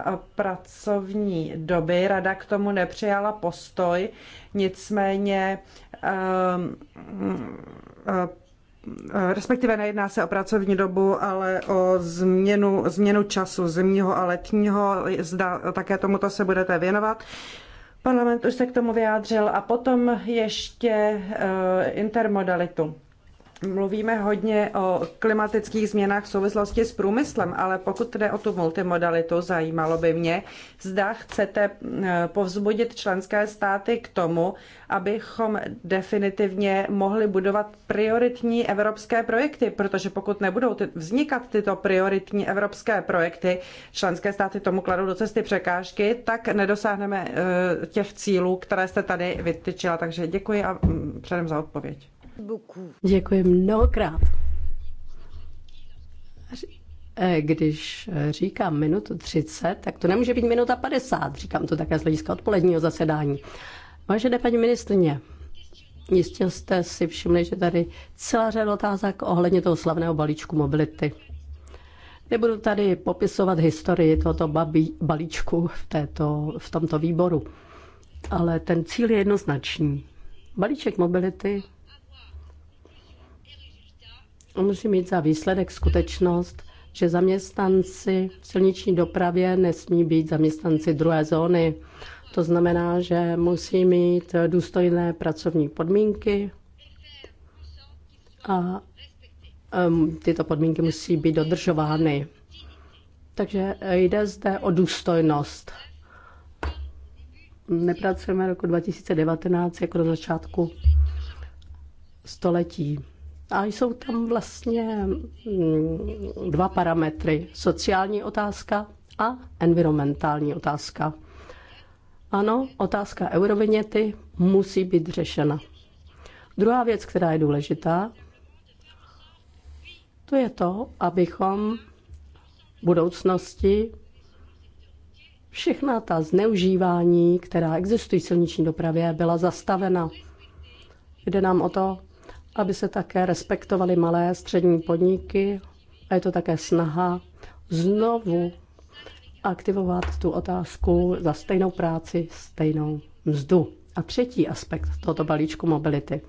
eh, pracovní doby. Rada k tomu nepřijala postoj, nicméně ehm, mm, eh, eh, respektive nejedná se o pracovní dobu, ale o změnu, změnu času zimního a letního. Zda také tomuto se budete věnovat. Parlament už se k tomu vyjádřil a potom ještě intermodalitu. Mluvíme hodně o klimatických změnách v souvislosti s průmyslem, ale pokud jde o tu multimodalitu, zajímalo by mě, zda chcete eh, povzbudit členské státy k tomu, abychom definitivně mohli budovat prioritní evropské projekty, protože pokud nebudou ty, vznikat tyto prioritní evropské projekty, členské státy tomu kladou do cesty překážky, tak nedosáhneme eh, těch cílů, které jste tady vytyčila. Takže děkuji a mm, předem za odpověď. Děkuji mnohokrát. Eh, když eh, říkám minutu 30, tak to nemůže být minuta 50. Říkám to také z hlediska odpoledního zasedání. Vážené paní ministrně, jistě jste si všimli, že tady celá řada otázek ohledně toho slavného balíčku mobility. Nebudu tady popisovat historii tohoto babí, balíčku v, této, v tomto výboru, ale ten cíl je jednoznačný. Balíček mobility musí mít za výsledek skutečnost, že zaměstnanci v silniční dopravě nesmí být zaměstnanci druhé zóny. To znamená, že musí mít důstojné pracovní podmínky a tyto podmínky musí být dodržovány. Takže jde zde o důstojnost. Nepracujeme roku 2019 jako do začátku století. A jsou tam vlastně mm, dva parametry. Sociální otázka a environmentální otázka. Ano, otázka eurovinety musí být řešena. Druhá věc, která je důležitá, to je to, abychom v budoucnosti všechna ta zneužívání, která existují v silniční dopravě, byla zastavena. Jde nám o to aby se také respektovaly malé střední podniky a je to také snaha znovu aktivovat tu otázku za stejnou práci, stejnou mzdu. A třetí aspekt tohoto balíčku mobility.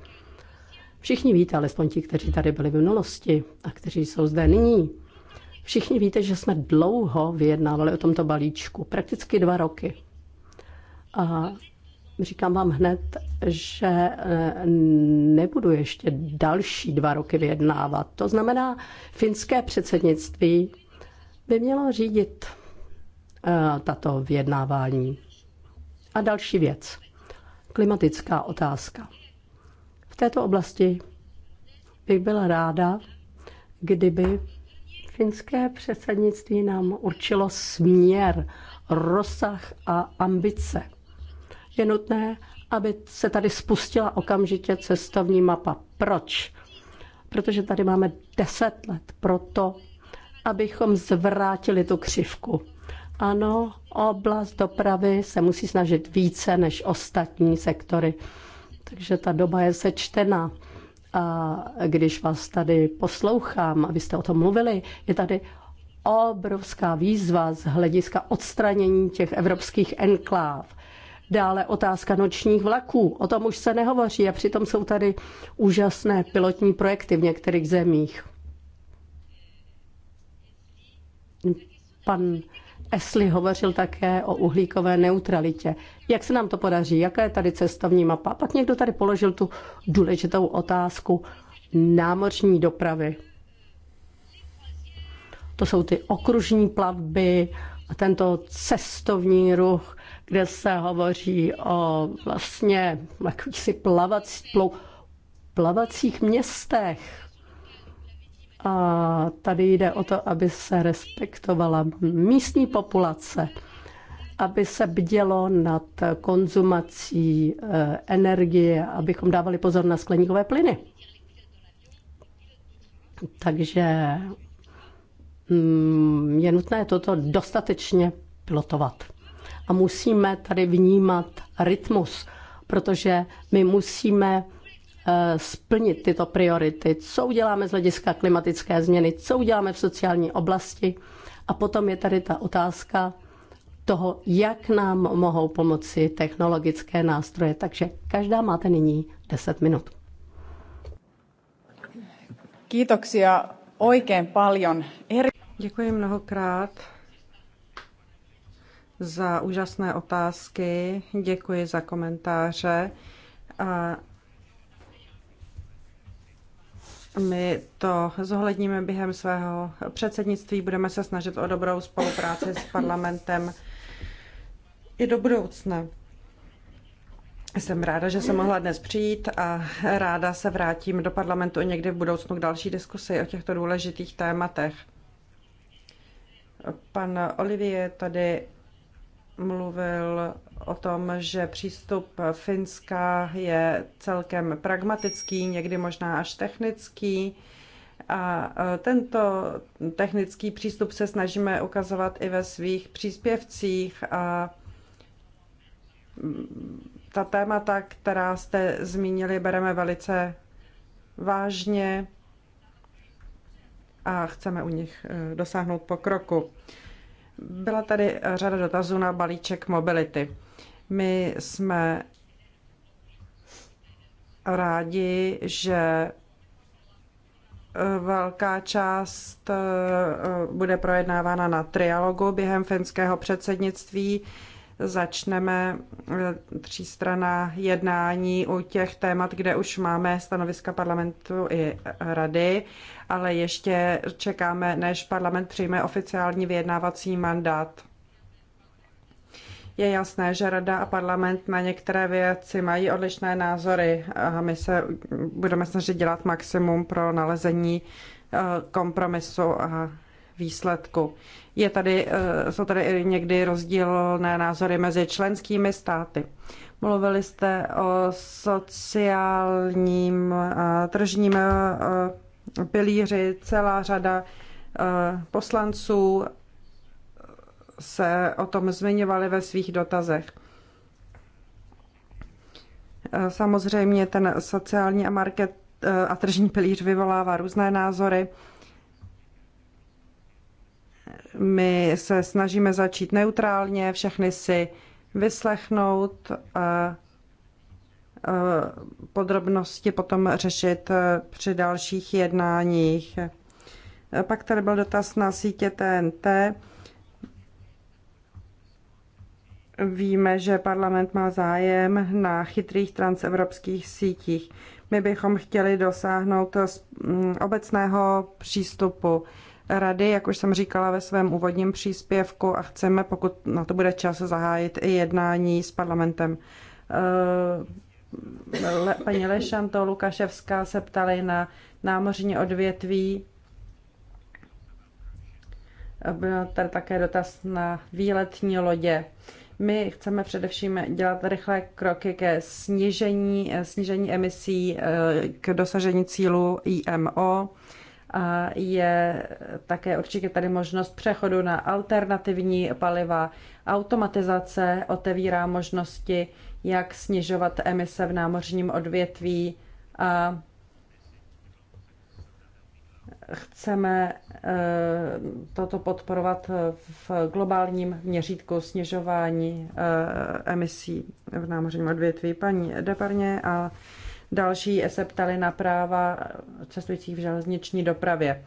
Všichni víte, alespoň ti, kteří tady byli v minulosti a kteří jsou zde nyní, všichni víte, že jsme dlouho vyjednávali o tomto balíčku, prakticky dva roky. A Říkám vám hned, že e, nebudu ještě další dva roky vyjednávat. To znamená, finské předsednictví by mělo řídit e, tato vyjednávání. A další věc. Klimatická otázka. V této oblasti bych byla ráda, kdyby finské předsednictví nám určilo směr, rozsah a ambice je nutné, aby se tady spustila okamžitě cestovní mapa. Proč? Protože tady máme 10 let pro to, abychom zvrátili tu křivku. Ano, oblast dopravy se musí snažit více než ostatní sektory, takže ta doba je sečtená. A když vás tady poslouchám, abyste o tom mluvili, je tady obrovská výzva z hlediska odstranění těch evropských enkláv. Dále otázka nočních vlaků. O tom už se nehovoří a přitom jsou tady úžasné pilotní projekty v některých zemích. Pan Esli hovořil také o uhlíkové neutralitě. Jak se nám to podaří? Jaká je tady cestovní mapa? Pak někdo tady položil tu důležitou otázku námořní dopravy. To jsou ty okružní plavby a tento cestovní ruch kde se hovoří o vlastně jakýchsi plavací, plou, plavacích městech. A tady jde o to, aby se respektovala místní populace, aby se bdělo nad konzumací eh, energie, abychom dávali pozor na skleníkové plyny. Takže mm, je nutné toto dostatečně pilotovat a musíme tady vnímat rytmus, protože my musíme eh, splnit tyto priority, co uděláme z hlediska klimatické změny, co uděláme v sociální oblasti. A potom je tady ta otázka toho, jak nám mohou pomoci technologické nástroje. Takže každá máte nyní 10 minut. Kiitoksia oikein paljon. Děkuji mnohokrát za úžasné otázky, děkuji za komentáře. A my to zohledníme během svého předsednictví, budeme se snažit o dobrou spolupráci s parlamentem i do budoucna. Jsem ráda, že jsem mohla dnes přijít a ráda se vrátím do parlamentu někdy v budoucnu k další diskusi o těchto důležitých tématech. Pan Olivier tady mluvil o tom, že přístup Finska je celkem pragmatický, někdy možná až technický. A e, tento technický přístup se snažíme ukazovat i ve svých příspěvcích a ta témata, která jste zmínili, bereme velice vážně a chceme u nich e, dosáhnout pokroku. Byla tady řada dotazů na balíček mobility. My jsme rádi, že eh, velká část eh, bude projednávána na trialogu během finského předsednictví začneme eh, třístraná jednání u těch témat, kde už máme stanoviska parlamentu i rady, ale ještě čekáme, než parlament přijme oficiální vyjednávací mandát. Je jasné, že rada a parlament na některé věci mají odlišné názory a my se budeme snažit dělat maximum pro nalezení eh, kompromisu a výsledku. Je tady, eh, jsou tady i někdy rozdílné názory mezi členskými státy. Mluvili jste o sociálním eh, tržním eh, pilíři. Celá řada poslanců se o tom zmiňovali ve svých dotazech. Samozřejmě ten sociální a market a tržní pilíř vyvolává různé názory. My se snažíme začít neutrálně, všechny si vyslechnout a podrobnosti potom řešit při dalších jednáních. Pak tady byl dotaz na sítě TNT. Víme, že parlament má zájem na chytrých transevropských sítích. My bychom chtěli dosáhnout obecného přístupu rady, jak už jsem říkala ve svém úvodním příspěvku, a chceme, pokud na to bude čas, zahájit i jednání s parlamentem. Eh, le, paní Lešanto, Lukaševská se ptali na námořní odvětví. Byl tady také dotaz na výletní lodě. My chceme především dělat rychlé kroky ke snížení, snížení emisí, eh, k dosažení cílu IMO a je také určitě tady možnost přechodu na alternativní paliva. Automatizace otevírá možnosti, jak snižovat emise v námořním odvětví a chceme eh, toto podporovat v globálním měřítku snižování eh, emisí v námořním odvětví. Paní Deparně a Další se ptali na práva cestujících v železniční dopravě.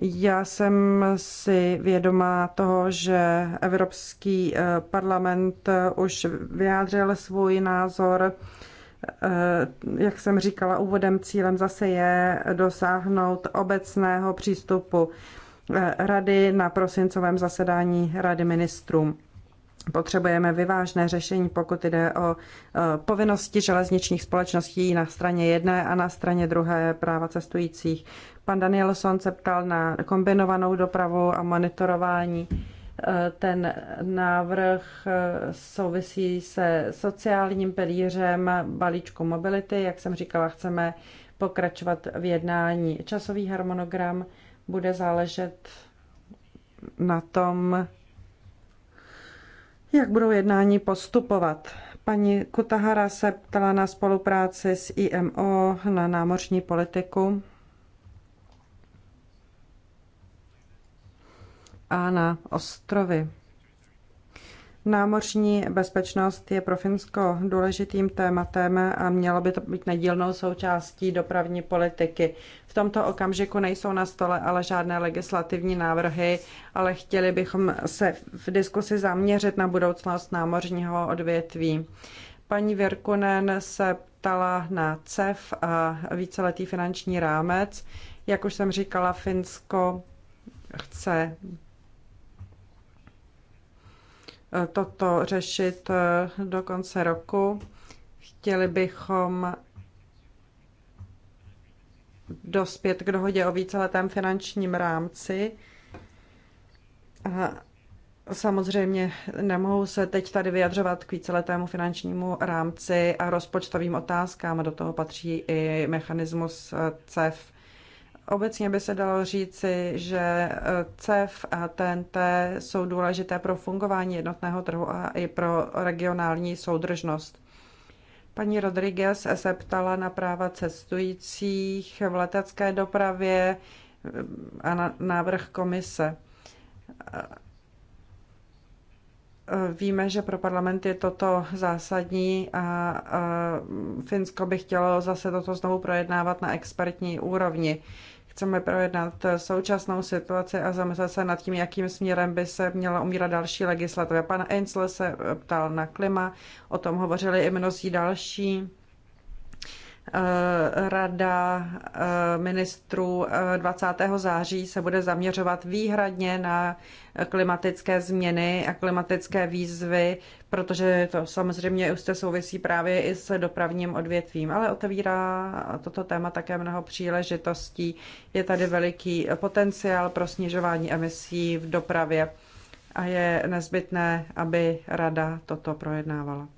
Já jsem si vědomá toho, že Evropský eh, parlament eh, už vyjádřil svůj názor. Eh, jak jsem říkala, úvodem cílem zase je dosáhnout obecného přístupu rady na prosincovém zasedání rady ministrů. Potřebujeme vyvážné řešení, pokud jde o povinnosti železničních společností na straně jedné a na straně druhé práva cestujících. Pan Danielson se ptal na kombinovanou dopravu a monitorování. E, ten návrh e, souvisí se sociálním pilířem balíčku mobility. Jak jsem říkala, chceme pokračovat v jednání. Časový harmonogram bude záležet na tom, jak budou jednání postupovat. Paní Kutahara se ptala na spolupráci s IMO na námořní politiku a na ostrovy. Námořní bezpečnost je pro Finsko důležitým tématem a mělo by to být nedílnou součástí dopravní politiky. V tomto okamžiku nejsou na stole ale žádné legislativní návrhy, ale chtěli bychom se v diskusi zaměřit na budoucnost námořního odvětví. Paní Virkunen se ptala na CEF a víceletý finanční rámec. Jak už jsem říkala, Finsko chce toto řešit eh, do konce roku. Chtěli bychom dospět k dohodě o víceletém finančním rámci. A samozřejmě nemohu se teď tady vyjadřovat k víceletému finančnímu rámci a rozpočtovým otázkám. Do toho patří i mechanismus eh, CEF. Obecně by se dalo říci, že eh, CEF a TNT jsou důležité pro fungování jednotného trhu a i pro regionální soudržnost. Paní Rodriguez se ptala na práva cestujících v letecké dopravě eh, a na návrh komise. Eh, víme, že pro parlament je toto zásadní a Finsko by chtělo zase toto znovu projednávat na expertní úrovni. Chceme projednat současnou situaci a zamyslet se nad tím, jakým směrem by se měla umírat další legislativa. Pan Einzel se ptal na klima, o tom hovořili i mnozí další. Eh, Rada eh, ministrů 20. Eh, září se bude zaměřovat výhradně na klimatické změny a klimatické výzvy, protože to samozřejmě už se souvisí právě i s dopravním odvětvím, ale otevírá toto téma také mnoho příležitostí. Je tady veliký potenciál pro snižování emisí v dopravě a je nezbytné, aby Rada toto projednávala.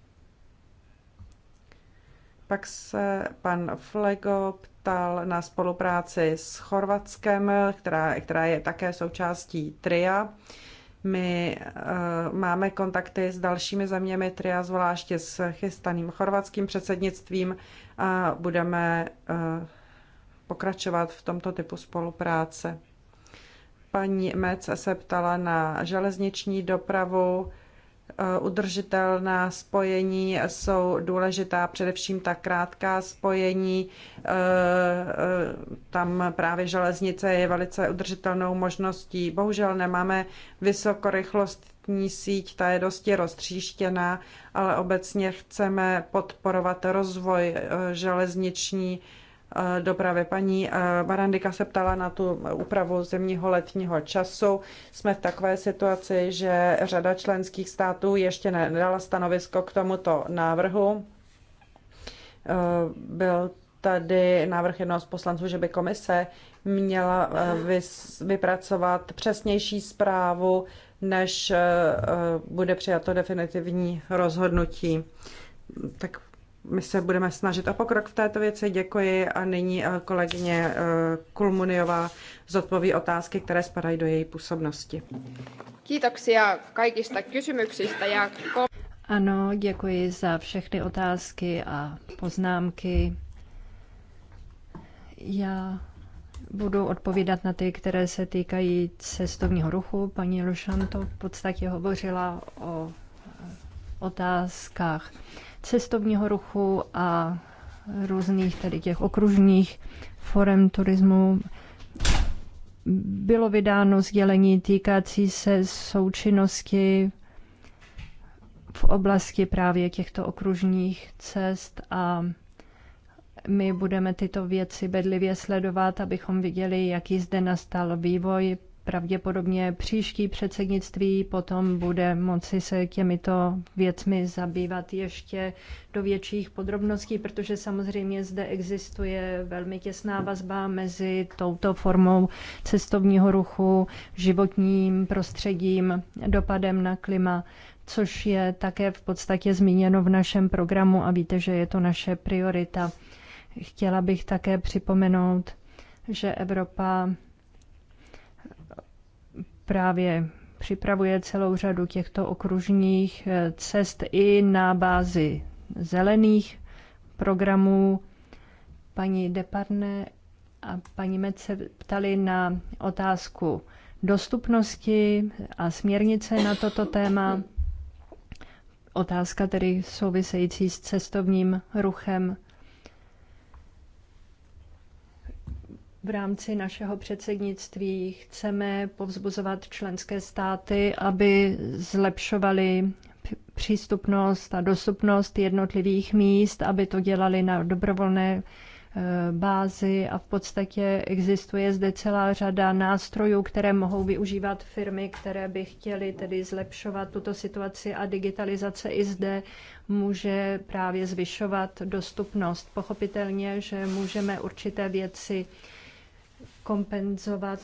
Pak se pan Flego ptal na spolupráci s Chorvatskem, která, která je také součástí TRIA. My uh, máme kontakty s dalšími zeměmi TRIA, zvláště s chystaným chorvatským předsednictvím a budeme uh, pokračovat v tomto typu spolupráce. Paní Mec se ptala na železniční dopravu Eh, udržitelná spojení jsou důležitá, především ta krátká spojení. Eh, eh, tam právě železnice je velice udržitelnou možností. Bohužel nemáme vysokorychlostní síť, ta je dosti roztříštěná, ale obecně chceme podporovat rozvoj železniční dopravy. Paní Barandika se ptala na tu úpravu zimního letního času. Jsme v takové situaci, že řada členských států ještě nedala stanovisko k tomuto návrhu. Byl tady návrh jednoho z poslanců, že by komise měla vypracovat přesnější zprávu, než bude přijato definitivní rozhodnutí. Tak my se budeme snažit o pokrok v této věci. Děkuji a nyní eh, kolegyně eh, Kulmuniová zodpoví otázky, které spadají do její působnosti. Kiitoksia kaikista kysymyksistä ja... Ano, děkuji za všechny otázky a poznámky. Já budu odpovídat na ty, které se týkají cestovního ruchu. Paní Lušanto v podstatě hovořila o eh, otázkách cestovního ruchu a různých tedy těch okružních forem turismu bylo vydáno sdělení týkající se součinnosti v oblasti právě těchto okružních cest a my budeme tyto věci bedlivě sledovat, abychom viděli, jaký zde nastal vývoj pravděpodobně příští předsednictví potom bude moci se těmito věcmi zabývat ještě do větších podrobností, protože samozřejmě zde existuje velmi těsná vazba mezi touto formou cestovního ruchu, životním prostředím, dopadem na klima, což je také v podstatě zmíněno v našem programu a víte, že je to naše priorita. Chtěla bych také připomenout, že Evropa právě připravuje celou řadu těchto okružních eh, cest i na bázi zelených programů. Paní Deparne a paní Med se ptali na otázku dostupnosti a směrnice na toto téma. Otázka tedy související s cestovním ruchem V rámci našeho předsednictví chceme povzbuzovat členské státy, aby zlepšovali přístupnost a dostupnost jednotlivých míst, aby to dělali na dobrovolné e, bázi a v podstatě existuje zde celá řada nástrojů, které mohou využívat firmy, které by chtěly tedy zlepšovat tuto situaci a digitalizace i zde může právě zvyšovat dostupnost. Pochopitelně, že můžeme určité věci kompenzovat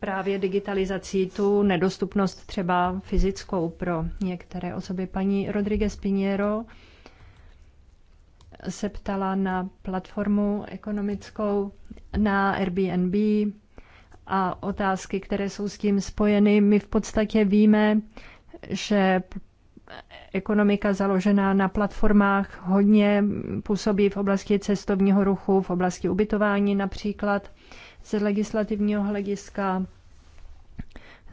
právě digitalizací tu nedostupnost třeba fyzickou pro některé osoby. Paní Rodriguez Piniero se ptala na platformu ekonomickou, na Airbnb a otázky, které jsou s tím spojeny. My v podstatě víme, že ekonomika založená na platformách hodně působí v oblasti cestovního ruchu, v oblasti ubytování například z legislativního hlediska.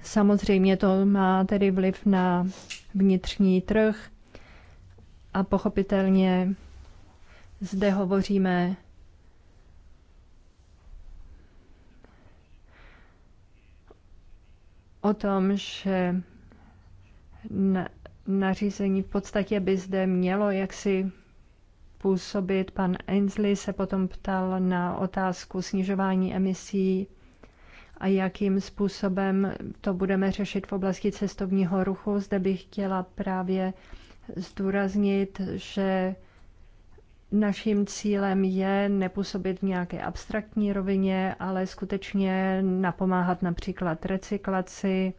Samozřejmě to má tedy vliv na vnitřní trh a pochopitelně zde hovoříme o tom, že nařízení v podstatě by zde mělo jaksi působit. Pan Ainsley se potom ptal na otázku snižování emisí a jakým způsobem to budeme řešit v oblasti cestovního ruchu. Zde bych chtěla právě zdůraznit, že naším cílem je nepůsobit v nějaké abstraktní rovině, ale skutečně napomáhat například recyklaci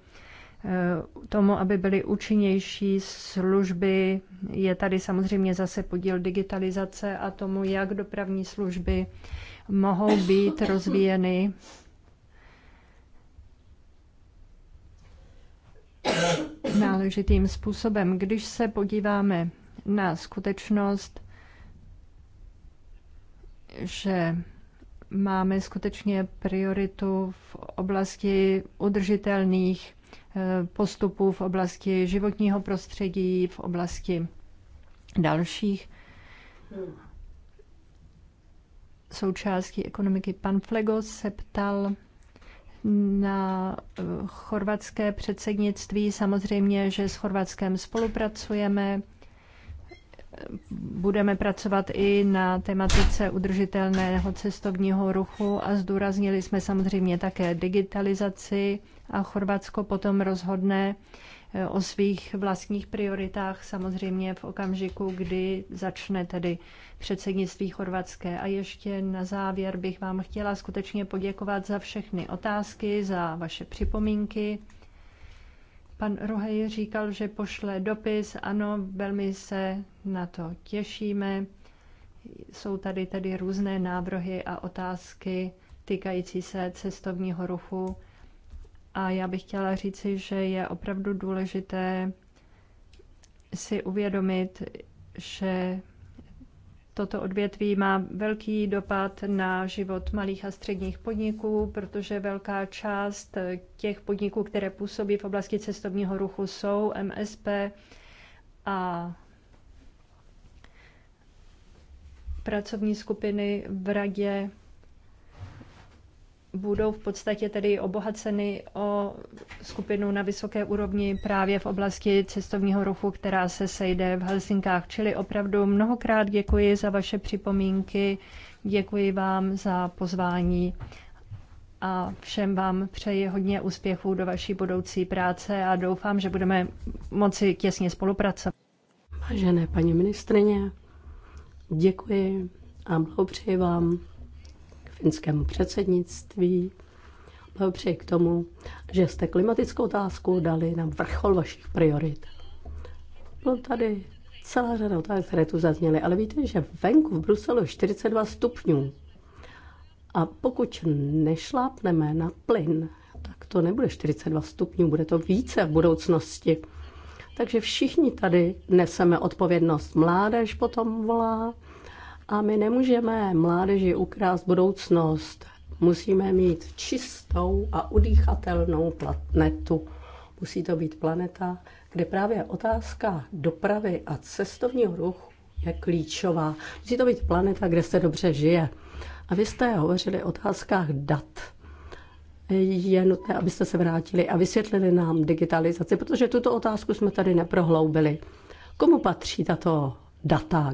Eh, tomu, aby byly účinnější služby. Je tady samozřejmě zase podíl digitalizace a tomu, jak dopravní služby mohou být rozvíjeny. náležitým způsobem. Když se podíváme na skutečnost, že máme skutečně prioritu v oblasti udržitelných postupů v oblasti životního prostředí, v oblasti dalších součástí ekonomiky. Pan Flego se ptal na eh, chorvatské předsednictví. Samozřejmě, že s Chorvatskem spolupracujeme budeme pracovat i na tematice udržitelného cestovního ruchu a zdůraznili jsme samozřejmě také digitalizaci a Chorvatsko potom rozhodne eh, o svých vlastních prioritách samozřejmě v okamžiku, kdy začne tedy předsednictví chorvatské. A ještě na závěr bych vám chtěla skutečně poděkovat za všechny otázky, za vaše připomínky. Pan Rohej říkal, že pošle dopis. Ano, velmi se na to těšíme. Jsou tady tedy různé návrhy a otázky týkající se cestovního ruchu. A já bych chtěla říci, že je opravdu důležité si uvědomit, že Toto odvětví má velký dopad na život malých a středních podniků, protože velká část těch podniků, které působí v oblasti cestovního ruchu, jsou MSP a pracovní skupiny v radě budou v podstatě tedy obohaceny o skupinu na vysoké úrovni právě v oblasti cestovního ruchu, která se sejde v Helsinkách. Čili opravdu mnohokrát děkuji za vaše připomínky, děkuji vám za pozvání a všem vám přeji hodně úspěchů do vaší budoucí práce a doufám, že budeme moci těsně spolupracovat. Vážené paní ministrině, děkuji a blahopřeji vám finskému předsednictví. Blahopřeji k tomu, že jste klimatickou otázku dali na vrchol vašich priorit. Bylo tady celá řada otázek, které tu zazněly, ale víte, že venku v Bruselu je 42 stupňů. A pokud nešlápneme na plyn, tak to nebude 42 stupňů, bude to více v budoucnosti. Takže všichni tady neseme odpovědnost. Mládež potom volá, a my nemůžeme mládeži ukrást budoucnost. Musíme mít čistou a udýchatelnou planetu. Musí to být planeta, kde právě otázka dopravy a cestovního ruchu je klíčová. Musí to být planeta, kde se dobře žije. A vy jste hovořili o otázkách dat. Je nutné, abyste se vrátili a vysvětlili nám digitalizaci, protože tuto otázku jsme tady neprohloubili. Komu patří tato data?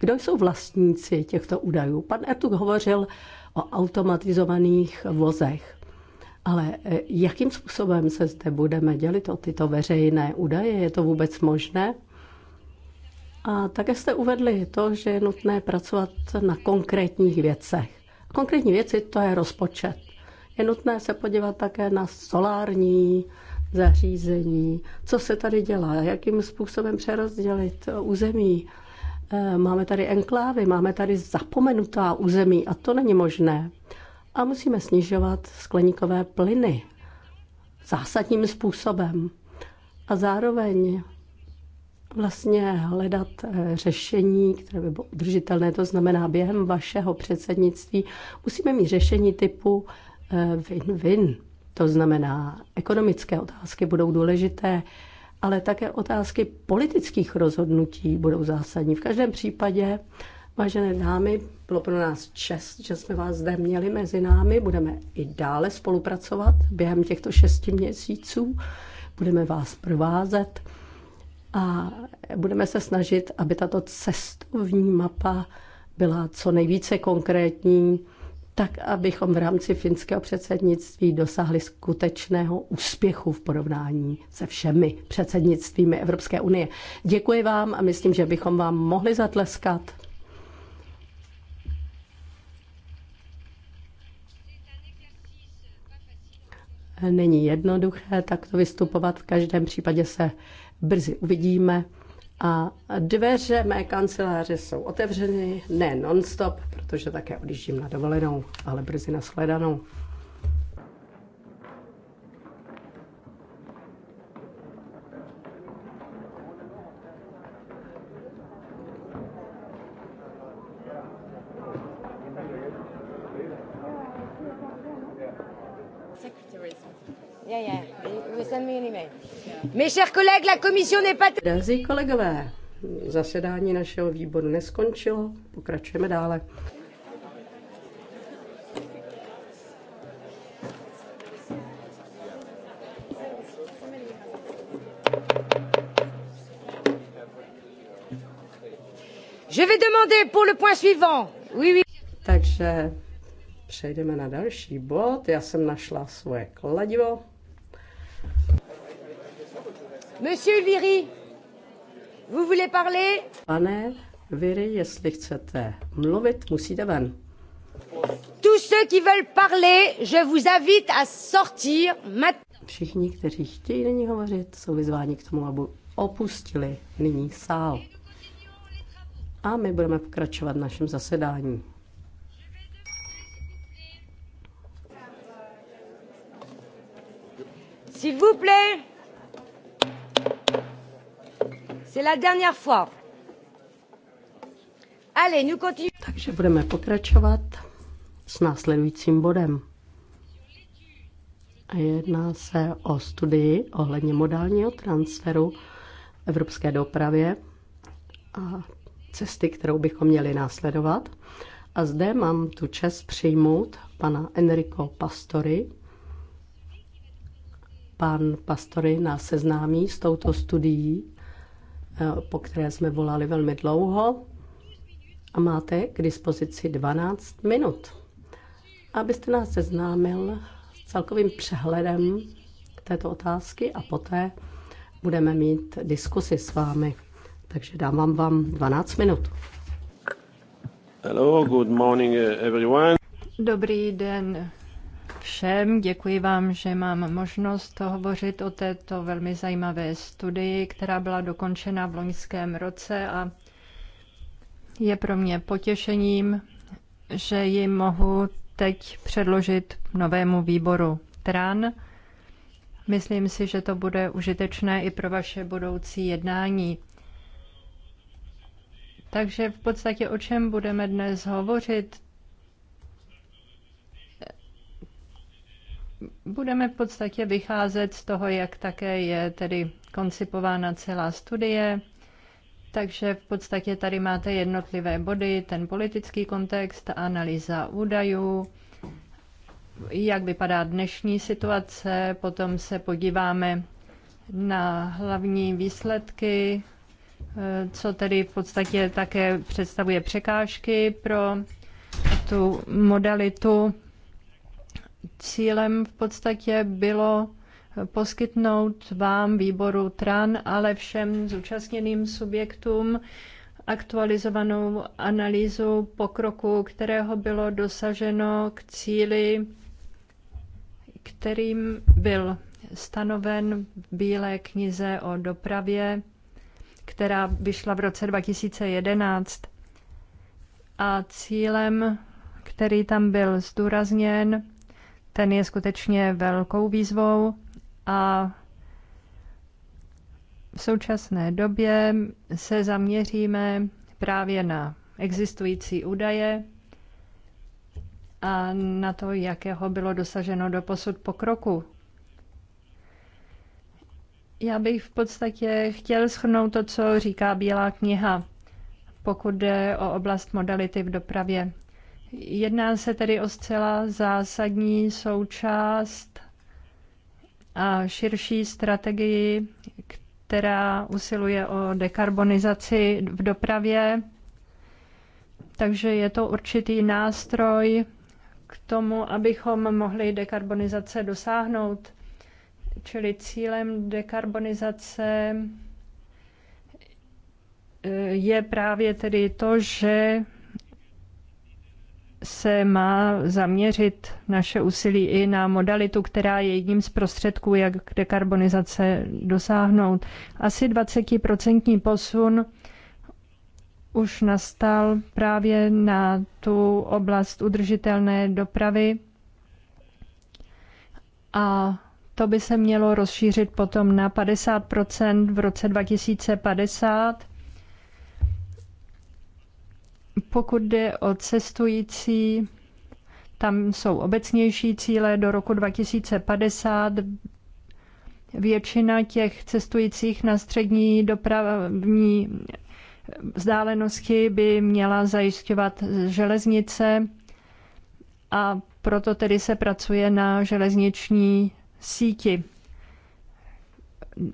Kdo jsou vlastníci těchto údajů? Pan Ertuk hovořil o automatizovaných vozech. Ale e, jakým způsobem se zde budeme dělit o tyto veřejné údaje? Je to vůbec možné? A také jste uvedli to, že je nutné pracovat na konkrétních věcech. Konkrétní věci to je rozpočet. Je nutné se podívat také na solární zařízení, co se tady dělá, jakým způsobem přerozdělit území Eh, máme tady enklávy, máme tady zapomenutá území a to není možné. A musíme snižovat skleníkové plyny zásadním způsobem. A zároveň vlastně hledat eh, řešení, které by bylo udržitelné, to znamená během vašeho předsednictví musíme mít řešení typu eh, win-win. To znamená, ekonomické otázky budou důležité ale také otázky politických rozhodnutí budou zásadní. V každém případě, vážené dámy, bylo pro nás čest, že jsme vás zde měli mezi námi. Budeme i dále spolupracovat během těchto šesti měsíců. Budeme vás provázet a budeme se snažit, aby tato cestovní mapa byla co nejvíce konkrétní, tak abychom v rámci finského předsednictví dosáhli skutečného úspěchu v porovnání se všemi předsednictvími Evropské unie. Děkuji vám a myslím, že bychom vám mohli zatleskat. Není jednoduché takto vystupovat, v každém případě se brzy uvidíme. A dveře mé kanceláře jsou otevřeny, ne nonstop, protože také odjíždím na dovolenou, ale brzy na shledanou. Yeah, yeah. You send me an email. Mes chers collègues, la commission n'est pas... Drazí kolegové, zasedání našeho výboru neskončilo, pokračujeme dále. Je vais demander pour le point suivant. Oui, oui. Takže přejdeme na další bod. Já jsem našla svoje kladivo. Monsieur Viry, vous voulez parler? Pane Viry, jestli chcete mluvit, musíte ven. Tous ceux qui veulent parler, je vous invite à sortir maintenant. Všichni, kteří chtějí nyní hovořit, jsou vyzváni k tomu, aby opustili nyní sál. A my budeme pokračovat v našem zasedání. S'il vous plaît. C'est la dernière fois. Allez, nous continuons. Takže budeme pokračovat s následujícím bodem. A jedná se o studii ohledně modálního transferu evropské dopravě a cesty, kterou bychom měli následovat. A zde mám tu čest přijmout pana Enrico Pastory. Pan Pastory nás seznámí s touto studií Eh, po které jsme volali velmi dlouho. A máte k dispozici 12 minut, abyste nás seznámil s celkovým přehledem této otázky a poté budeme mít diskusi s vámi. Takže dávám vám 12 minut. Hello, good morning eh, everyone. Dobrý den všem. Děkuji vám, že mám možnost hovořit o této velmi zajímavé studii, která byla dokončena v loňském roce a je pro mě potěšením, že ji mohu teď předložit novému výboru TRAN. Myslím si, že to bude užitečné i pro vaše budoucí jednání. Takže v podstatě o čem budeme dnes hovořit, budeme v podstatě vycházet z toho, jak také je tedy koncipována celá studie. Takže v podstatě tady máte jednotlivé body, ten politický kontext, analýza údajů, jak vypadá dnešní situace, potom se podíváme na hlavní výsledky, eh, co tedy v podstatě také představuje překážky pro tu modalitu cílem v podstatě bylo poskytnout vám, výboru TRAN, ale všem zúčastněným subjektům aktualizovanou analýzu pokroku, kterého bylo dosaženo k cíli, kterým byl stanoven v Bílé knize o dopravě, která vyšla v roce 2011. A cílem, který tam byl zdůrazněn, ten je skutečně velkou výzvou a v současné době se zaměříme právě na existující údaje a na to, jakého bylo dosaženo do posud pokroku. Já bych v podstatě chtěl schrnout to, co říká Bílá kniha, pokud jde o oblast modality v dopravě. Jedná se tedy o zcela zásadní součást a širší strategii, která usiluje o dekarbonizaci v dopravě. Takže je to určitý nástroj k tomu, abychom mohli dekarbonizace dosáhnout. Čili cílem dekarbonizace eh, je právě tedy to, že se má zaměřit naše úsilí i na modalitu, která je jedním z prostředků, jak dekarbonizace dosáhnout. Asi 20% posun už nastal právě na tu oblast udržitelné dopravy a to by se mělo rozšířit potom na 50 v roce 2050 pokud jde o cestující, tam jsou obecnější cíle do roku 2050. Většina těch cestujících na střední dopravní vzdálenosti by měla zajišťovat železnice a proto tedy se pracuje na železniční síti.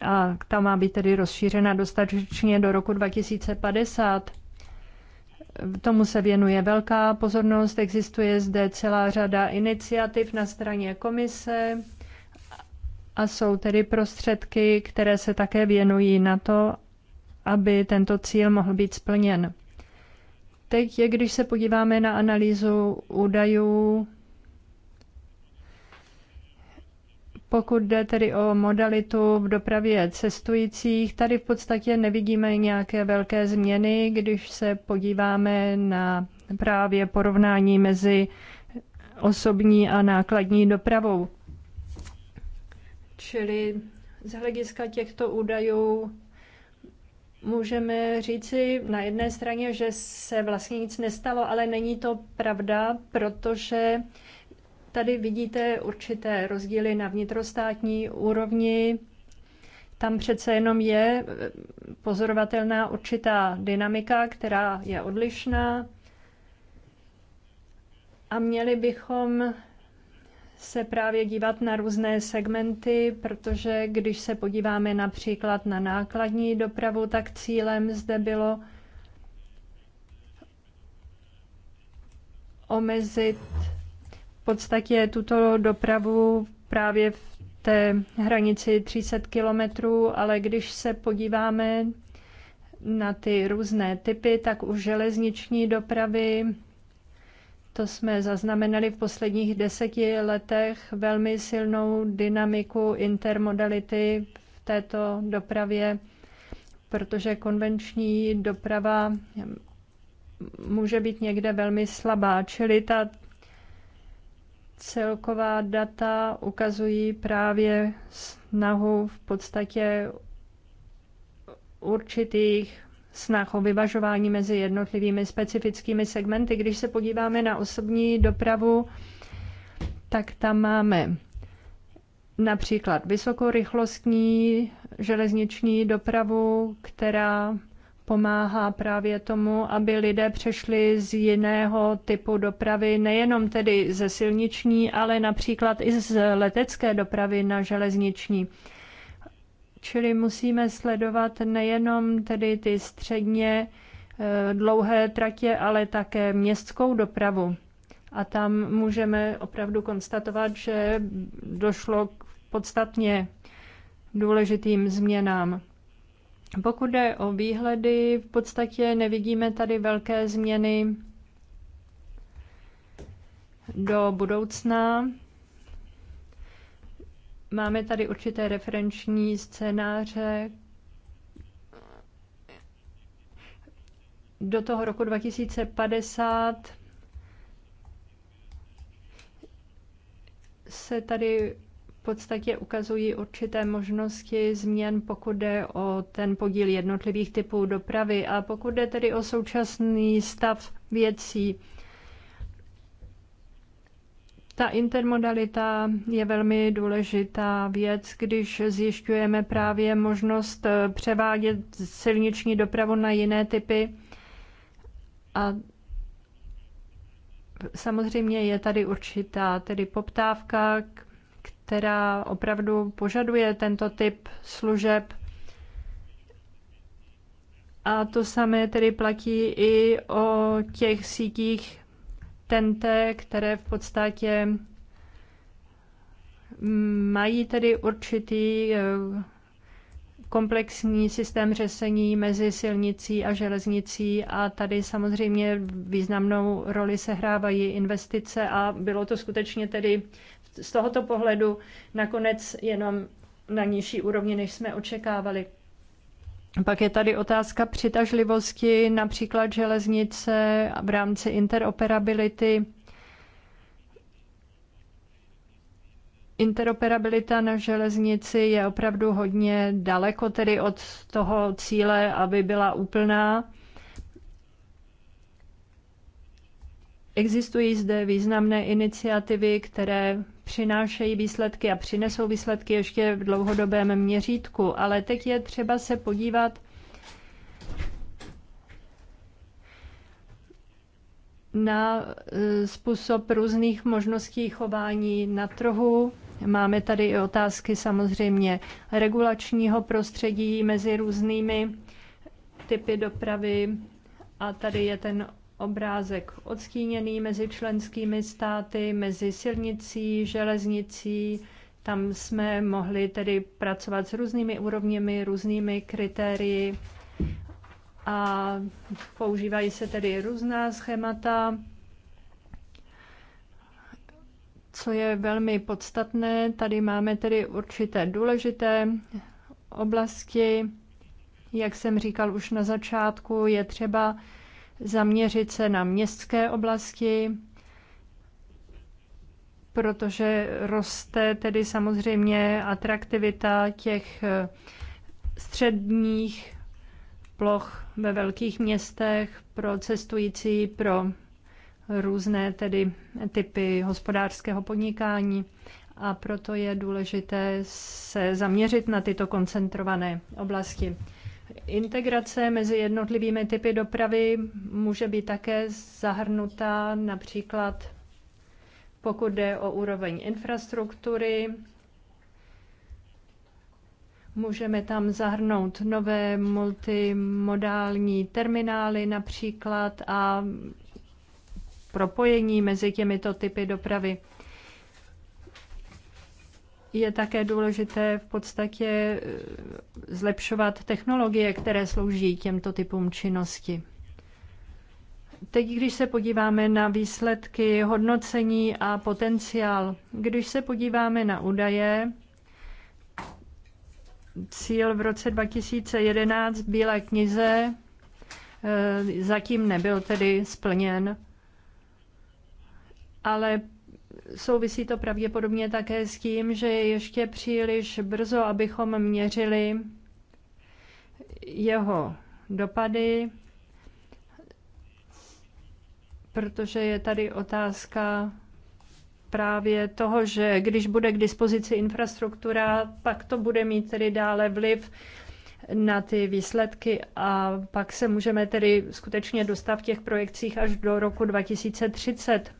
A ta má být tedy rozšířena dostatečně do roku 2050 Tomu se věnuje velká pozornost, existuje zde celá řada iniciativ na straně komise a jsou tedy prostředky, které se také věnují na to, aby tento cíl mohl být splněn. Teď, když se podíváme na analýzu údajů Pokud jde tedy o modalitu v dopravě cestujících, tady v podstatě nevidíme nějaké velké změny, když se podíváme na právě porovnání mezi osobní a nákladní dopravou. Čili z hlediska těchto údajů můžeme říci na jedné straně, že se vlastně nic nestalo, ale není to pravda, protože Tady vidíte určité rozdíly na vnitrostátní úrovni. Tam přece jenom je eh, pozorovatelná určitá dynamika, která je odlišná. A měli bychom se právě dívat na různé segmenty, protože když se podíváme například na nákladní dopravu, tak cílem zde bylo omezit podstatě tuto dopravu právě v té hranici 300 kilometrů, ale když se podíváme na ty různé typy, tak u železniční dopravy to jsme zaznamenali v posledních deseti letech velmi silnou dynamiku intermodality v této dopravě, protože konvenční doprava může být někde velmi slabá, čili ta celková data ukazují právě snahu v podstatě určitých snah o vyvažování mezi jednotlivými specifickými segmenty. Když se podíváme na osobní dopravu, tak tam máme například vysokorychlostní železniční dopravu, která pomáhá právě tomu, aby lidé přešli z jiného typu dopravy, nejenom tedy ze silniční, ale například i z letecké dopravy na železniční. Čili musíme sledovat nejenom tedy ty středně eh, dlouhé tratě, ale také městskou dopravu. A tam můžeme opravdu konstatovat, že došlo k podstatně důležitým změnám. Pokud jde o výhledy, v podstatě nevidíme tady velké změny do budoucna. Máme tady určité referenční scénáře. Do toho roku 2050 se tady podstatě ukazují určité možnosti změn, pokud jde o ten podíl jednotlivých typů dopravy a pokud jde tedy o současný stav věcí. Ta intermodalita je velmi důležitá věc, když zjišťujeme právě možnost eh, převádět silniční dopravu na jiné typy. A samozřejmě je tady určitá tedy poptávka, která opravdu požaduje tento typ služeb. A to samé tedy platí i o těch sítích TNT, které v podstatě mm, mají tedy určitý eh, komplexní systém řešení mezi silnicí a železnicí a tady samozřejmě významnou roli sehrávají investice a bylo to skutečně tedy z tohoto pohledu nakonec jenom na nižší úrovni, než jsme očekávali. Pak je tady otázka přitažlivosti, například železnice v rámci interoperability. Interoperabilita na železnici je opravdu hodně daleko tedy od toho cíle, aby byla úplná. Existují zde významné iniciativy, které přinášejí výsledky a přinesou výsledky ještě v dlouhodobém měřítku, ale teď je třeba se podívat na e, způsob různých možností chování na trhu. Máme tady i otázky samozřejmě regulačního prostředí mezi různými typy dopravy a tady je ten obrázek odstíněný mezi členskými státy, mezi silnicí, železnicí. Tam jsme mohli tedy pracovat s různými úrovněmi, různými kritérii a používají se tedy různá schémata. Co je velmi podstatné, tady máme tedy určité důležité oblasti. Jak jsem říkal už na začátku, je třeba zaměřit se na městské oblasti, protože roste tedy samozřejmě atraktivita těch eh, středních ploch ve velkých městech pro cestující, pro různé tedy typy hospodářského podnikání a proto je důležité se zaměřit na tyto koncentrované oblasti. Integrace mezi jednotlivými typy dopravy může být také zahrnutá například pokud jde o úroveň infrastruktury, Můžeme tam zahrnout nové multimodální terminály například a propojení mezi těmito typy dopravy je také důležité v podstatě eh, zlepšovat technologie, které slouží těmto typům činnosti. Teď, když se podíváme na výsledky hodnocení a potenciál, když se podíváme na údaje, cíl v roce 2011 Bílé knize eh, zatím nebyl tedy splněn, ale Souvisí to pravděpodobně také s tím, že je ještě příliš brzo, abychom měřili jeho dopady, protože je tady otázka právě toho, že když bude k dispozici infrastruktura, pak to bude mít tedy dále vliv na ty výsledky a pak se můžeme tedy skutečně dostat v těch projekcích až do roku 2030.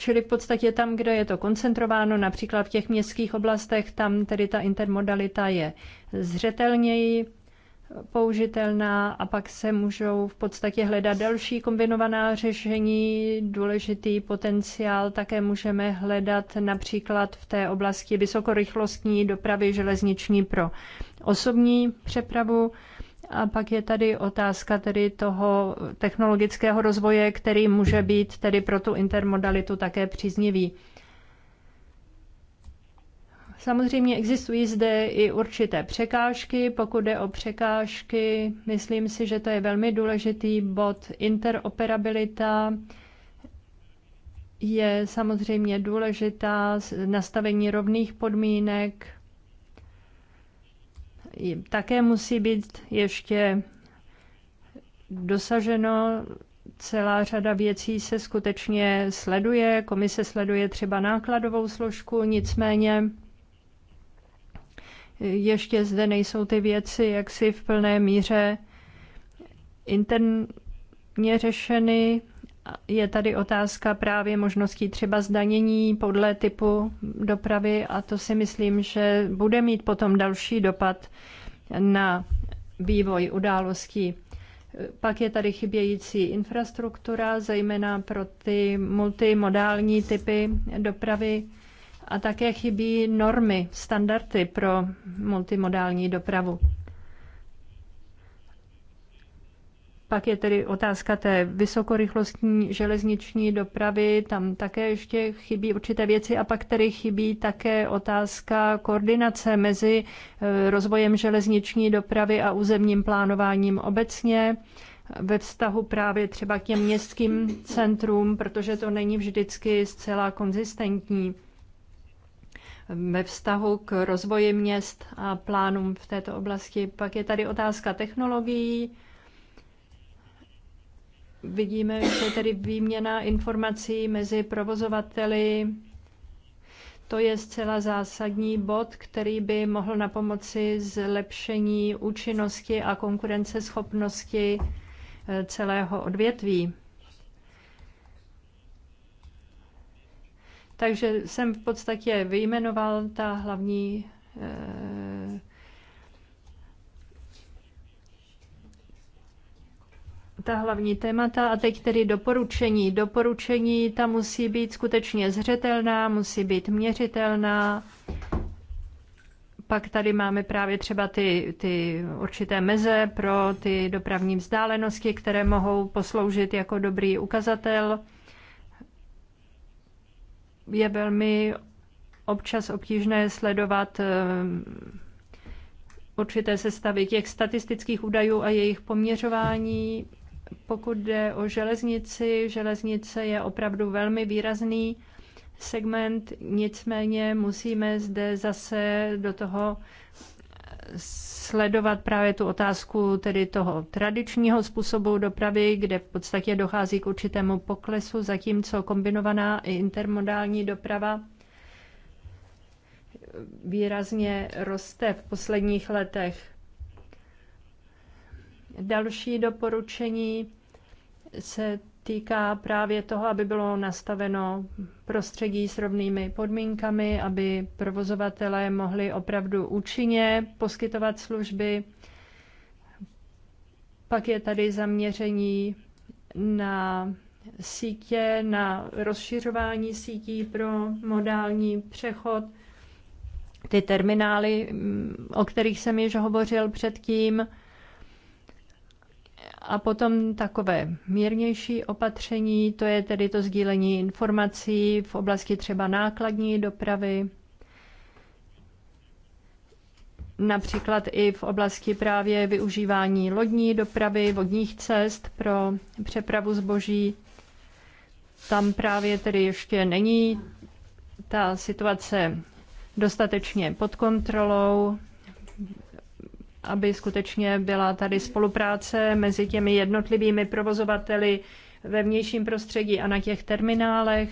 Čili v podstatě tam, kde je to koncentrováno, například v těch městských oblastech, tam tedy ta intermodalita je zřetelněji použitelná a pak se můžou v podstatě hledat další kombinovaná řešení. Důležitý potenciál také můžeme hledat například v té oblasti vysokorychlostní dopravy železniční pro osobní přepravu. A pak je tady otázka tedy toho technologického rozvoje, který může být tedy pro tu intermodalitu také příznivý. Samozřejmě existují zde i určité překážky. Pokud jde o překážky, myslím si, že to je velmi důležitý bod. Interoperabilita je samozřejmě důležitá, nastavení rovných podmínek, také musí být ještě dosaženo. Celá řada věcí se skutečně sleduje. Komise sleduje třeba nákladovou složku, nicméně ještě zde nejsou ty věci jaksi v plné míře interně řešeny je tady otázka právě možností třeba zdanění podle typu dopravy a to si myslím, že bude mít potom další dopad na vývoj událostí. Pak je tady chybějící infrastruktura, zejména pro ty multimodální typy dopravy a také chybí normy, standardy pro multimodální dopravu. Pak je tedy otázka té vysokorychlostní železniční dopravy, tam také ještě chybí určité věci a pak tedy chybí také otázka koordinace mezi e, rozvojem železniční dopravy a územním plánováním obecně ve vztahu právě třeba k těm městským centrům, protože to není vždycky zcela konzistentní ve vztahu k rozvoji měst a plánům v této oblasti. Pak je tady otázka technologií, vidíme, že tedy výměna informací mezi provozovateli, to je zcela zásadní bod, který by mohl na pomoci zlepšení účinnosti a konkurenceschopnosti eh, celého odvětví. Takže jsem v podstatě vyjmenoval ta hlavní eh, ta hlavní témata a teď tedy doporučení. Doporučení ta musí být skutečně zřetelná, musí být měřitelná. Pak tady máme právě třeba ty, ty určité meze pro ty dopravní vzdálenosti, které mohou posloužit jako dobrý ukazatel. Je velmi občas obtížné sledovat eh, určité sestavy těch statistických údajů a jejich poměřování pokud jde o železnici, železnice je opravdu velmi výrazný segment, nicméně musíme zde zase do toho sledovat právě tu otázku tedy toho tradičního způsobu dopravy, kde v podstatě dochází k určitému poklesu, zatímco kombinovaná i intermodální doprava výrazně roste v posledních letech. Další doporučení se týká právě toho, aby bylo nastaveno prostředí s rovnými podmínkami, aby provozovatelé mohli opravdu účinně poskytovat služby. Pak je tady zaměření na sítě, na rozšiřování sítí pro modální přechod. Ty terminály, mm, o kterých jsem již hovořil předtím, a potom takové mírnější opatření, to je tedy to sdílení informací v oblasti třeba nákladní dopravy, například i v oblasti právě využívání lodní dopravy, vodních cest pro přepravu zboží. Tam právě tedy ještě není ta situace dostatečně pod kontrolou aby skutečně byla tady spolupráce mezi těmi jednotlivými provozovateli ve vnějším prostředí a na těch terminálech.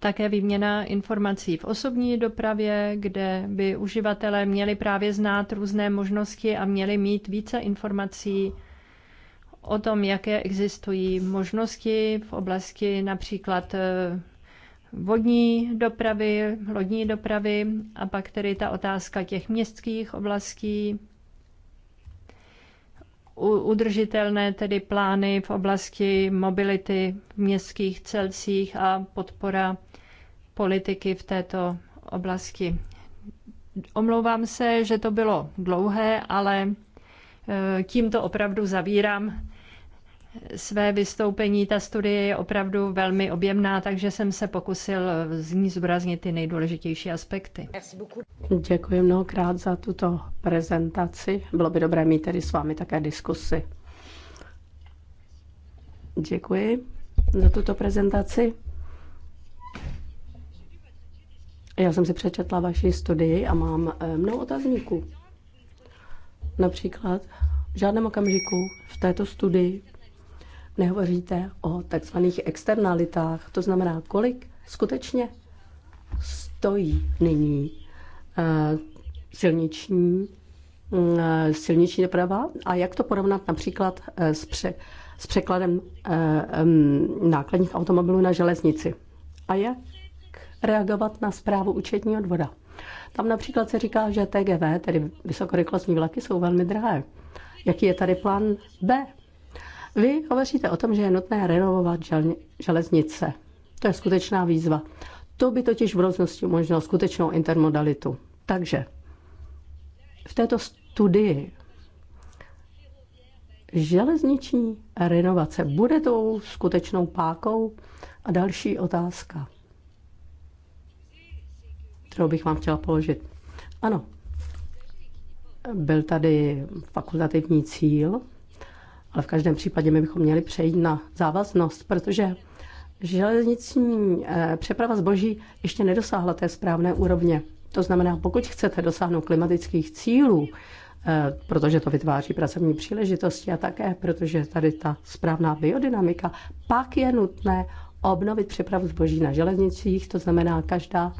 Také výměna informací v osobní dopravě, kde by uživatelé měli právě znát různé možnosti a měli mít více informací o tom, jaké existují možnosti v oblasti například eh, vodní dopravy, lodní dopravy a pak tedy ta otázka těch městských oblastí, udržitelné tedy plány v oblasti mobility v městských celcích a podpora politiky v této oblasti. Omlouvám se, že to bylo dlouhé, ale e, tímto opravdu zavírám své vystoupení. Ta studie je opravdu velmi objemná, takže jsem se pokusil z ní zúraznit ty nejdůležitější aspekty. Děkuji mnohokrát za tuto prezentaci. Bylo by dobré mít tedy s vámi také diskusy. Děkuji za tuto prezentaci. Já jsem si přečetla vaši studii a mám eh, mnoho otazníků. Například v žádném okamžiku v této studii nehovoříte o takzvaných externalitách. To znamená, kolik skutečně stojí nyní eh, silniční, eh, silniční doprava a jak to porovnat například eh, s, pře, s překladem nákladních automobilů na železnici. A jak reagovat na zprávu účetního dvora. Tam například se říká, že TGV, tedy vysokorychlostní vlaky, jsou velmi drahé. Jaký je tady plán B? Vy hovoříte o tom, že je nutné renovovat železnice. To je skutečná výzva. To by totiž v budoucnosti umožnilo skutečnou intermodalitu. Takže v této studii železniční renovace bude tou skutečnou pákou? A další otázka, kterou bych vám chtěla položit. Ano, byl tady fakultativní cíl ale v každém případě my bychom měli přejít na závaznost, protože železniční eh, přeprava zboží ještě nedosáhla té správné úrovně. To znamená, pokud chcete dosáhnout klimatických cílů, eh, protože to vytváří pracovní příležitosti a také, protože tady ta správná biodynamika, pak je nutné obnovit přepravu zboží na železnicích, to znamená, každá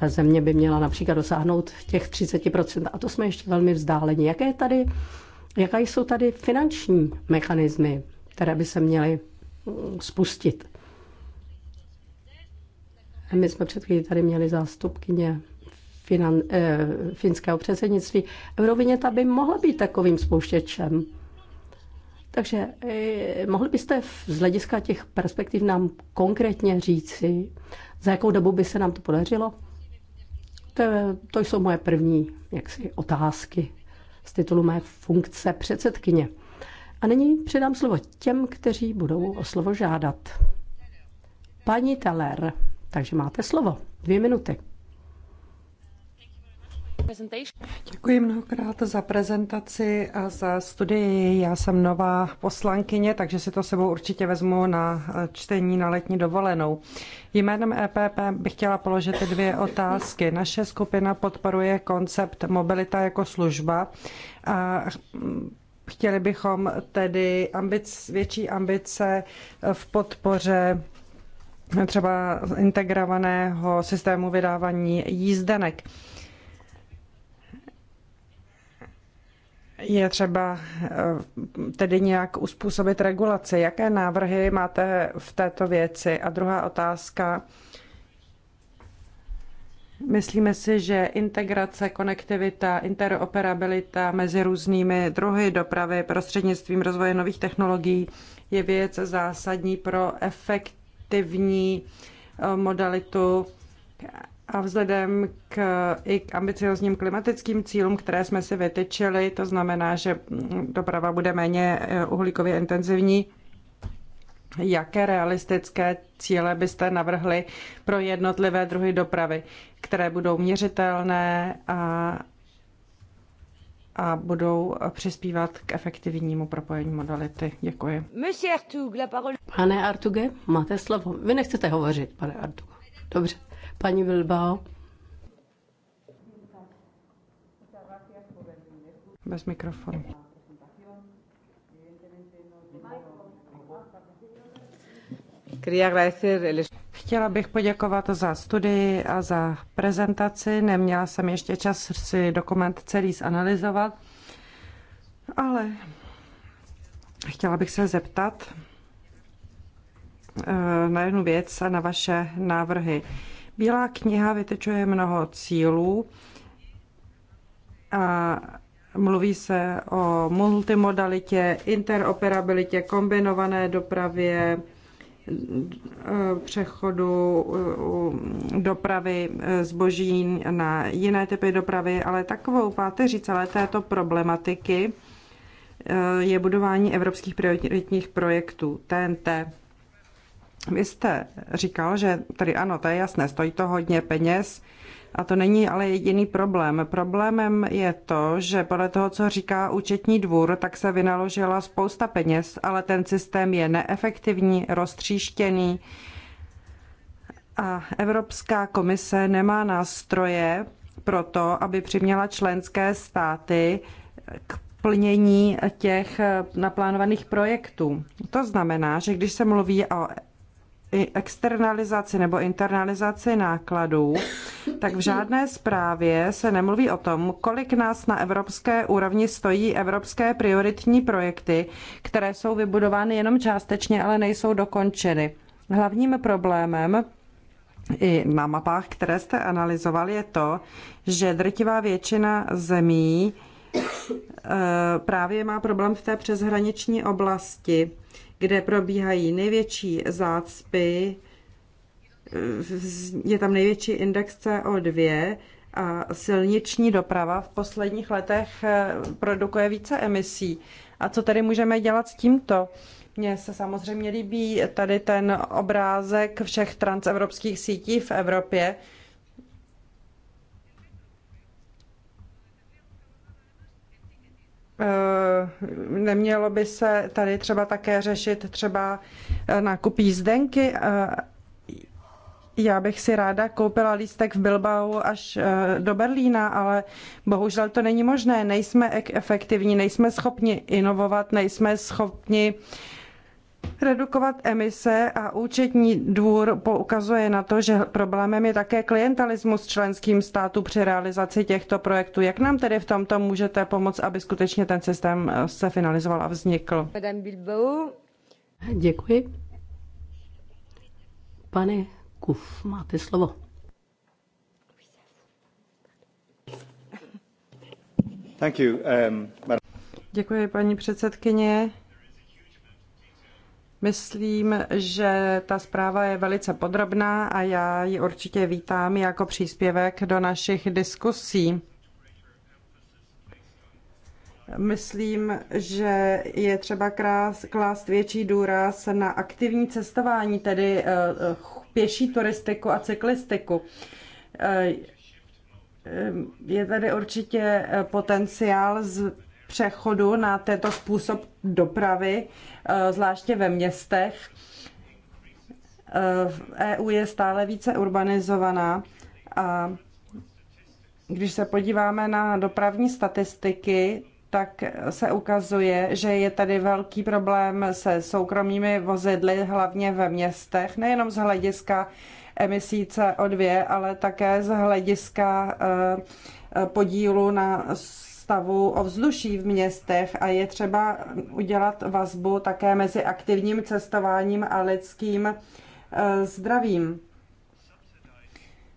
eh, země by měla například dosáhnout těch 30%. A to jsme ještě velmi vzdáleni. Jaké je tady Jaká jsou tady finanční mechanismy, které by se měly mm, spustit? My jsme před tady měli zástupkyně finan, eh, finského předsednictví. ta by mohla být takovým spouštěčem. Takže eh, mohli byste z hlediska těch perspektiv nám konkrétně říci, za jakou dobu by se nám to podařilo? To, to jsou moje první jaksi, otázky z titulu mé funkce předsedkyně. A nyní předám slovo těm, kteří budou o slovo žádat. Paní Teller, takže máte slovo. Dvě minuty. Děkuji mnohokrát za prezentaci a za studii. Já jsem nová poslankyně, takže si to sebou určitě vezmu na eh, čtení na letní dovolenou. Jménem EPP bych chtěla položit dvě otázky. Naše skupina podporuje koncept mobilita jako služba a chtěli bychom tedy ambic, větší ambice v podpoře třeba integrovaného systému vydávání jízdenek. je třeba eh, tedy nějak uspůsobit regulaci. Jaké návrhy máte v této věci? A druhá otázka. Myslíme si, že integrace, konektivita, interoperabilita mezi různými druhy dopravy prostřednictvím rozvoje nových technologií je věc zásadní pro efektivní eh, modalitu a vzhledem k, i k ambiciozním klimatickým cílům, které jsme si vytyčili, to znamená, že doprava bude méně eh, uhlíkově intenzivní, jaké realistické cíle byste navrhli pro jednotlivé druhy dopravy, které budou měřitelné a, a budou přispívat k efektivnímu propojení modality. Děkuji. Pane Artuge, máte slovo. Vy nechcete hovořit, pane Artuge. Dobře. Paní Bilbao. Bez mikrofonu. Chtěla bych poděkovat za studii a za prezentaci. Neměla jsem ještě čas si dokument celý zanalizovat, ale chtěla bych se zeptat eh, na jednu věc a na vaše návrhy. Bílá kniha vytečuje mnoho cílů a mluví se o multimodalitě, interoperabilitě, kombinované dopravě, eh, přechodu eh, dopravy eh, zboží na jiné typy dopravy, ale takovou páteří celé této problematiky je budování evropských prioritních projektů TNT. Vy jste říkal, že tady ano, to je jasné, stojí to hodně peněz, a to není ale jediný problém. Problémem je to, že podle toho, co říká účetní dvůr, tak se vynaložila spousta peněz, ale ten systém je neefektivní, roztříštěný a Evropská komise nemá nástroje pro to, aby přiměla členské státy k plnění těch naplánovaných projektů. To znamená, že když se mluví o externalizaci nebo internalizaci nákladů, tak v žádné zprávě se nemluví o tom, kolik nás na evropské úrovni stojí evropské prioritní projekty, které jsou vybudovány jenom částečně, ale nejsou dokončeny. Hlavním problémem i na mapách, které jste analyzoval, je to, že drtivá většina zemí eh, právě má problém v té přeshraniční oblasti kde probíhají největší zácpy, je tam největší index CO2 a silniční doprava v posledních letech eh, produkuje více emisí. A co tady můžeme dělat s tímto? Mně se samozřejmě líbí tady ten obrázek všech transevropských sítí v Evropě, Eh, nemělo by se tady třeba také řešit třeba eh, nákup jízdenky. Eh, já bych si ráda koupila lístek v Bilbao až do Berlína, ale bohužel to není možné. Nejsme efektivní, nejsme schopni inovovat, nejsme schopni uh, redukovat emise a účetní dvůr poukazuje na to, že problémem je také klientalismus členským státu při realizaci těchto projektů. Jak nám tedy v tomto můžete pomoct, aby skutečně ten systém eh, se finalizoval a vznikl? Děkuji. Pane Kuf, máte slovo. Thank you, um, Děkuji, paní předsedkyně. Myslím, že ta zpráva je velice podrobná a já ji určitě vítám jako příspěvek do našich diskusí. Myslím, že je třeba krás, klást větší důraz na aktivní cestování, tedy eh, pěší turistiku a cyklistiku. Eh, eh, je tady určitě potenciál přechodu na tento způsob dopravy, eh, zvláště ve městech. EU eh, e je stále více urbanizovaná a když se podíváme na dopravní statistiky, tak se ukazuje, že je tady velký problém se soukromými vozidly, hlavně ve městech, nejenom z hlediska emisí CO2, ale také z hlediska eh, podílu na stavu ovzduší v městech a je třeba udělat vazbu také mezi aktivním cestováním a lidským eh, zdravím.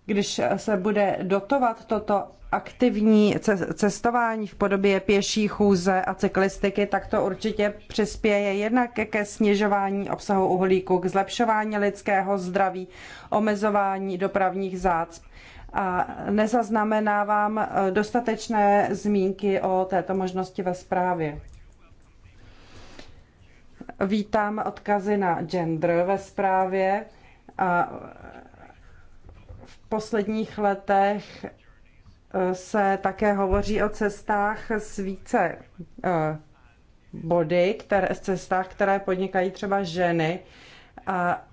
Když se bude dotovat toto aktivní cestování v podobě pěší chůze a cyklistiky, tak to určitě přispěje jednak ke snižování obsahu uhlíku, k zlepšování lidského zdraví, omezování dopravních zácp a nezaznamenávám eh, dostatečné zmínky o této možnosti ve zprávě. Vítám odkazy na gender ve zprávě a v posledních letech eh, se také hovoří o cestách s více eh, body, které, cestách, které podnikají třeba ženy. A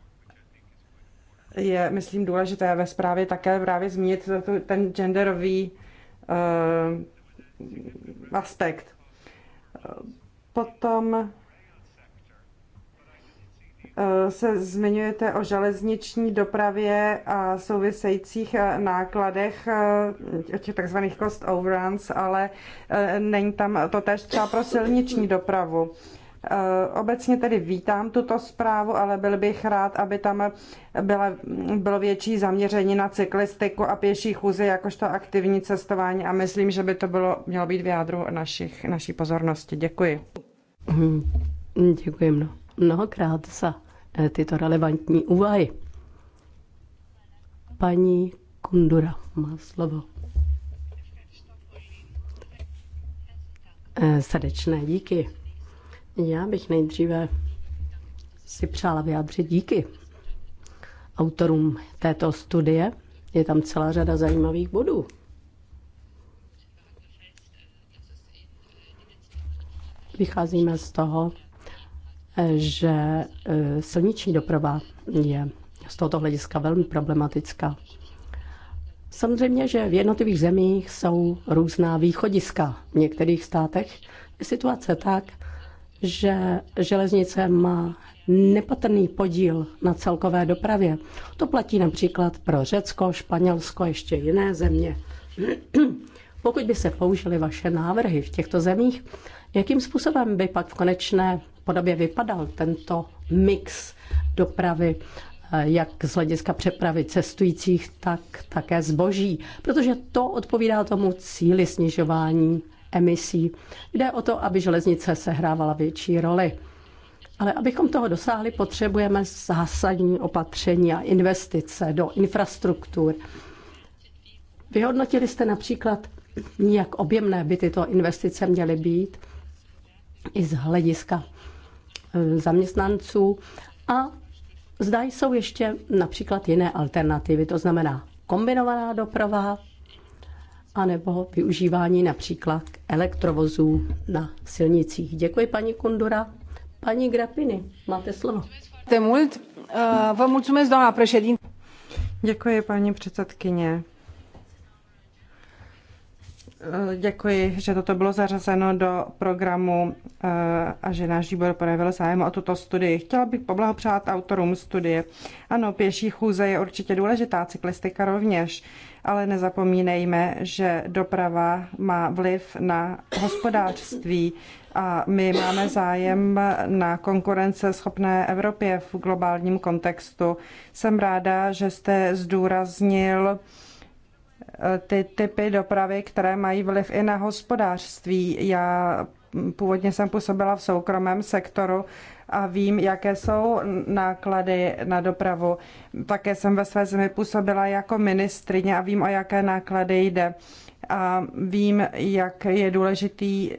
je, myslím, důležité ve zprávě také právě zmínit ten genderový uh, aspekt. Potom uh, se zmiňujete o železniční dopravě a souvisejících eh, nákladech, o těch takzvaných cost overruns, ale není tam to tež třeba pro silniční dopravu. Uh, Eh, obecně tedy vítám tuto zprávu, ale byl bych rád, aby tam byla, bylo větší zaměření na cyklistiku a pěší chůzi, jakožto aktivní cestování a myslím, že by to bylo, mělo být v jádru našich, naší pozornosti. Děkuji. Mm, děkuji mno, mnohokrát za eh, tyto relevantní úvahy. Paní Kundura má slovo. Eh, srdečné díky. Já bych nejdříve si přála vyjádřit díky autorům této studie. Je tam celá řada zajímavých bodů. Vycházíme z toho, že e, silniční doprava je z tohoto hlediska velmi problematická. Samozřejmě, že v jednotlivých zemích jsou různá východiska. V některých státech je situace tak, že železnice má nepatrný podíl na celkové dopravě. To platí například pro Řecko, Španělsko, ještě jiné země. *clears throat* Pokud by se použily vaše návrhy v těchto zemích, jakým způsobem by pak v konečné podobě vypadal tento mix dopravy, eh, jak z hlediska přepravy cestujících, tak také zboží, protože to odpovídá tomu cíli snižování emisí. Jde o to, aby železnice sehrávala větší roli. Ale abychom toho dosáhli, potřebujeme zásadní opatření a investice do infrastruktur. Vyhodnotili jste například, jak objemné by tyto investice měly být i z hlediska eh, zaměstnanců a zdají jsou ještě například jiné alternativy, to znamená kombinovaná doprava, anebo využívání například elektrovozů na silnicích. Děkuji paní Kundura. Paní Grapiny, máte slovo. Eh, děkuji, paní předsedkyně. Eh, děkuji, že toto bylo zařazeno do programu eh, a že náš výbor projevil zájem o tuto studii. Chtěla bych poblahopřát autorům studie. Ano, pěší chůze je určitě důležitá, cyklistika rovněž ale nezapomínejme, že doprava má vliv na hospodářství a my máme zájem na konkurenceschopné Evropě v globálním kontextu. Jsem ráda, že jste zdůraznil eh, ty typy dopravy, které mají vliv i na hospodářství. Já původně jsem působila v soukromém sektoru a vím, jaké jsou náklady na dopravu. Také jsem ve své zemi působila jako ministrině a vím, o jaké náklady jde. A vím, jak je důležitý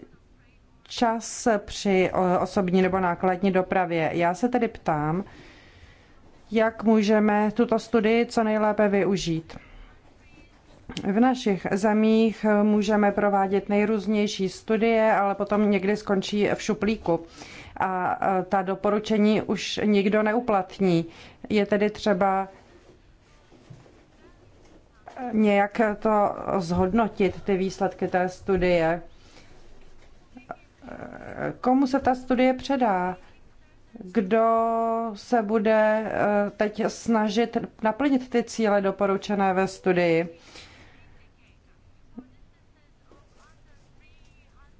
čas při osobní nebo nákladní dopravě. Já se tedy ptám, jak můžeme tuto studii co nejlépe využít. V našich zemích můžeme provádět nejrůznější studie, ale potom někdy skončí v šuplíku a ta doporučení už nikdo neuplatní. Je tedy třeba nějak to zhodnotit, ty výsledky té studie. Komu se ta studie předá? Kdo se bude e, teď snažit naplnit ty cíle doporučené ve studii?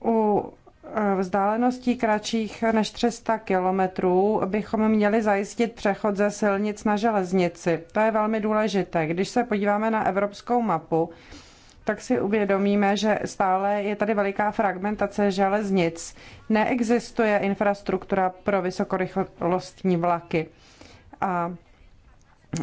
U Eh, vzdáleností kratších než 300 kilometrů bychom měli zajistit přechod ze silnic na železnici. To je velmi důležité. Když se podíváme na evropskou mapu, tak si uvědomíme, že stále je tady veliká fragmentace železnic. Neexistuje infrastruktura pro vysokorychlostní vlaky. A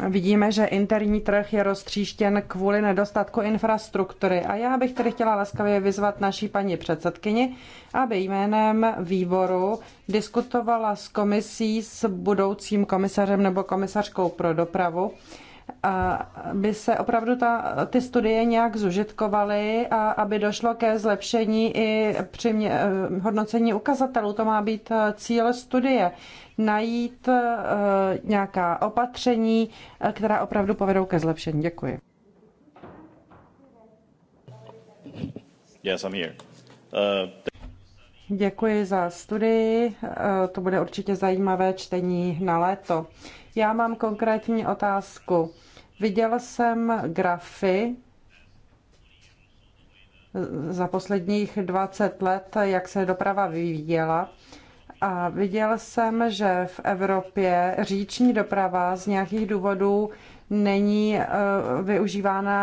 Vidíme, že interní trh je roztříštěn kvůli nedostatku infrastruktury a já bych tedy chtěla laskavě vyzvat naší paní předsedkyni, aby jménem výboru diskutovala s komisí s budoucím komisařem nebo komisařkou pro dopravu, a aby se opravdu ta, ty studie nějak zužitkovaly a aby došlo ke zlepšení i při mě, eh, hodnocení ukazatelů. To má být eh, cíl studie. Najít eh, nějaká opatření, která opravdu povedou ke zlepšení. Děkuji. Yes, I'm here. Uh, Děkuji za studii. to bude určitě zajímavé čtení na léto. Já mám konkrétní otázku. Viděl jsem grafy za posledních 20 let, jak se doprava vyvíjela. A viděl jsem, že v Evropě říční doprava z nějakých důvodů není eh, využívána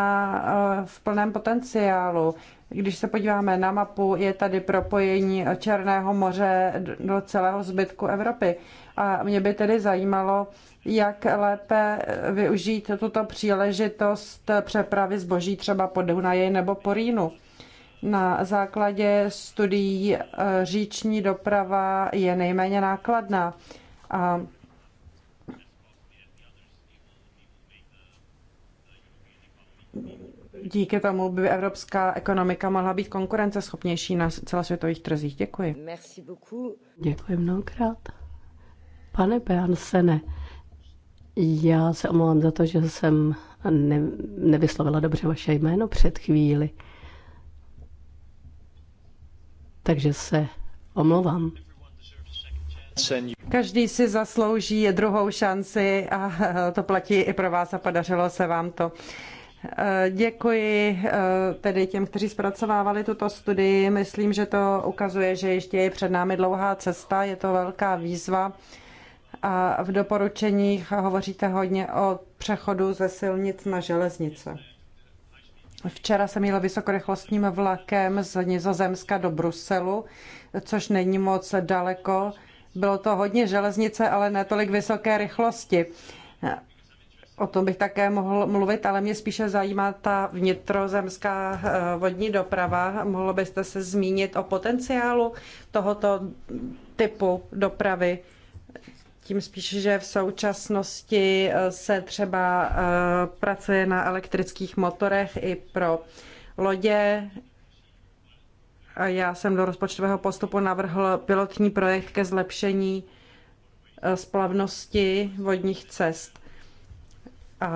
eh, v plném potenciálu. Když se podíváme na mapu, je tady propojení Černého moře do celého zbytku Evropy. A mě by tedy zajímalo, jak lépe využít tuto příležitost přepravy zboží třeba po Dunaji nebo po Rýnu. Na základě studií eh, říční doprava je nejméně nákladná a díky tomu by evropská ekonomika mohla být konkurenceschopnější na celosvětových trzích. Děkuji. Děkuji mnohokrát. Pane Beansene, já se omlouvám za to, že jsem ne, nevyslovila dobře vaše jméno před chvíli. Takže se omlouvám. Každý si zaslouží druhou šanci a to platí i pro vás a podařilo se vám to. Děkuji eh, tedy těm, kteří zpracovávali tuto studii. Myslím, že to ukazuje, že ještě je před námi dlouhá cesta, je to velká výzva a v doporučeních hovoříte hodně o přechodu ze silnic na železnice. Včera jsem jela vysokorychlostním vlakem z Nizozemska do Bruselu, což není moc daleko. Bylo to hodně železnice, ale ne tolik vysoké rychlosti. O tom bych také mohl mluvit, ale mě spíše zajímá ta vnitrozemská eh, vodní doprava. Mohlo byste se zmínit o potenciálu tohoto typu dopravy tím spíš, že v současnosti eh, se třeba eh, pracuje na elektrických motorech i pro lodě. Já jsem do rozpočtového postupu navrhl pilotní projekt ke zlepšení eh, splavnosti vodních cest. A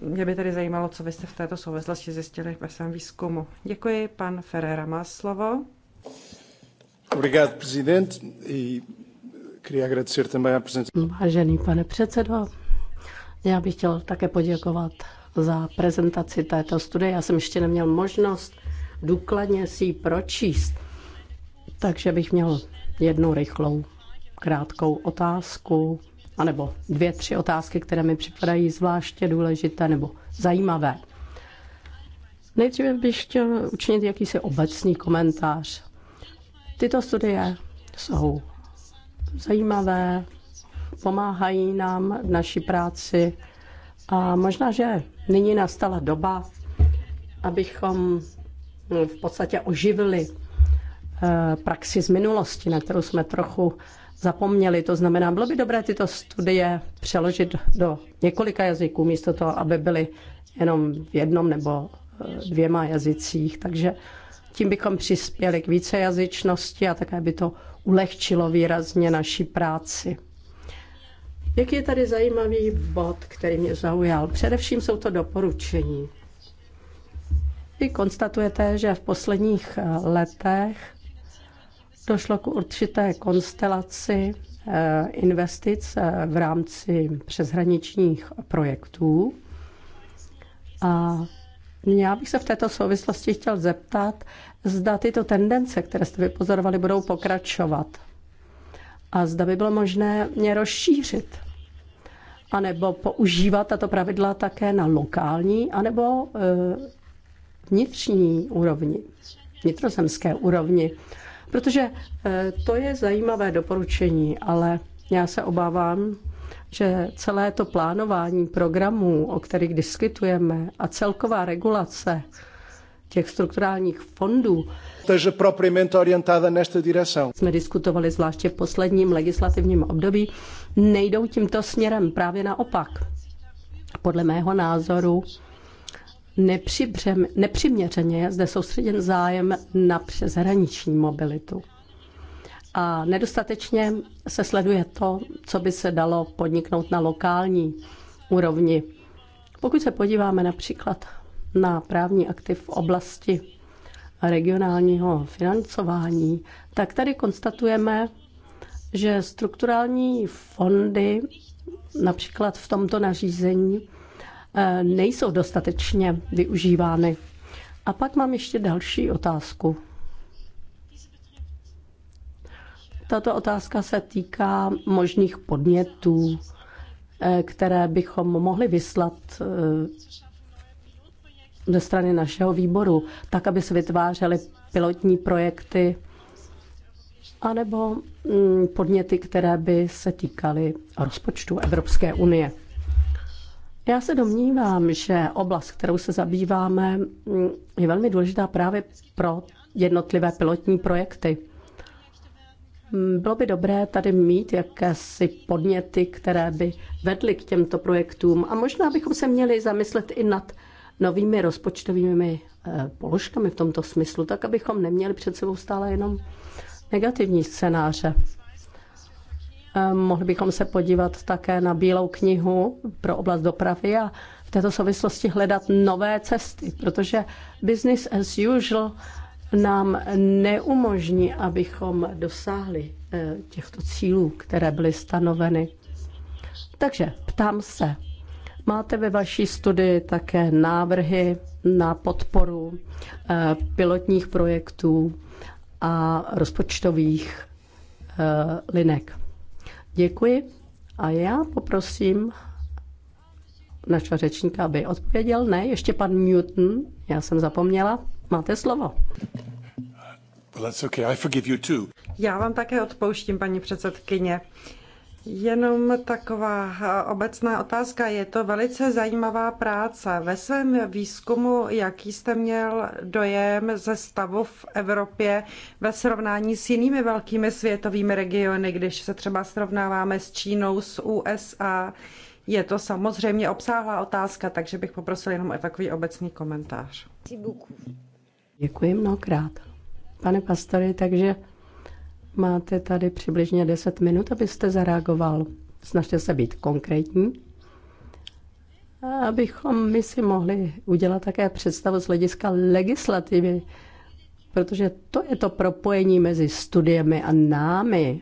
mě by tedy zajímalo, co vy jste v této souvislosti zjistili ve svém výzkumu. Děkuji, pan Ferrera má slovo. Obrigado, prezident. E Vážený pane předsedo, já bych chtěl také poděkovat za prezentaci této studie. Já jsem ještě neměl možnost důkladně si ji pročíst, takže bych měl jednu rychlou, krátkou otázku, anebo dvě, tři otázky, které mi připadají zvláště důležité nebo zajímavé. Nejdříve bych chtěl učinit jakýsi obecný komentář. Tyto studie jsou zajímavé, pomáhají nám v naší práci a možná, že nyní nastala doba, abychom v podstatě oživili eh, praxi z minulosti, na kterou jsme trochu zapomněli. To znamená, bylo by dobré tyto studie přeložit do několika jazyků, místo toho, aby byly jenom v jednom nebo eh, dvěma jazycích. Takže tím bychom přispěli k vícejazyčnosti a také by to ulehčilo výrazně naší práci. Jaký je tady zajímavý bod, který mě zaujal? Především jsou to doporučení. Vy konstatujete, že v posledních eh, letech došlo k určité konstelaci eh, investic eh, v rámci přeshraničních projektů. A já bych se v této souvislosti chtěl zeptat, zda tyto tendence, které jste vypozorovali, budou pokračovat. A zda by bylo možné mě rozšířit. A nebo používat tato pravidla také na lokální, anebo e, vnitřní úrovni, vnitrozemské úrovni. Protože e, to je zajímavé doporučení, ale já se obávám, že celé to plánování programů, o kterých diskutujeme, a celková regulace těch strukturálních fondů, esteja propriamente orientada nesta direção. Jsme diskutovali zvláště v posledním legislativním období, nejdou tímto směrem, právě naopak. Podle mého názoru nepřiměřeně je zde soustředěn zájem na přeshraniční mobilitu a nedostatečně se sleduje to, co by se dalo podniknout na lokální úrovni. Pokud se podíváme například na právní aktiv v oblasti regionálního financování, tak tady konstatujeme, že strukturální fondy například v tomto nařízení eh, nejsou dostatečně využívány. A pak mám ještě další otázku. Tato otázka se týká možných podnětů, eh, které bychom mohli vyslat eh, ze strany našeho výboru, tak, aby se vytvářely pilotní projekty anebo mm, podněty, které by se týkaly rozpočtu Evropské unie. Já se domnívám, že oblast, kterou se zabýváme, mm, je velmi důležitá právě pro jednotlivé pilotní projekty. Bylo by dobré tady mít jakési podněty, které by vedly k těmto projektům a možná bychom se měli zamyslet i nad novými rozpočtovými eh, položkami v tomto smyslu, tak abychom neměli před sebou stále jenom negativní scénáře. Eh, mohli bychom se podívat také na Bílou knihu pro oblast dopravy a v této souvislosti hledat nové cesty, protože business as usual nám neumožní, abychom dosáhli eh, těchto cílů, které byly stanoveny. Takže ptám se, máte ve vaší studii také návrhy na podporu eh, pilotních projektů a rozpočtových eh, linek? Děkuji a já poprosím našeho řečníka, aby odpověděl. Ne, ještě pan Newton, já jsem zapomněla. Máte slovo. Já vám také odpouštím, paní předsedkyně. Jenom taková eh, obecná otázka. Je to velice zajímavá práce. Ve svém výzkumu, jaký jste měl dojem ze stavu v Evropě ve srovnání s jinými velkými světovými regiony, když se třeba srovnáváme s Čínou, s USA, je to samozřejmě obsáhlá otázka, takže bych poprosil jenom o takový obecný komentář. Děkuji. Děkuji mnohokrát. Pane pastory, takže máte tady přibližně 10 minut, abyste zareagoval. Snažte se být konkrétní, abychom my si mohli udělat také představu z hlediska legislativy, protože to je to propojení mezi studiemi a námi.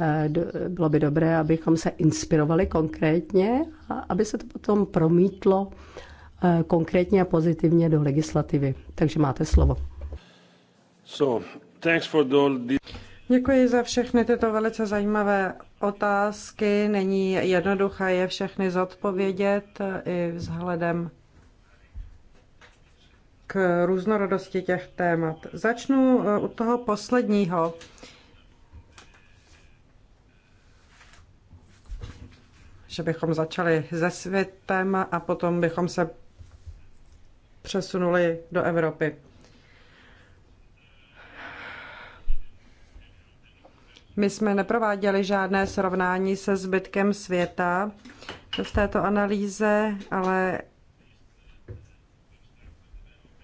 Eh, bylo by dobré, abychom se inspirovali konkrétně a aby se to potom promítlo Eh, konkrétně a pozitivně do legislativy. Takže máte slovo. So, thanks for the... Děkuji za všechny tyto velice zajímavé otázky. Není jednoduché je všechny zodpovědět eh, i vzhledem k různorodosti těch témat. Začnu eh, u toho posledního. Že bychom začali se světem a potom bychom se přesunuli do Evropy. My jsme neprováděli žádné srovnání se zbytkem světa v této analýze, ale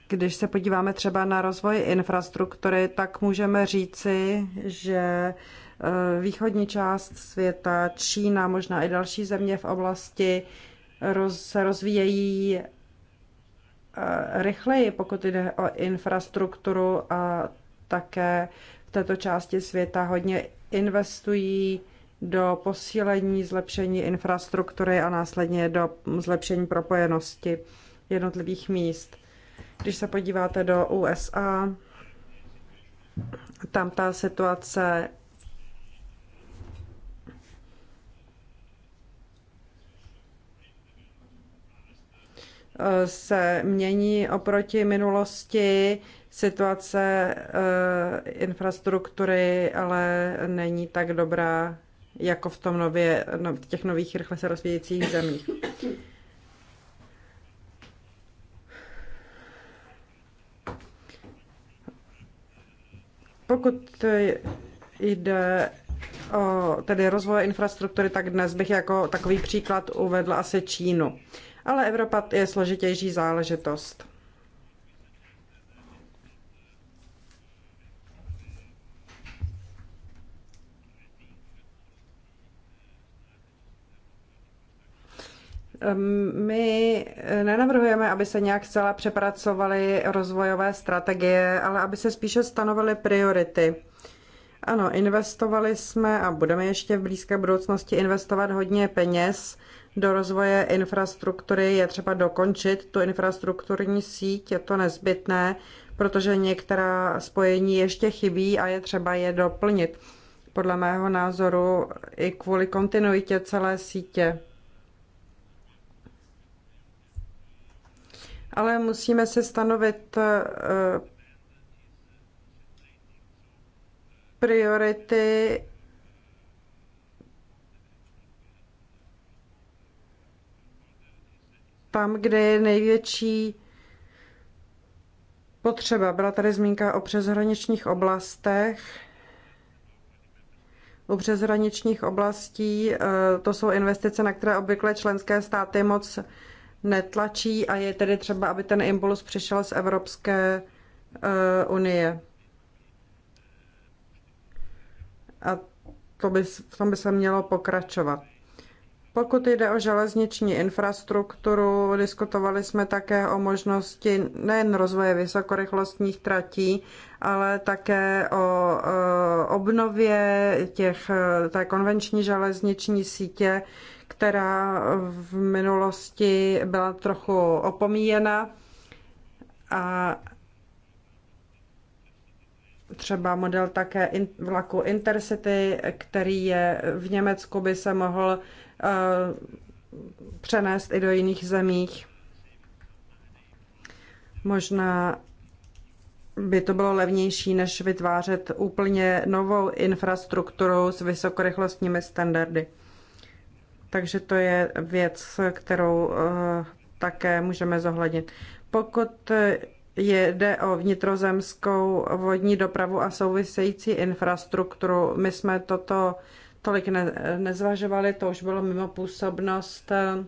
když se podíváme třeba na rozvoj infrastruktury, tak můžeme říci, že eh, východní část světa, Čína, možná i další země v oblasti roz, se rozvíjejí Eh, rychleji, pokud jde o infrastrukturu a také v této části světa hodně investují do posílení, zlepšení infrastruktury a následně do zlepšení propojenosti jednotlivých míst. Když se podíváte do USA, tam ta situace se mění oproti minulosti. Situace eh, infrastruktury ale není tak dobrá jako v, tom nově, no, v těch nových rychle se rozvíjejících zemích. Pokud jde o tedy rozvoj infrastruktury, tak dnes bych jako takový příklad uvedl asi Čínu ale Evropa je složitější záležitost. My nenavrhujeme, aby se nějak zcela přepracovaly rozvojové strategie, ale aby se spíše stanovily priority. Ano, investovali jsme a budeme ještě v blízké budoucnosti investovat hodně peněz do rozvoje infrastruktury je třeba dokončit tu infrastrukturní síť, je to nezbytné, protože některá spojení ještě chybí a je třeba je doplnit. Podle mého názoru i kvůli kontinuitě celé sítě. Ale musíme si stanovit eh, priority tam, kde je největší potřeba. Byla tady zmínka o přeshraničních oblastech. U přeshraničních oblastí eh, to jsou investice, na které obvykle členské státy moc netlačí a je tedy třeba, aby ten impuls přišel z Evropské eh, unie. A to by, v tom by se mělo pokračovat. Pokud jde o železniční infrastrukturu, diskutovali jsme také o možnosti nejen rozvoje vysokorychlostních tratí, ale také o eh, obnově těch, eh, té konvenční železniční sítě, která v minulosti byla trochu opomíjena. A třeba model také vlaku Intercity, který je v Německu, by se mohl Eh, přenést i do jiných zemích. Možná by to bylo levnější, než vytvářet úplně novou infrastrukturu s vysokorychlostními standardy. Takže to je věc, kterou eh, také můžeme zohlednit. Pokud eh, jde o vnitrozemskou vodní dopravu a související infrastrukturu, my jsme toto tolik ne, nezvažovali, to už bylo mimo působnost eh,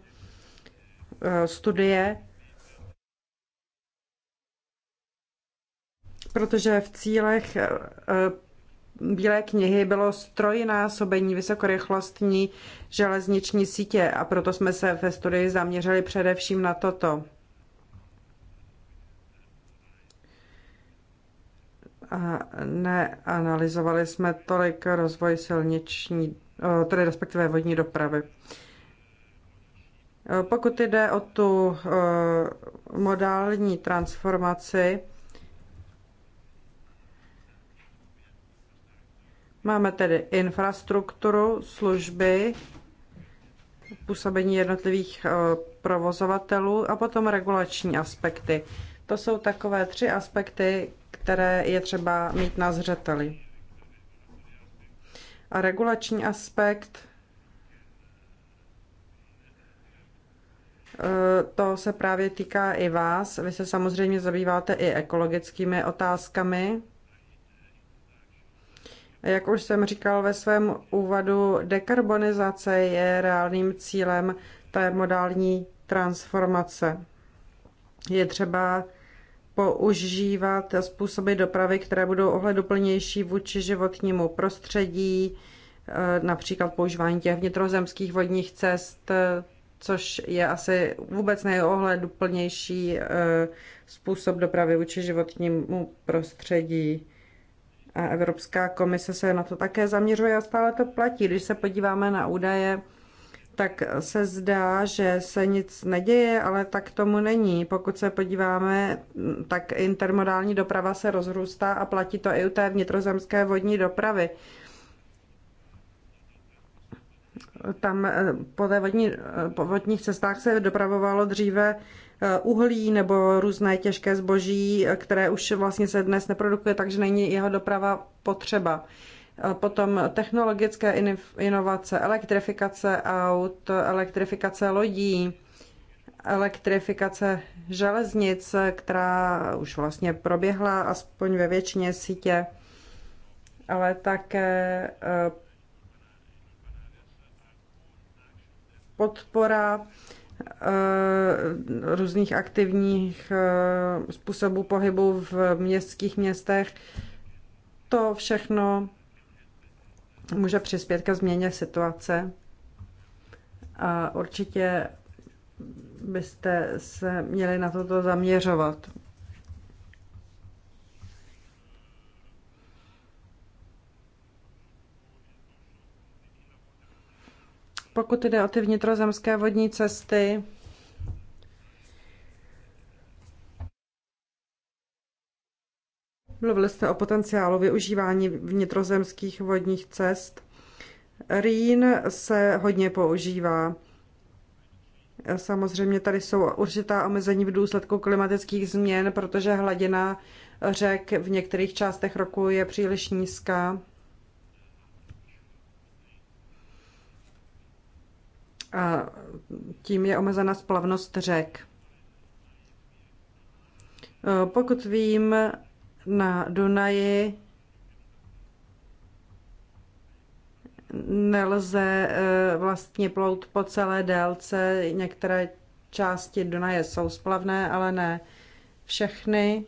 studie, protože v cílech eh, Bílé knihy bylo strojnásobení vysokorychlostní železniční sítě a proto jsme se ve studii zaměřili především na toto. A neanalyzovali jsme tolik rozvoj silniční, tedy respektive vodní dopravy. Pokud jde o tu modální transformaci, máme tedy infrastrukturu, služby, působení jednotlivých provozovatelů a potom regulační aspekty. To jsou takové tři aspekty, které je třeba mít na zřeteli. A regulační aspekt, eh, to se právě týká i vás. Vy se samozřejmě zabýváte i ekologickými otázkami. Jak už jsem říkal ve svém úvodu, dekarbonizace je reálným cílem té modální transformace. Je třeba používat způsoby dopravy, které budou ohleduplnější vůči životnímu prostředí, eh, například používání těch vnitrozemských vodních cest, což je asi vůbec nejohleduplnější eh, způsob dopravy vůči životnímu prostředí. A Evropská komise se na to také zaměřuje a stále to platí. Když se podíváme na údaje tak se zdá, že se nic neděje, ale tak tomu není. Pokud se podíváme, tak intermodální doprava se rozrůstá a platí to i u té vnitrozemské vodní dopravy. Tam eh, po, té vodní, eh, po vodních cestách se dopravovalo dříve eh, uhlí nebo různé těžké zboží, které už vlastně se dnes neprodukuje, takže není jeho doprava potřeba. Eh, potom technologické inovace, elektrifikace aut, elektrifikace lodí, elektrifikace železnic, která už vlastně proběhla aspoň ve většině sítě, ale také eh, podpora eh, různých aktivních způsobů pohybu v městských městech. To všechno může přispět ke změně situace. A určitě byste se měli na toto zaměřovat. Pokud jde o ty vnitrozemské vodní cesty, Mluvili jste o potenciálu využívání vnitrozemských vodních cest. Rýn se hodně používá. Samozřejmě tady jsou určitá omezení v důsledku klimatických změn, protože hladina řek v některých částech roku je příliš nízká. A tím je omezena splavnost řek. Pokud vím, na Dunaji nelze eh, vlastně plout po celé délce. Některé části Dunaje jsou splavné, ale ne všechny.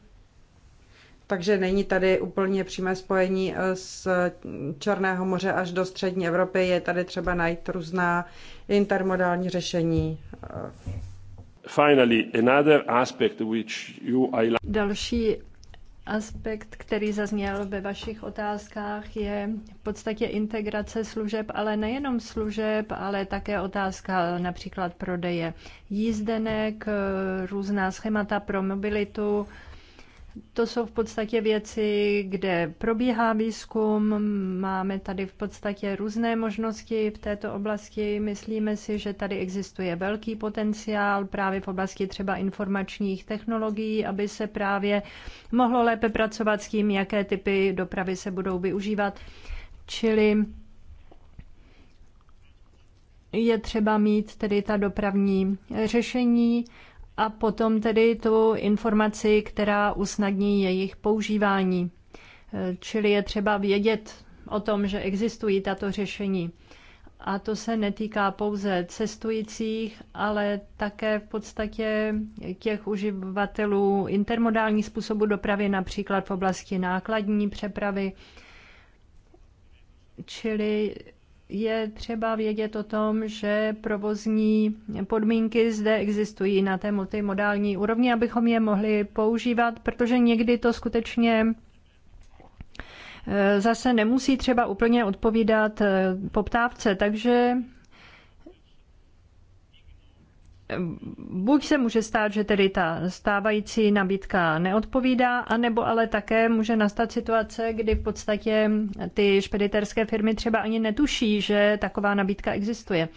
Takže není tady úplně přímé spojení eh, z Černého moře až do střední Evropy. Je tady třeba najít různá intermodální řešení. Finally, another aspect which you Další Aspekt, který zazněl ve vašich otázkách, je v podstatě integrace služeb, ale nejenom služeb, ale také otázka například prodeje jízdenek, různá schémata pro mobilitu, to jsou v podstatě věci, kde probíhá výzkum. Máme tady v podstatě různé možnosti v této oblasti. Myslíme si, že tady existuje velký potenciál právě v oblasti třeba informačních technologií, aby se právě mohlo lépe pracovat s tím, jaké typy dopravy se budou využívat. Čili je třeba mít tedy ta dopravní řešení a potom tedy tu informaci, která usnadní jejich používání. E, čili je třeba vědět o tom, že existují tato řešení. A to se netýká pouze cestujících, ale také v podstatě těch uživatelů intermodální způsobu dopravy, například v oblasti nákladní přepravy. Čili je třeba vědět o tom, že provozní podmínky zde existují na té multimodální úrovni, abychom je mohli používat, protože někdy to skutečně e, zase nemusí třeba úplně odpovídat e, poptávce, takže buď se může stát, že tedy ta stávající nabídka neodpovídá, anebo ale také může nastat situace, kdy v podstatě ty špediterské firmy třeba ani netuší, že taková nabídka existuje.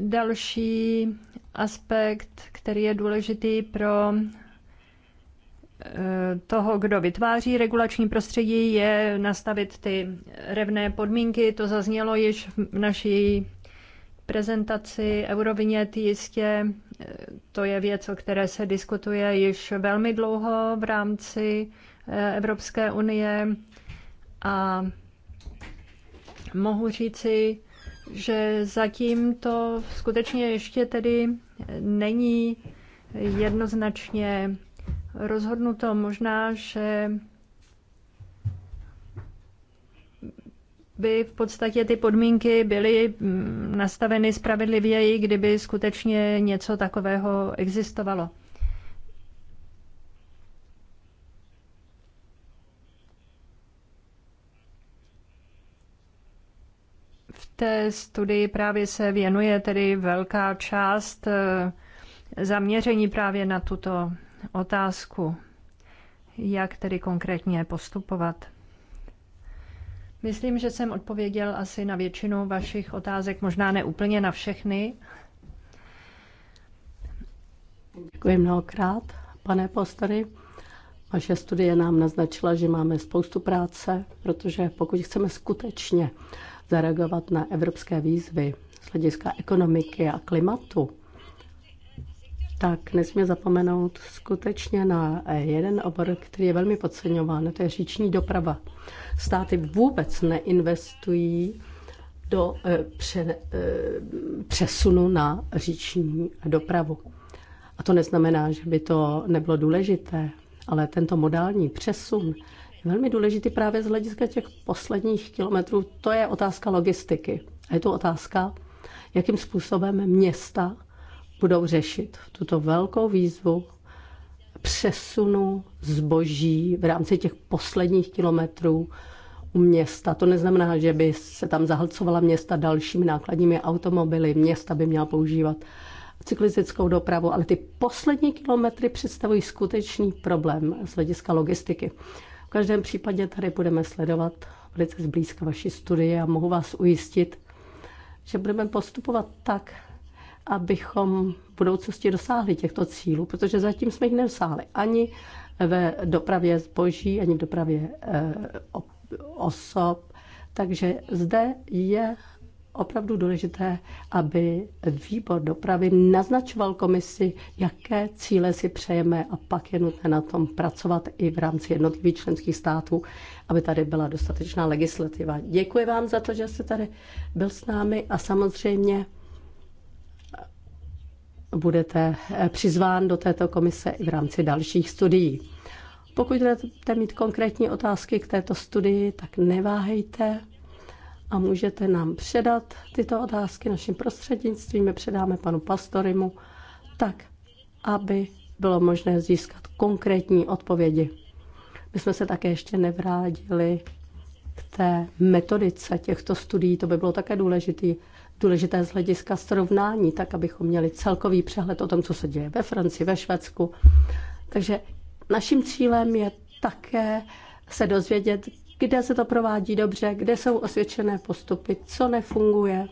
Další aspekt, který je důležitý pro eh, toho, kdo vytváří regulační prostředí, je nastavit ty revné podmínky. To zaznělo již v naší prezentaci Eurovinět jistě eh, to je věc, o které se diskutuje již velmi dlouho v rámci eh, Evropské unie a mohu říci, že zatím to skutečně ještě tedy není jednoznačně rozhodnuto. Možná, že by v podstatě ty podmínky byly mm, nastaveny spravedlivěji, kdyby skutečně něco takového existovalo. V té studii právě se věnuje tedy velká část eh, zaměření právě na tuto otázku, jak tedy konkrétně postupovat. Myslím, že jsem odpověděl asi na většinu vašich otázek, možná ne úplně na všechny. Děkuji mnohokrát, pane postory. Vaše studie nám naznačila, že máme spoustu práce, protože pokud chceme skutečně zareagovat na evropské výzvy z hlediska ekonomiky a klimatu, tak nesmí zapomenout skutečně na jeden obor, který je velmi podceňován, to je říční doprava. Státy vůbec neinvestují do eh, pře, eh, přesunu na říční dopravu. A to neznamená, že by to nebylo důležité, ale tento modální přesun je velmi důležitý právě z hlediska těch posledních kilometrů. To je otázka logistiky. A je to otázka, jakým způsobem města budou řešit tuto velkou výzvu přesunu zboží v rámci těch posledních kilometrů u města. To neznamená, že by se tam zahlcovala města dalšími nákladními automobily. Města by měla používat cyklistickou dopravu, ale ty poslední kilometry představují skutečný problém z hlediska logistiky. V každém případě tady budeme sledovat velice zblízka vaši studie a mohu vás ujistit, že budeme postupovat tak, abychom v budoucnosti dosáhli těchto cílů, protože zatím jsme jich nedosáhli ani ve dopravě zboží, ani v dopravě eh, osob. Takže zde je opravdu důležité, aby výbor dopravy naznačoval komisi, jaké cíle si přejeme a pak je nutné na tom pracovat i v rámci jednotlivých členských států, aby tady byla dostatečná legislativa. Děkuji vám za to, že jste tady byl s námi a samozřejmě budete eh, přizván do této komise i v rámci dalších studií. Pokud budete mít konkrétní otázky k této studii, tak neváhejte a můžete nám předat tyto otázky naším prostřednictvím. My předáme panu Pastorimu tak, aby bylo možné získat konkrétní odpovědi. My jsme se také ještě nevrádili k té metodice těchto studií, to by bylo také důležité důležité z hlediska srovnání, tak abychom měli celkový přehled o tom, co se děje ve Francii, ve Švédsku. Takže naším cílem je také se dozvědět, kde se to provádí dobře, kde jsou osvědčené postupy, co nefunguje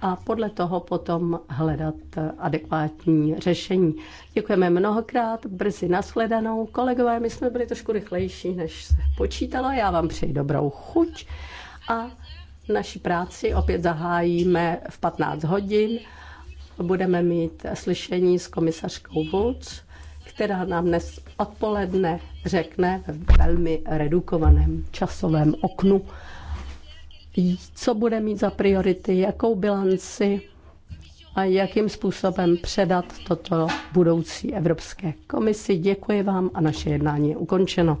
a podle toho potom hledat adekvátní řešení. Děkujeme mnohokrát, brzy nashledanou. Kolegové, my jsme byli trošku rychlejší, než se počítalo. Já vám přeji dobrou chuť a Naši práci opět zahájíme v 15 hodin. Budeme mít slyšení s komisařkou Bulc, která nám dnes odpoledne řekne v velmi redukovaném časovém oknu, co bude mít za priority, jakou bilanci a jakým způsobem předat toto budoucí Evropské komisi. Děkuji vám a naše jednání je ukončeno.